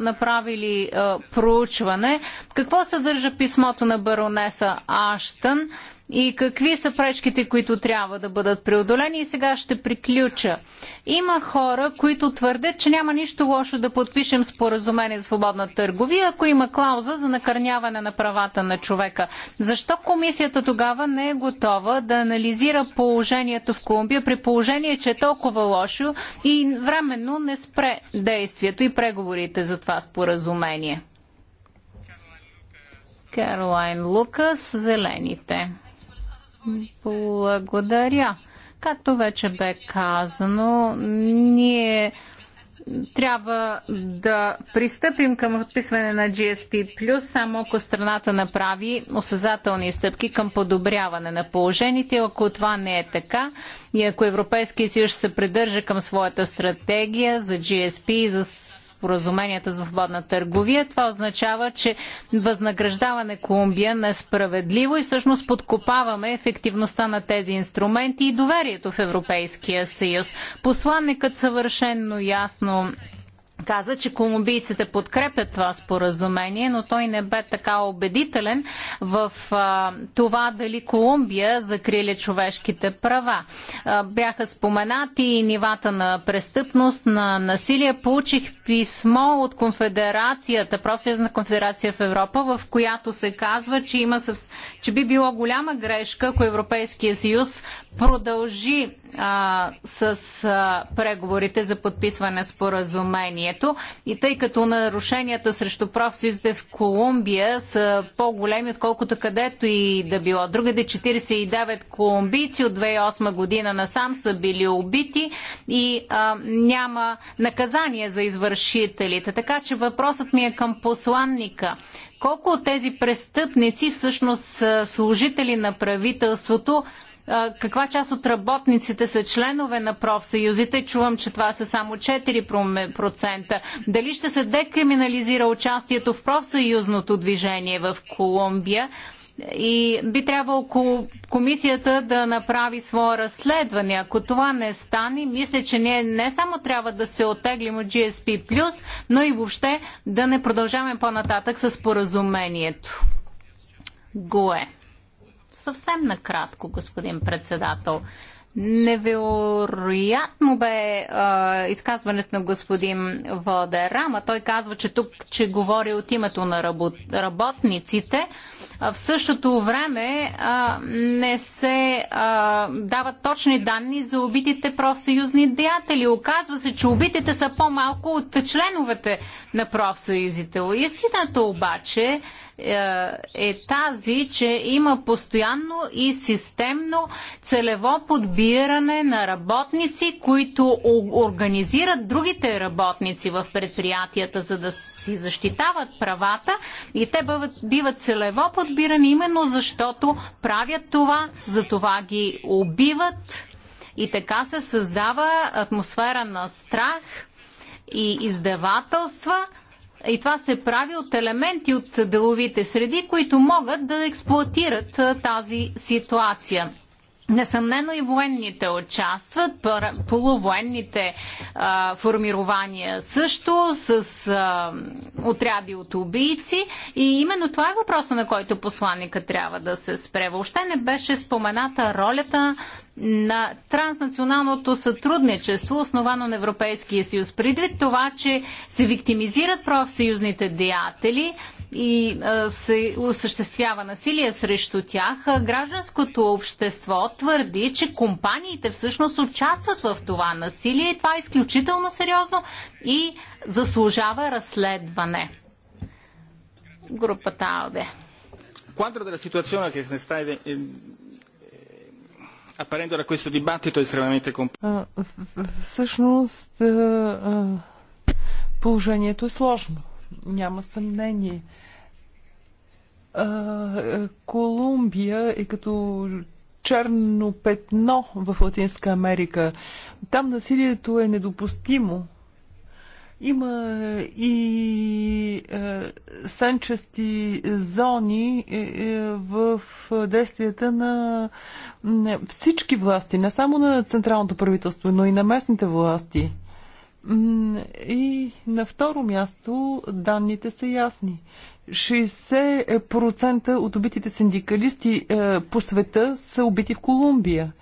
направили проучване? Какво съдържа писмото на баронеса Аштън? и какви са пречките, които трябва да бъдат преодолени. И сега ще приключа. Има хора, които твърдят, че няма нищо лошо да подпишем споразумение за свободна търговия, ако има клауза за накърняване на правата на човека. Защо комисията тогава не е готова да анализира положението в Колумбия при положение, че е толкова лошо и временно не спре действието и преговорите за това споразумение? Каролайн Лукас, зелените. Благодаря. Както вече бе казано, ние трябва да пристъпим към отписване на GSP+, само ако страната направи осъзнателни стъпки към подобряване на положените. Ако това не е така и ако Европейския съюз се придържа към своята стратегия за GSP и за споразуменията за свободна търговия. Това означава, че възнаграждаваме Колумбия несправедливо и всъщност подкопаваме ефективността на тези инструменти и доверието в Европейския съюз. Посланникът съвършенно ясно каза, че колумбийците подкрепят това споразумение, но той не бе така убедителен в а, това дали Колумбия закриля човешките права. А, бяха споменати и нивата на престъпност, на насилие. Получих писмо от конфедерацията, профсъюзна конфедерация в Европа, в която се казва, че, има съвс... че би било голяма грешка, ако Европейския съюз продължи а, с а, преговорите за подписване споразумението. И тъй като нарушенията срещу профсъюзите в Колумбия са по-големи, отколкото където и да било. Другаде 49 колумбийци от 2008 година насам са били убити и а, няма наказание за извършителите. Така че въпросът ми е към посланника. Колко от тези престъпници всъщност са служители на правителството, каква част от работниците са членове на профсъюзите. Чувам, че това са само 4%. Дали ще се декриминализира участието в профсъюзното движение в Колумбия? И би трябвало комисията да направи свое разследване. Ако това не стане, мисля, че ние не само трябва да се отеглим от GSP+, но и въобще да не продължаваме по-нататък с поразумението. Гое. Съвсем накратко, господин председател. Невероятно бе а, изказването на господин Водерама. Той казва, че тук, че говори от името на работ, работниците. А, в същото време а, не се а, дават точни данни за убитите профсъюзни деятели. Оказва се, че убитите са по-малко от членовете на профсъюзите. Истината обаче е, е тази, че има постоянно и системно целево подбиране на работници, които организират другите работници в предприятията, за да си защитават правата и те биват, биват целево подбирани именно защото правят това, за това ги убиват и така се създава атмосфера на страх и издевателства – и това се прави от елементи от деловите среди, които могат да експлуатират тази ситуация. Несъмнено и военните участват, полувоенните а, формирования също, с а, отряди от убийци. И именно това е въпроса, на който посланника трябва да се спре. Въобще не беше спомената ролята на транснационалното сътрудничество, основано на Европейския съюз. Предвид това, че се виктимизират профсъюзните деятели и е, се осъществява насилие срещу тях, е, гражданското общество твърди, че компаниите всъщност участват в това насилие и това е изключително сериозно и заслужава разследване. Групата АОДЕ. Quadro della situazione che sta Апарендо на questo dibattito estremamente Всъщност положението е сложно. Няма съмнение. Колумбия е като черно петно в Латинска Америка. Там насилието е недопустимо има и е, сенчести зони е, е, в действията на, всички власти, не само на централното правителство, но и на местните власти. И на второ място данните са ясни. 60% от убитите синдикалисти е, по света са убити в Колумбия.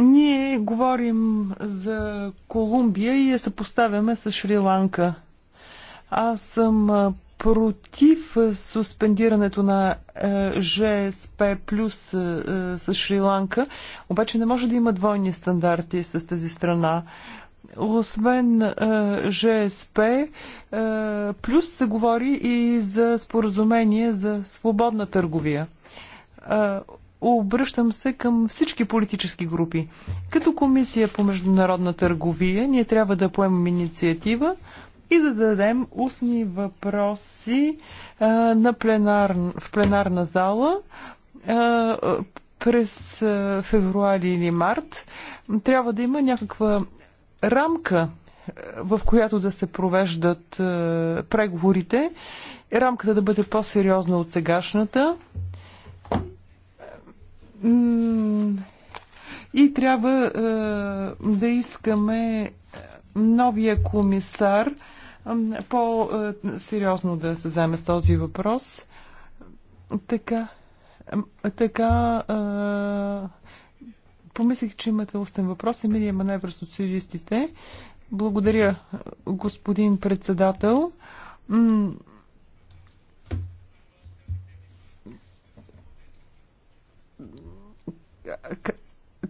Ние говорим за Колумбия и я съпоставяме с Шри-Ланка. Аз съм против суспендирането на ЖСП плюс с Шри-Ланка, обаче не може да има двойни стандарти с тази страна. Освен ЖСП, плюс се говори и за споразумение за свободна търговия Обръщам се към всички политически групи. Като комисия по международна търговия ние трябва да поемем инициатива и да дадем устни въпроси а, на пленар, в пленарна зала а, през а, февруари или март. Трябва да има някаква рамка, в която да се провеждат а, преговорите. Рамката да бъде по-сериозна от сегашната. И трябва е, да искаме новия комисар по-сериозно да се вземе с този въпрос. Така, така е, помислих, че имате устен въпрос. Емилия Маневра, социалистите. Благодаря, господин председател.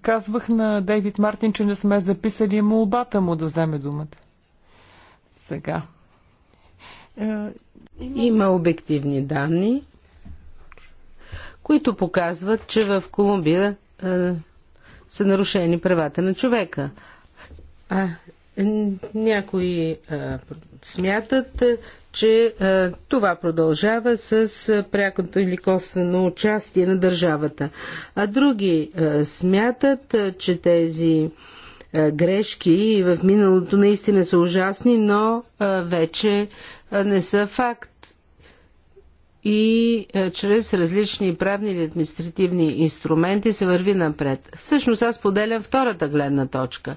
Казвах на Дейвид Мартин, че не сме записали молбата му да вземе думата. Сега. Е, има обективни данни, които показват, че в Колумбия е, са нарушени правата на човека. А, някои е, смятат, е, че е, това продължава с е, прякото или косвено участие на държавата. А други е, смятат, е, че тези грешки в миналото наистина са ужасни, но вече не са факт. И чрез различни правни или административни инструменти се върви напред. Всъщност аз поделям втората гледна точка.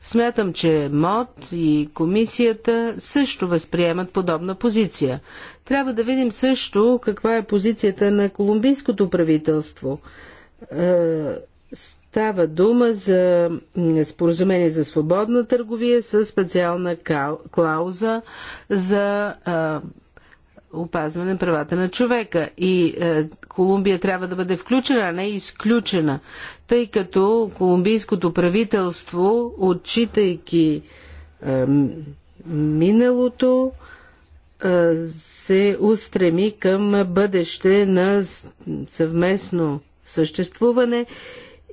Смятам, че МОД и комисията също възприемат подобна позиция. Трябва да видим също каква е позицията на колумбийското правителство. Е, става дума за споразумение за свободна търговия с специална клауза за е, опазване на правата на човека. И е, Колумбия трябва да бъде включена, а не изключена, тъй като колумбийското правителство, отчитайки е, миналото, е, се устреми към бъдеще на съвместно съществуване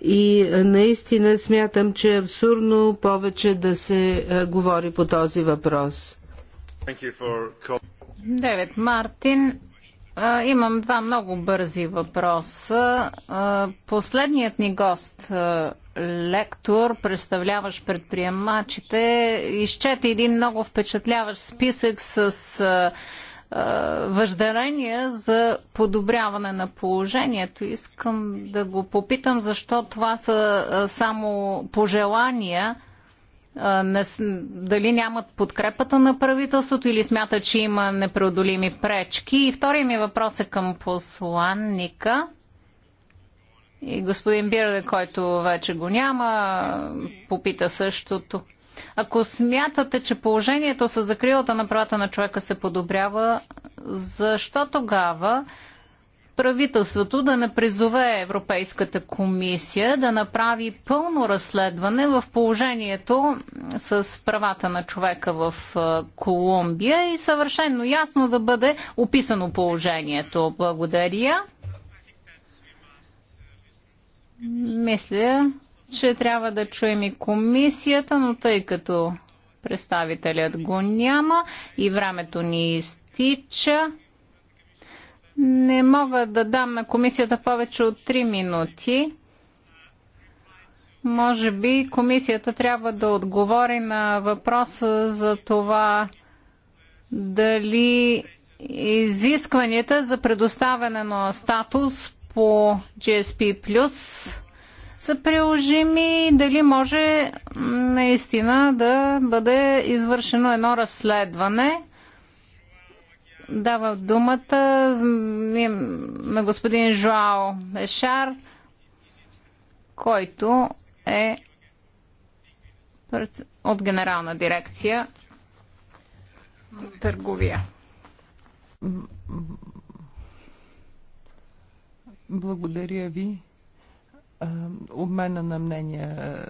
и е, наистина смятам, че е абсурдно повече да се е, говори по този въпрос. Девет Мартин, имам два много бързи въпроса. Последният ни гост, лектор, представляваш предприемачите, изчете един много впечатляващ списък с въжделения за подобряване на положението. Искам да го попитам защо това са само пожелания – не, дали нямат подкрепата на правителството или смятат, че има непреодолими пречки. И втория ми въпрос е към посланника. И господин Бирде, който вече го няма, попита същото. Ако смятате, че положението с закрилата на правата на човека се подобрява, защо тогава правителството да не призове Европейската комисия да направи пълно разследване в положението с правата на човека в Колумбия и съвършено ясно да бъде описано положението. Благодаря. Мисля, че трябва да чуем и комисията, но тъй като представителят го няма и времето ни изтича, не мога да дам на комисията повече от 3 минути. Може би комисията трябва да отговори на въпроса за това дали изискванията за предоставяне на статус по GSP Plus са приложими и дали може наистина да бъде извършено едно разследване – дава думата на господин Жуао Ешар, който е от Генерална дирекция търговия. Благодаря ви. Обмена на мнения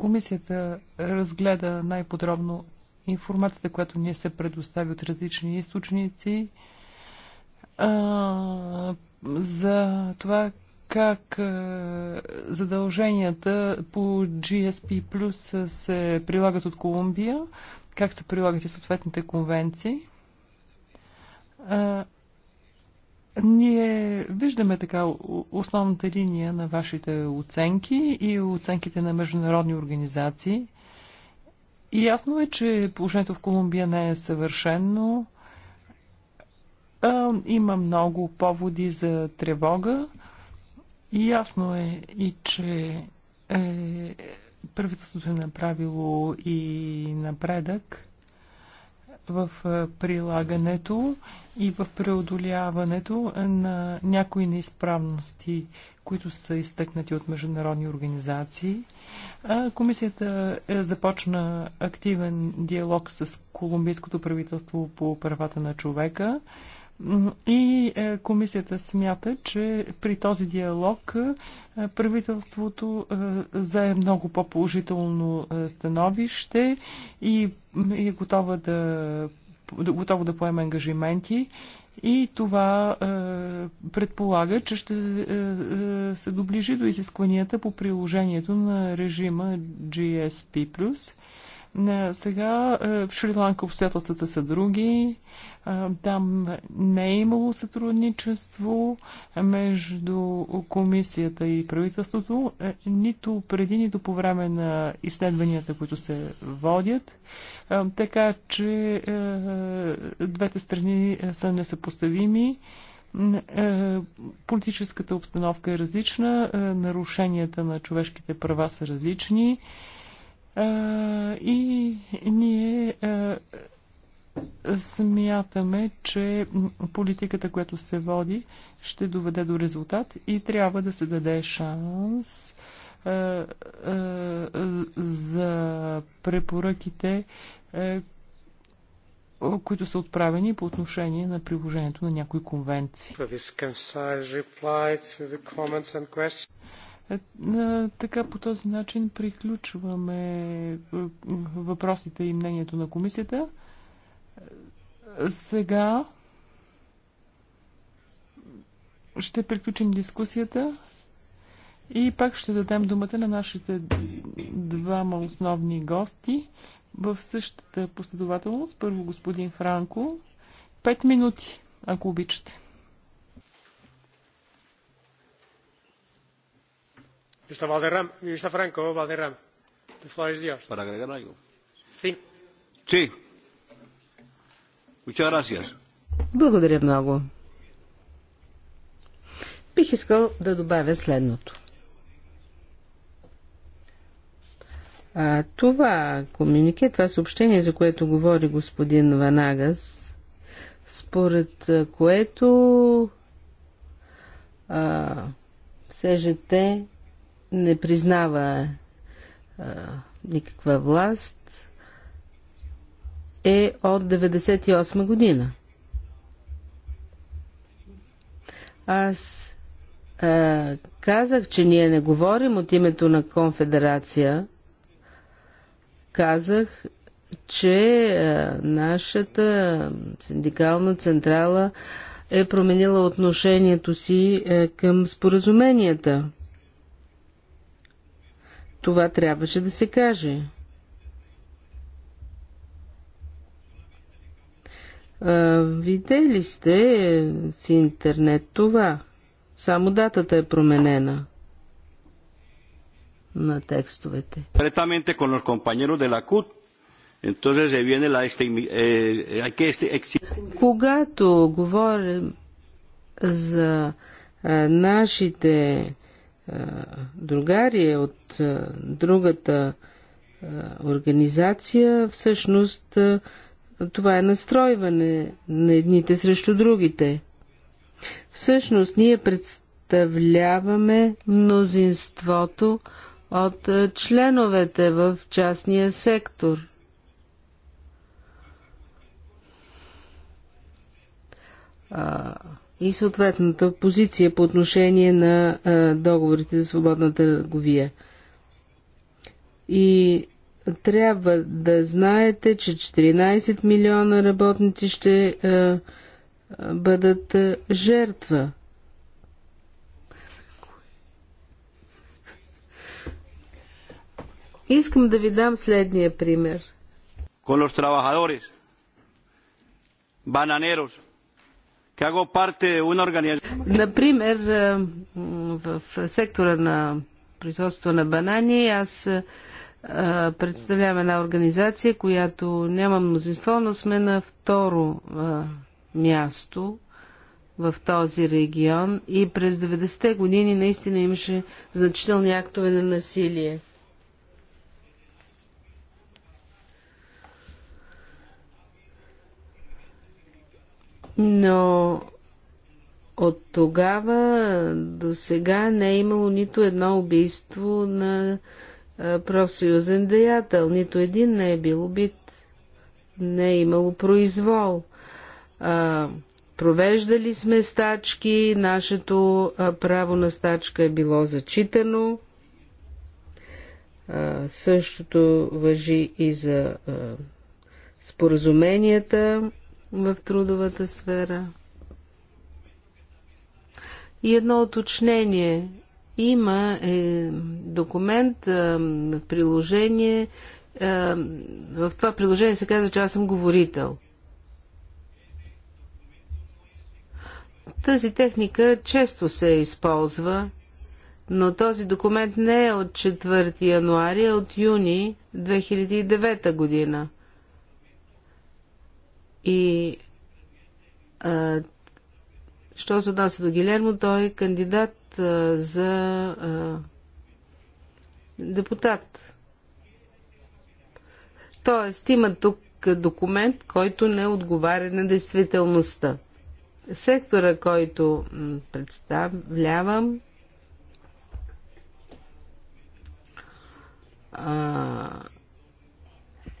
Комисията разгледа най-подробно информацията, която ни се предостави от различни източници а, за това как а, задълженията по GSP Plus се прилагат от Колумбия, как се прилагат и съответните конвенции. А, ние виждаме така основната линия на вашите оценки и оценките на международни организации. И ясно е, че положението в Колумбия не е съвършено. Има много поводи за тревога. И ясно е и, че е, правителството е направило и напредък в прилагането и в преодоляването на някои неизправности, които са изтъкнати от международни организации. Комисията е, започна активен диалог с колумбийското правителство по правата на човека. И е, комисията смята, че при този диалог е, правителството зае много по-положително становище и е готова да готово да поеме ангажименти и това е, предполага, че ще е, е се доближи до изискванията по приложението на режима GSP+. Сега е, в Шри-Ланка обстоятелствата са други. Е, там не е имало сътрудничество между комисията и правителството, е, нито преди, нито по време на изследванията, които се водят. Така че двете страни са несъпоставими политическата обстановка е различна, нарушенията на човешките права са различни и ние смятаме, че политиката, която се води, ще доведе до резултат и трябва да се даде шанс за препоръките, които са отправени по отношение на приложението на някои конвенции. Е, е, така по този начин приключваме е, въпросите и мнението на комисията. Сега ще приключим дискусията и пак ще дадем думата на нашите двама основни гости в същата последователност. Първо господин Франко. Пет минути, ако обичате. Mr. Valderram, Mr. Franco the floor is yours. Sí. Muchas gracias. Благодаря много. Бих искал да добавя следното. А, това комюнике, това съобщение, за което говори господин Ванагас, според което а, жете не признава а, никаква власт, е от 98 година. Аз а, казах, че ние не говорим от името на конфедерация. Казах, че а, нашата синдикална централа е променила отношението си а, е, към споразуменията това трябваше да се каже. видели сте в интернет това. Само датата е променена на текстовете. Претаменте con los compañeros de la CUT. Entonces se viene la eh, Когато говорим за нашите другари, е от другата организация, всъщност това е настройване на едните срещу другите. Всъщност ние представляваме мнозинството от членовете в частния сектор. А, и съответната позиция по отношение на договорите за свободна търговия. И трябва да знаете, че 14 милиона работници ще бъдат жертва. Искам да ви дам следния пример. Con los trabajadores, bananeros, que hago parte de una organización. Например, е, в сектора на производство на банани аз е, представлявам една организация, която няма мнозинство, но сме на второ е, място в този регион и през 90-те години наистина имаше значителни актове на насилие. но от тогава до сега не е имало нито едно убийство на профсъюзен деятел. Нито един не е бил убит. Не е имало произвол. А, провеждали сме стачки, нашето право на стачка е било зачитано. А, същото въжи и за а, споразуменията в трудовата сфера. И едно уточнение. Има е, документ, е, приложение. Е, в това приложение се казва, че аз съм говорител. Тази техника често се използва, но този документ не е от 4 януари, а от юни 2009 година. И а, що се отнася до Гилермо, той е кандидат а, за а, депутат. Тоест, има тук документ, който не отговаря на действителността. Сектора, който представлявам, а,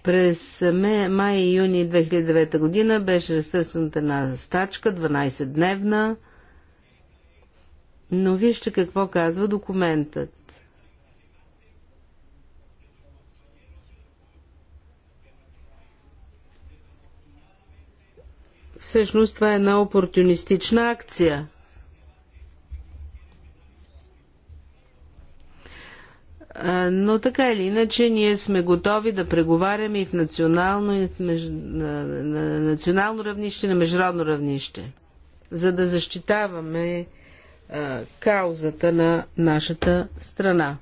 през май и юни 2009 година беше разтърсната една стачка, 12-дневна. Но вижте какво казва документът. Всъщност това е една опортунистична акция – Но така или иначе, ние сме готови да преговаряме и в национално, и в меж... на, на национално равнище, на международно равнище, за да защитаваме а, каузата на нашата страна.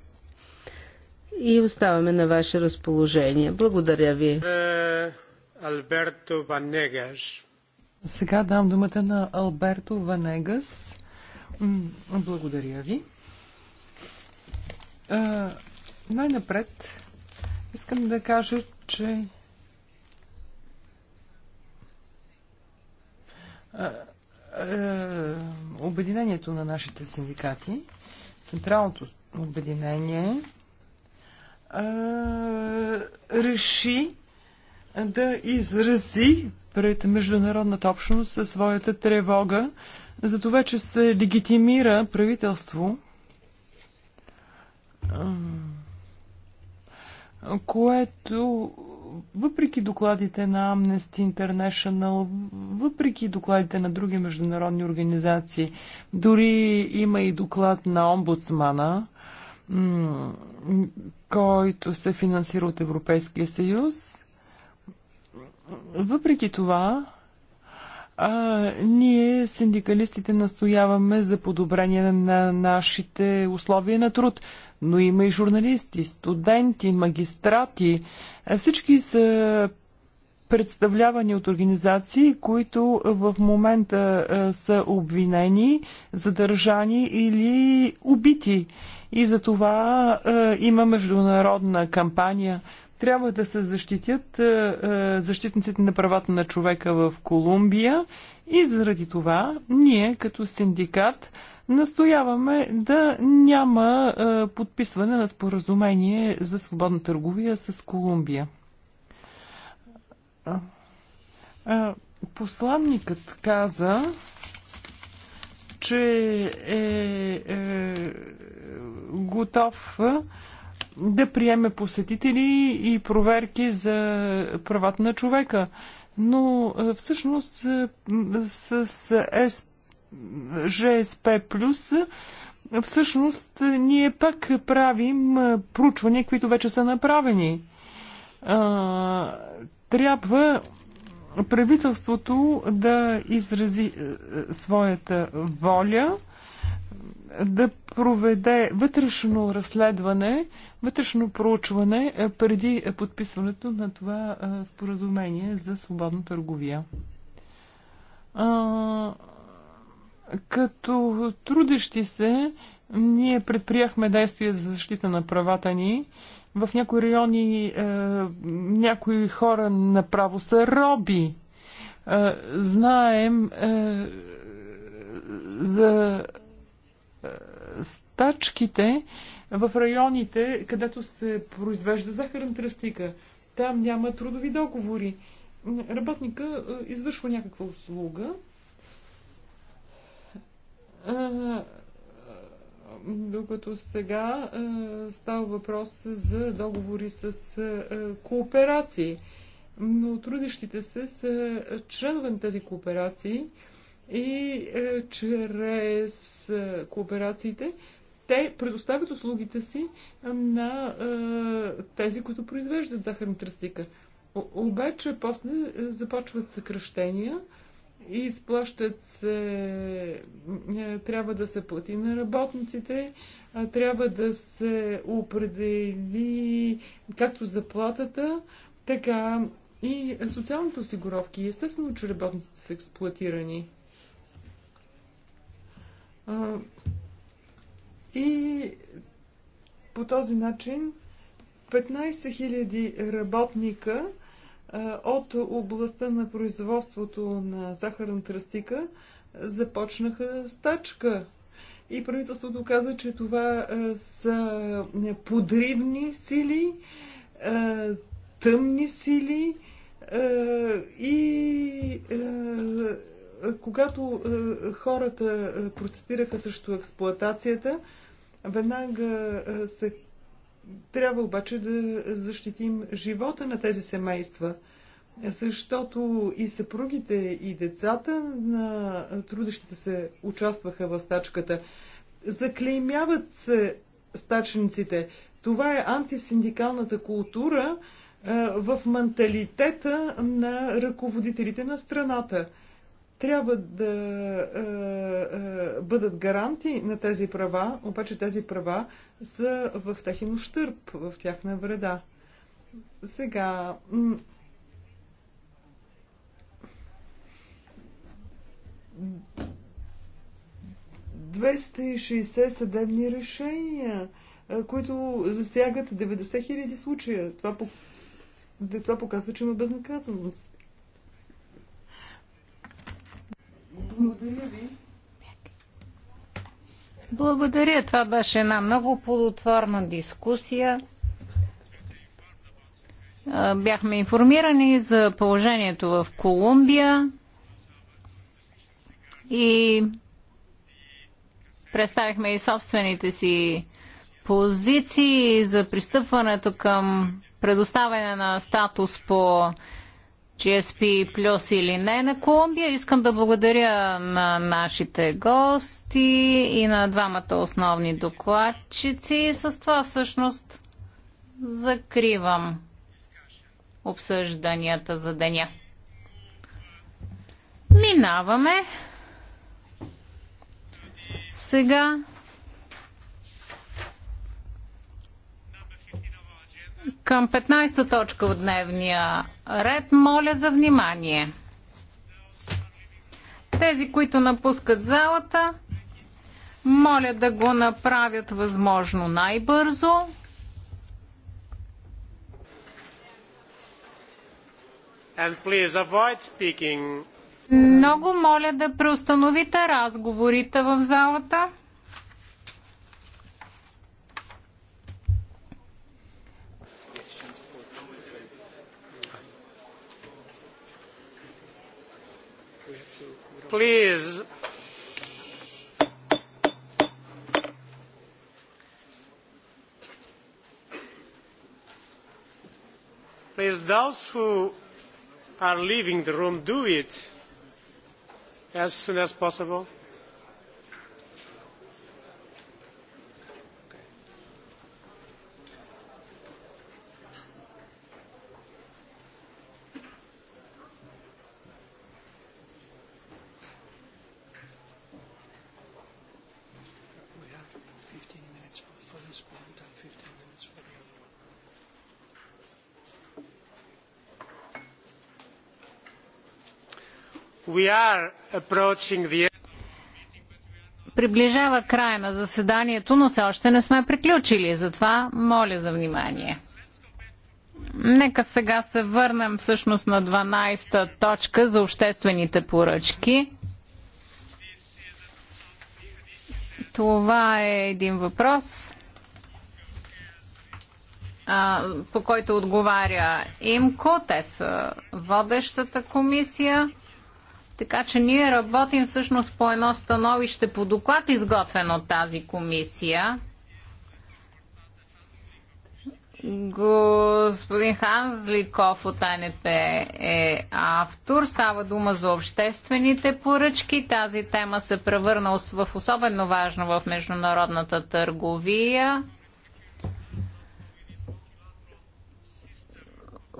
И оставаме на ваше разположение. Благодаря ви. Е, Алберто Ванегас. Сега дам думата на Алберто Ванегас. Благодаря ви най-напред искам да кажа, че обединението на нашите синдикати, Централното обединение, реши да изрази пред международната общност своята тревога за това, че се легитимира правителство, което въпреки докладите на Amnesty International, въпреки докладите на други международни организации, дори има и доклад на омбудсмана, който се финансира от Европейския съюз. Въпреки това, а, ние, синдикалистите, настояваме за подобрение на нашите условия на труд. Но има и журналисти, студенти, магистрати. Е, всички са представлявани от организации, които в момента е, са обвинени, задържани или убити. И за това е, има международна кампания – трябва да се защитят е, е, защитниците на правата на човека в Колумбия и заради това ние като синдикат настояваме да няма е, подписване на споразумение за свободна търговия с Колумбия. Посланникът каза, че е, е готов да приеме посетители и проверки за правата на човека. Но всъщност с, СП ЖСП плюс всъщност ние пък правим проучвания, които вече са направени. Трябва правителството да изрази своята воля да проведе вътрешно разследване, вътрешно проучване е, преди е, подписването на това е, споразумение за свободна търговия. Като трудещи се, ние предприяхме действия за защита на правата ни. В някои райони някои хора направо са роби. знаем за стачките в районите, където се произвежда захарен тръстика. Там няма трудови договори. Работника е, извършва някаква услуга. Е, докато сега е, става въпрос за договори с кооперации. Но трудещите се са членове на тези кооперации и е, чрез е, кооперациите те предоставят услугите си на е, тези, които произвеждат захарната тръстика. Обаче после е, започват съкръщения и изплащат се, е, трябва да се плати на работниците, трябва да се определи както заплатата, така и социалните осигуровки. Естествено, че работниците са експлуатирани. И по този начин 15 000 работника от областта на производството на захарна тръстика започнаха стачка. И правителството каза, че това са подривни сили, тъмни сили и когато е, хората е, протестираха срещу експлоатацията, веднага е, се трябва обаче да защитим живота на тези семейства, защото и съпругите, и децата на трудещите се участваха в стачката. Заклеймяват се стачниците. Това е антисиндикалната култура в менталитета на ръководителите на страната – трябва да е, е, бъдат гаранти на тези права, обаче тези права са в техен ущърп, в тяхна вреда. Сега. М- 260 съдебни решения, е, които засягат 90 000 случая. Това, това показва, че има безнаказаност. Благодаря ви. Благодаря. Това беше една много плодотворна дискусия. Бяхме информирани за положението в Колумбия и представихме и собствените си позиции за пристъпването към предоставяне на статус по GSP плюс или не на Колумбия. Искам да благодаря на нашите гости и на двамата основни докладчици. С това всъщност закривам обсъжданията за деня. Минаваме сега към 15-та точка от дневния ред. Моля за внимание. Тези, които напускат залата, моля да го направят възможно най-бързо. Много моля да преустановите разговорите в залата. please. Please, those who are leaving the room, do it as soon as possible. Приближава края на заседанието, но все още не сме приключили. Затова моля за внимание. Нека сега се върнем всъщност на 12-та точка за обществените поръчки. Това е един въпрос, по който отговаря ИМКО. Те са водещата комисия. Така че ние работим всъщност по едно становище по доклад, изготвен от тази комисия. Господин Ханзликов от АНП е автор. Става дума за обществените поръчки. Тази тема се превърна в особено важна в международната търговия.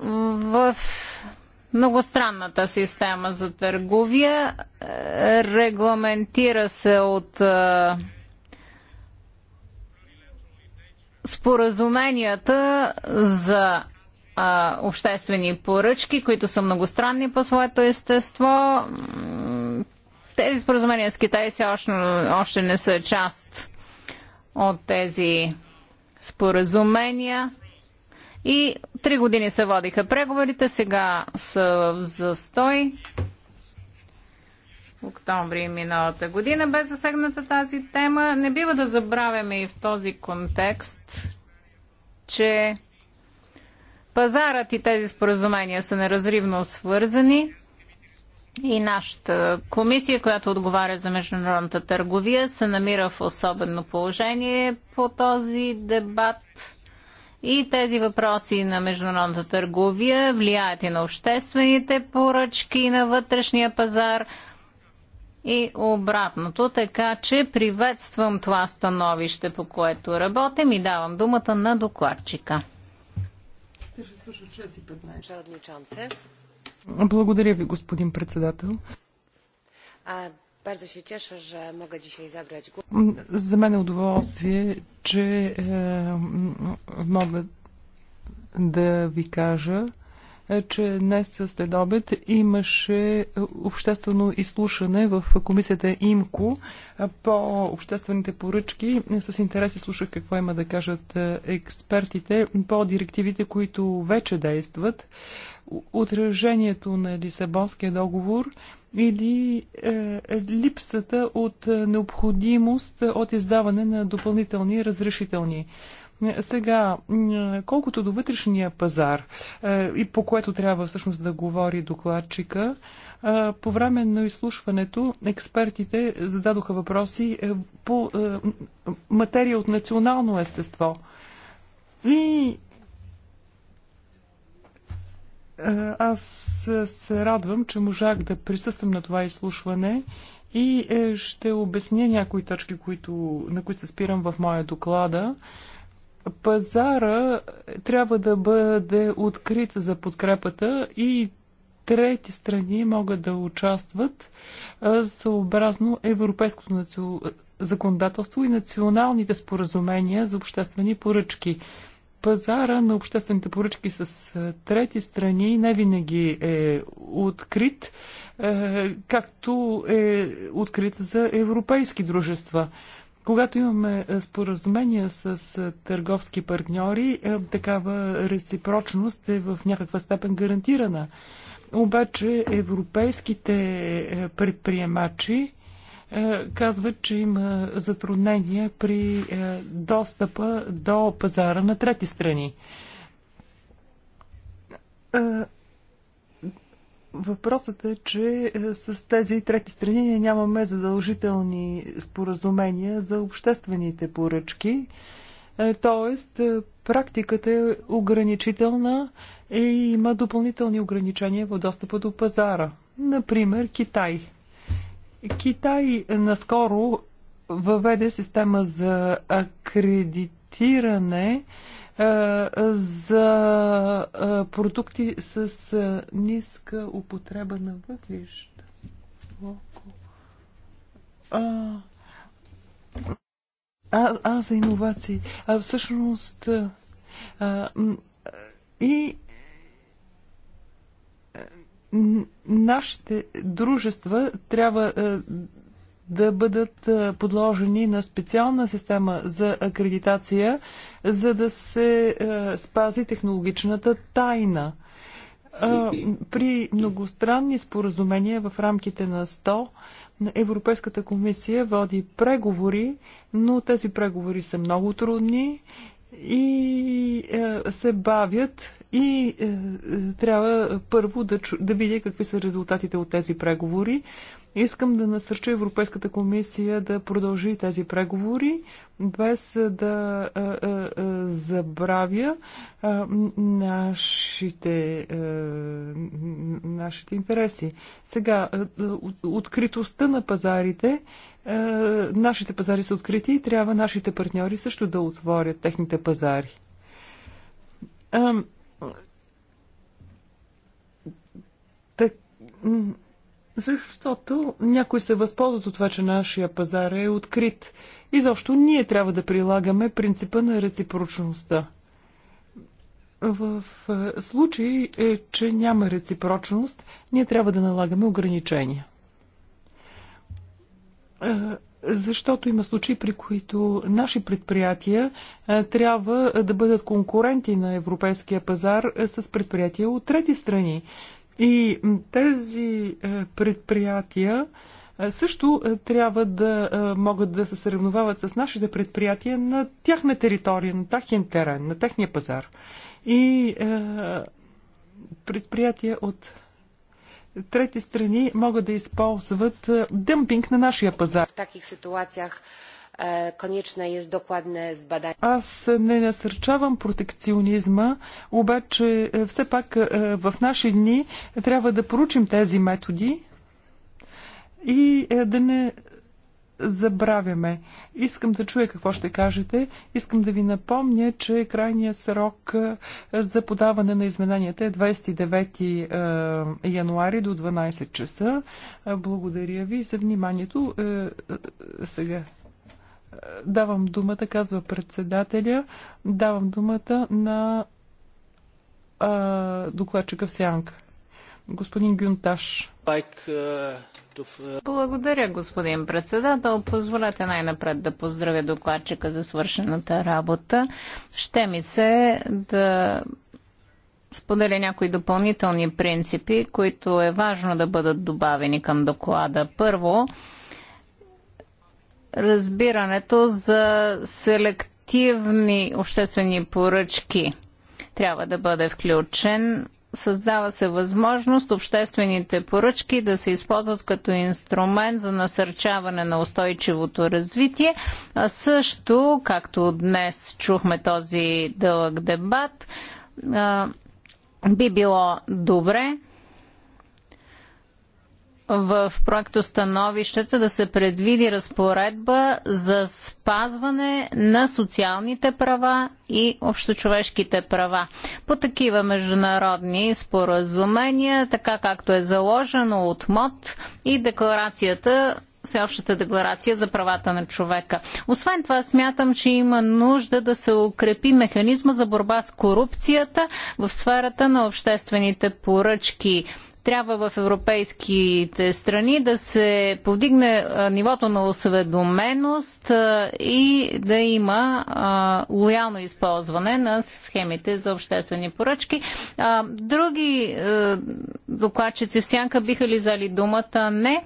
В многостранната система за търговия. Е, регламентира се от е, споразуменията за е, обществени поръчки, които са многостранни по своето естество. Тези споразумения с Китай все още, още не са част от тези споразумения. И три години се водиха преговорите, сега са в застой. Октомври миналата година бе засегната тази тема. Не бива да забравяме и в този контекст, че пазарът и тези споразумения са неразривно свързани и нашата комисия, която отговаря за международната търговия, се намира в особено положение по този дебат и тези въпроси на международната търговия влияят и на обществените поръчки, на вътрешния пазар и обратното. Така че приветствам това становище, по което работим и давам думата на докладчика. Благодаря ви, господин председател. Bardzo się cieszę, że mogę dzisiaj zabrać głos. За мен е удоволствие, че е, мога да ви кажа, е, че днес след обед имаше е, обществено изслушане в комисията ИМКО е, по обществените поръчки. С интерес слушах какво има да кажат експертите по директивите, които вече действат. Отражението на Лисабонския договор или е, липсата от необходимост от издаване на допълнителни разрешителни. Е, сега, колкото до вътрешния пазар е, и по което трябва всъщност да говори докладчика, е, по време на изслушването експертите зададоха въпроси по материя от национално естество. И аз се радвам, че можах да присъствам на това изслушване и ще обясня някои точки, които, на които се спирам в моя доклада. Пазара трябва да бъде открит за подкрепата и трети страни могат да участват съобразно европейското законодателство и националните споразумения за обществени поръчки. Пазара на обществените поръчки с трети страни не винаги е открит, както е открит за европейски дружества. Когато имаме е, споразумения с е, търговски партньори, е, такава реципрочност е в някаква степен гарантирана. Обаче европейските предприемачи казват, че има затруднения при достъпа до пазара на трети страни. Въпросът е, че е, с тези трети страни ние нямаме задължителни споразумения за обществените поръчки. Е, тоест, е, практиката е ограничителна и има допълнителни ограничения в достъпа до пазара. Например, Китай. Китай наскоро въведе система за акредитиране за продукти с ниска употреба на въглища. А, а, а за иновации. А всъщност а, и нашите дружества трябва да бъдат подложени на специална система за акредитация, за да се спази технологичната тайна. При многостранни споразумения в рамките на 100 Европейската комисия води преговори, но тези преговори са много трудни и се бавят и трябва първо да, да видя какви са резултатите от тези преговори. Искам да насърча Европейската комисия да продължи тези преговори, без да а, а, забравя а, нашите, а, нашите интереси. Сега, а, откритостта на пазарите, а, нашите пазари са открити и трябва нашите партньори също да отворят техните пазари. А, так, защото някои се възползват от това, че нашия пазар е открит. И защо ние трябва да прилагаме принципа на реципрочността. В е, случай, е, че няма реципрочност, ние трябва да налагаме ограничения. Е, защото има случаи, при които наши предприятия трябва да бъдат конкуренти на европейския пазар с предприятия от трети страни. И тези е, предприятия е, също е, трябва да могат да се съревновават с нашите предприятия на тяхна територия, на тяхен терен, на техния пазар. И предприятия от трети страни могат да използват дъмпинг на нашия пазар. В таких ситуациях Конечна е докладне сбадание. Аз не насърчавам протекционизма, обаче е, все пак е, в наши дни трябва да проучим тези методи и е, да не забравяме. Искам да чуя какво ще кажете. Искам да ви напомня, че крайният срок за подаване на измененията е 29 януари до 12 часа. Благодаря ви за вниманието. Сега Давам думата, казва председателя, давам думата на а, докладчика в Сянка. Господин Гюнташ. Благодаря, господин председател. Позволете най-напред да поздравя докладчика за свършената работа. Ще ми се да споделя някои допълнителни принципи, които е важно да бъдат добавени към доклада. Първо, разбирането за селективни обществени поръчки трябва да бъде включен. Създава се възможност обществените поръчки да се използват като инструмент за насърчаване на устойчивото развитие, а също, както днес чухме този дълъг дебат, би било добре в проектостановището да се предвиди разпоредба за спазване на социалните права и общочовешките права. По такива международни споразумения, така както е заложено от МОД и декларацията Всеобщата декларация за правата на човека. Освен това, смятам, че има нужда да се укрепи механизма за борба с корупцията в сферата на обществените поръчки трябва в европейските страни да се повдигне нивото на осведоменост и да има лоялно използване на схемите за обществени поръчки. Други докладчици в сянка биха ли взели думата? Не.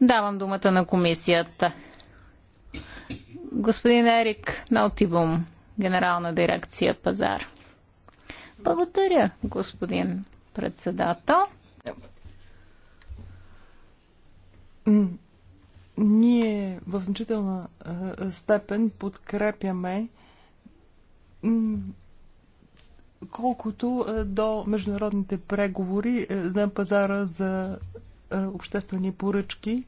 Давам думата на комисията. Господин Ерик Наутибум, генерална дирекция Пазар. Благодаря, господин председател. Ние в значителна степен подкрепяме колкото до международните преговори е, за пазара за обществени поръчки,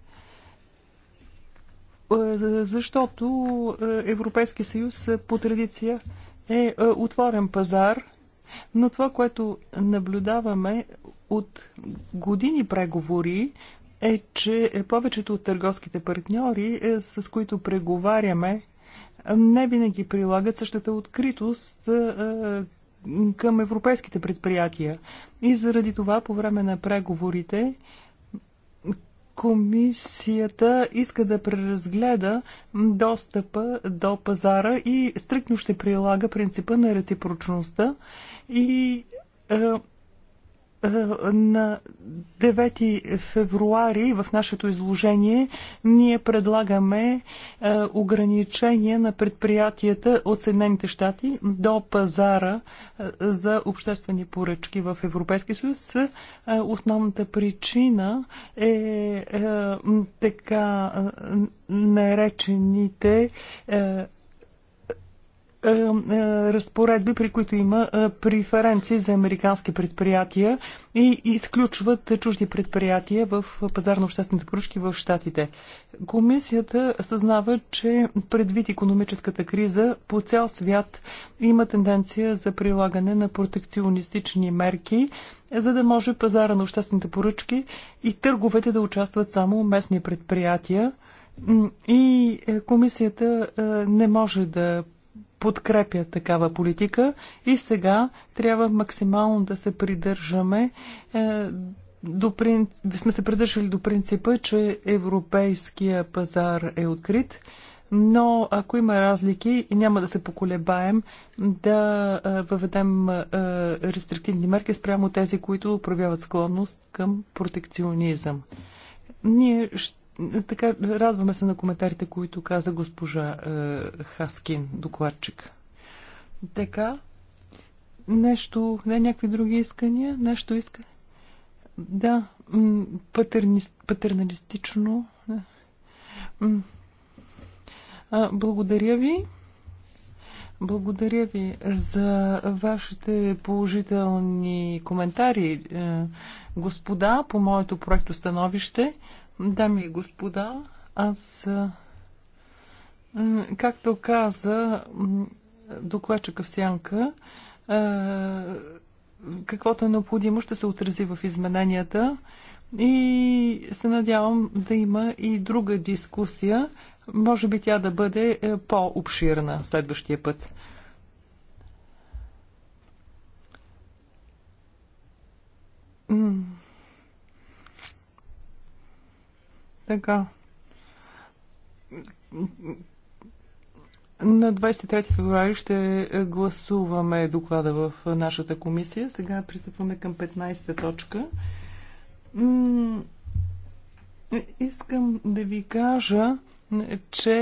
е, защото е, Европейски съюз по традиция е отворен пазар, но това, което наблюдаваме от години преговори е, че повечето от търговските партньори, е, с които преговаряме, не винаги прилагат същата откритост е, към европейските предприятия. И заради това по време на преговорите комисията иска да преразгледа достъпа до пазара и стрикно ще прилага принципа на реципрочността и е, е, на 9 февруари в нашето изложение ние предлагаме е, ограничение на предприятията от Съединените щати до пазара е, за обществени поръчки в Европейски съюз. Основната причина е така наречените е, е, разпоредби, при които има е, преференции за американски предприятия и изключват чужди предприятия в пазарно-обществените поръчки в Штатите. Комисията съзнава, че предвид економическата криза по цял свят има тенденция за прилагане на протекционистични мерки, за да може пазара на обществените поръчки и търговете да участват само местни предприятия. И комисията не може да подкрепя такава политика и сега трябва максимално да се придържаме е, до принцип, сме се придържали до принципа, че европейския пазар е открит, но ако има разлики, няма да се поколебаем да е, въведем е, рестриктивни мерки спрямо тези, които проявяват склонност към протекционизъм. Ние ще така, радваме се на коментарите, които каза госпожа е, Хаскин, докладчик. Така, нещо, не някакви други искания, нещо иска. Да, патерналистично. благодаря ви. Благодаря ви за вашите положителни коментари, е, господа, по моето проекто становище. Дами и господа, аз, както каза докладчика в сянка, каквото е необходимо ще се отрази в измененията и се надявам да има и друга дискусия. Може би тя да бъде е, по-обширна следващия път. Mm. Така. На 23 февруари ще гласуваме доклада в нашата комисия. Сега пристъпваме към 15-та точка. Искам да ви кажа, че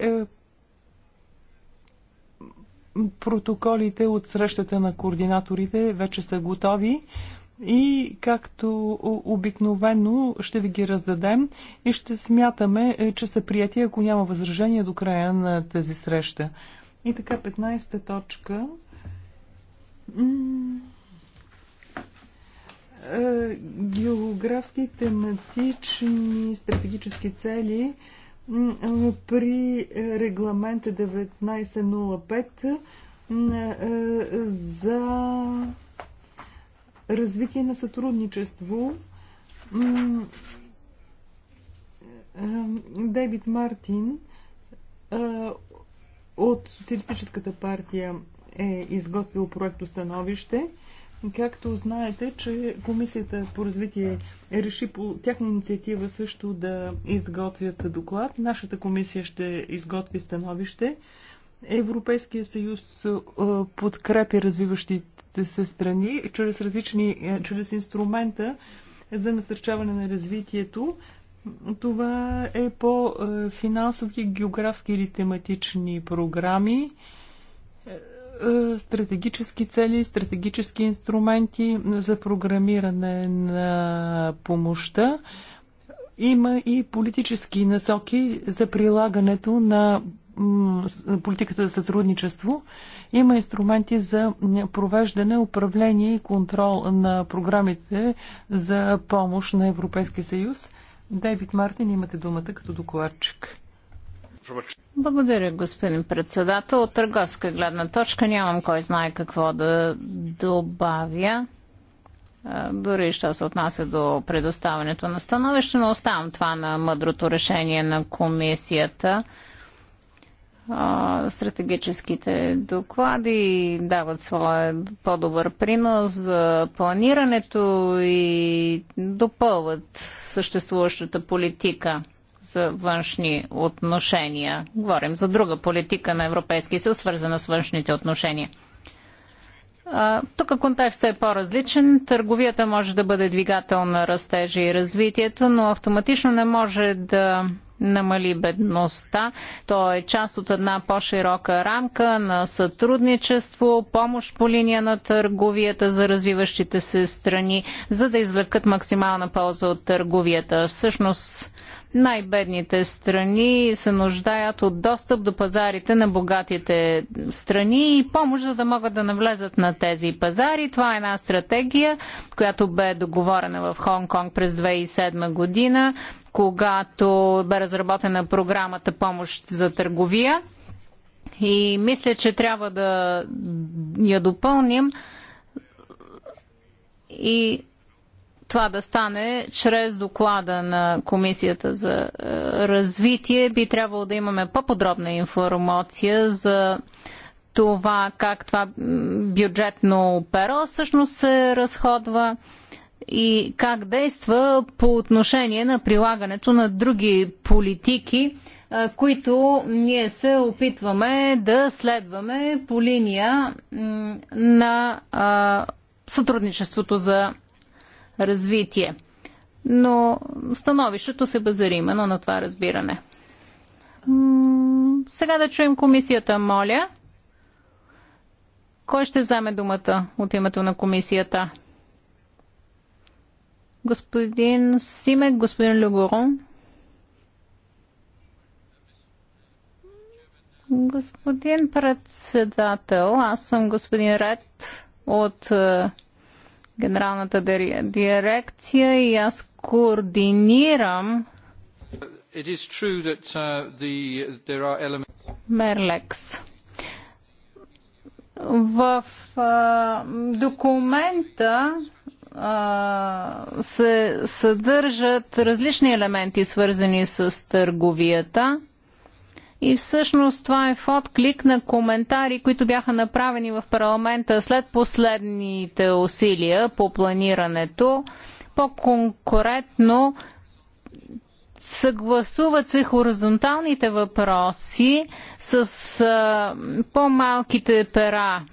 е, протоколите от срещата на координаторите вече са готови и както обикновено ще ви ги раздадем и ще смятаме, е, че са прияти, ако няма възражение до края на тази среща. И така, 15-та точка. Е, географски, тематични, стратегически цели при регламент 1905 е, за развитие на сътрудничество. Дейвид Мартин от Социалистическата партия е изготвил проекто становище. Както знаете, че Комисията по развитие реши по тяхна инициатива също да изготвят доклад. Нашата комисия ще изготви становище. Европейския съюз подкрепи развиващите се страни чрез различни, чрез инструмента за насърчаване на развитието. Това е по финансови, географски или тематични програми, стратегически цели, стратегически инструменти за програмиране на помощта. Има и политически насоки за прилагането на политиката за сътрудничество. Има инструменти за провеждане, управление и контрол на програмите за помощ на Европейския съюз. Дейвид Мартин, имате думата като докладчик. Благодаря, господин председател. От търговска гледна точка нямам кой знае какво да добавя. Дори що се отнася до предоставянето на становище, но оставам това на мъдрото решение на комисията стратегическите доклади дават своя по-добър принос за планирането и допълват съществуващата политика за външни отношения. Говорим за друга политика на Европейския съюз, свързана с външните отношения. Тук контекстът е по-различен. Търговията може да бъде двигател на растежа и развитието, но автоматично не може да намали бедността. То е част от една по-широка рамка на сътрудничество, помощ по линия на търговията за развиващите се страни, за да извлекат максимална полза от търговията. Всъщност, най-бедните страни се нуждаят от достъп до пазарите на богатите страни и помощ, за да могат да навлезат на тези пазари. Това е една стратегия, която бе договорена в Хонг-Конг през 2007 година, когато бе разработена програмата Помощ за търговия. И мисля, че трябва да я допълним и това да стане чрез доклада на Комисията за е, развитие. Би трябвало да имаме по-подробна информация за това как това бюджетно перо всъщност се разходва и как действа по отношение на прилагането на други политики, е, които ние се опитваме да следваме по линия на е, сътрудничеството за развитие. Но становището се базари именно на това разбиране. сега да чуем комисията, моля. Кой ще вземе думата от името на комисията? Господин Симек, господин Люгорон. Господин председател, аз съм господин Ред от е, генералната дирекция и аз координирам uh, Мерлекс. В документа се съдържат различни елементи, свързани с търговията. И всъщност това е в отклик на коментари, които бяха направени в парламента след последните усилия по планирането. По-конкретно съгласуват се хоризонталните въпроси с по-малките пера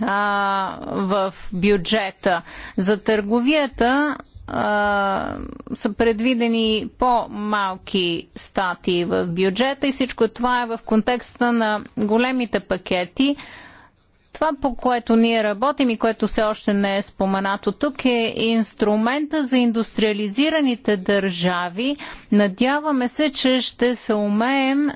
а, в бюджета. За търговията а, са предвидени по-малки статии в бюджета и всичко това е в контекста на големите пакети. Това, по което ние работим и което все още не е споменато тук, е инструмента за индустриализираните държави. Надяваме се, че ще се умеем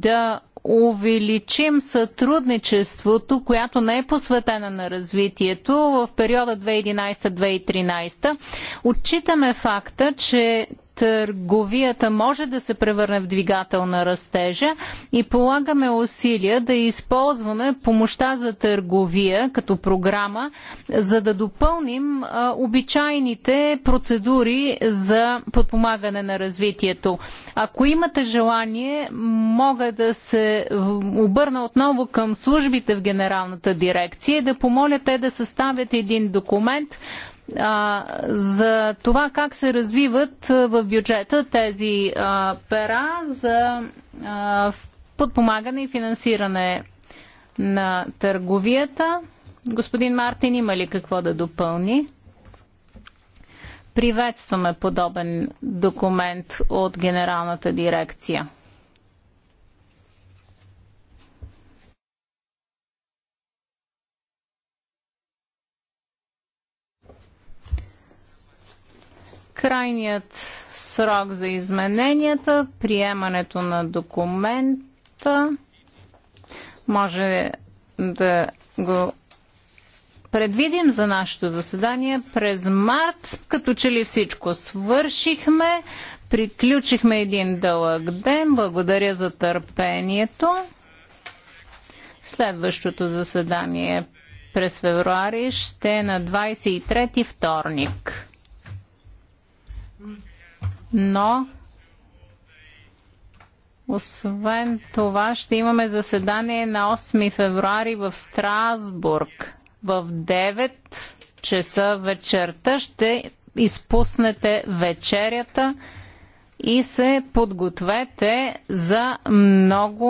да увеличим сътрудничеството, която не е посветена на развитието в периода 2011-2013. Отчитаме факта, че търговията може да се превърне в двигател на растежа и полагаме усилия да използваме помощта за търговия като програма, за да допълним а, обичайните процедури за подпомагане на развитието. Ако имате желание, мога да се обърна отново към службите в Генералната дирекция и да помоля те да съставят един документ, а, за това как се развиват в бюджета тези а, пера за а, подпомагане и финансиране на търговията. Господин Мартин, има ли какво да допълни? Приветстваме подобен документ от Генералната дирекция. Крайният срок за измененията, приемането на документа, може да го предвидим за нашето заседание през март, като че ли всичко свършихме, приключихме един дълъг ден. Благодаря за търпението. Следващото заседание през февруари ще е на 23 вторник но освен това ще имаме заседание на 8 февруари в Страсбург в 9 часа вечерта. Ще изпуснете вечерята и се подгответе за много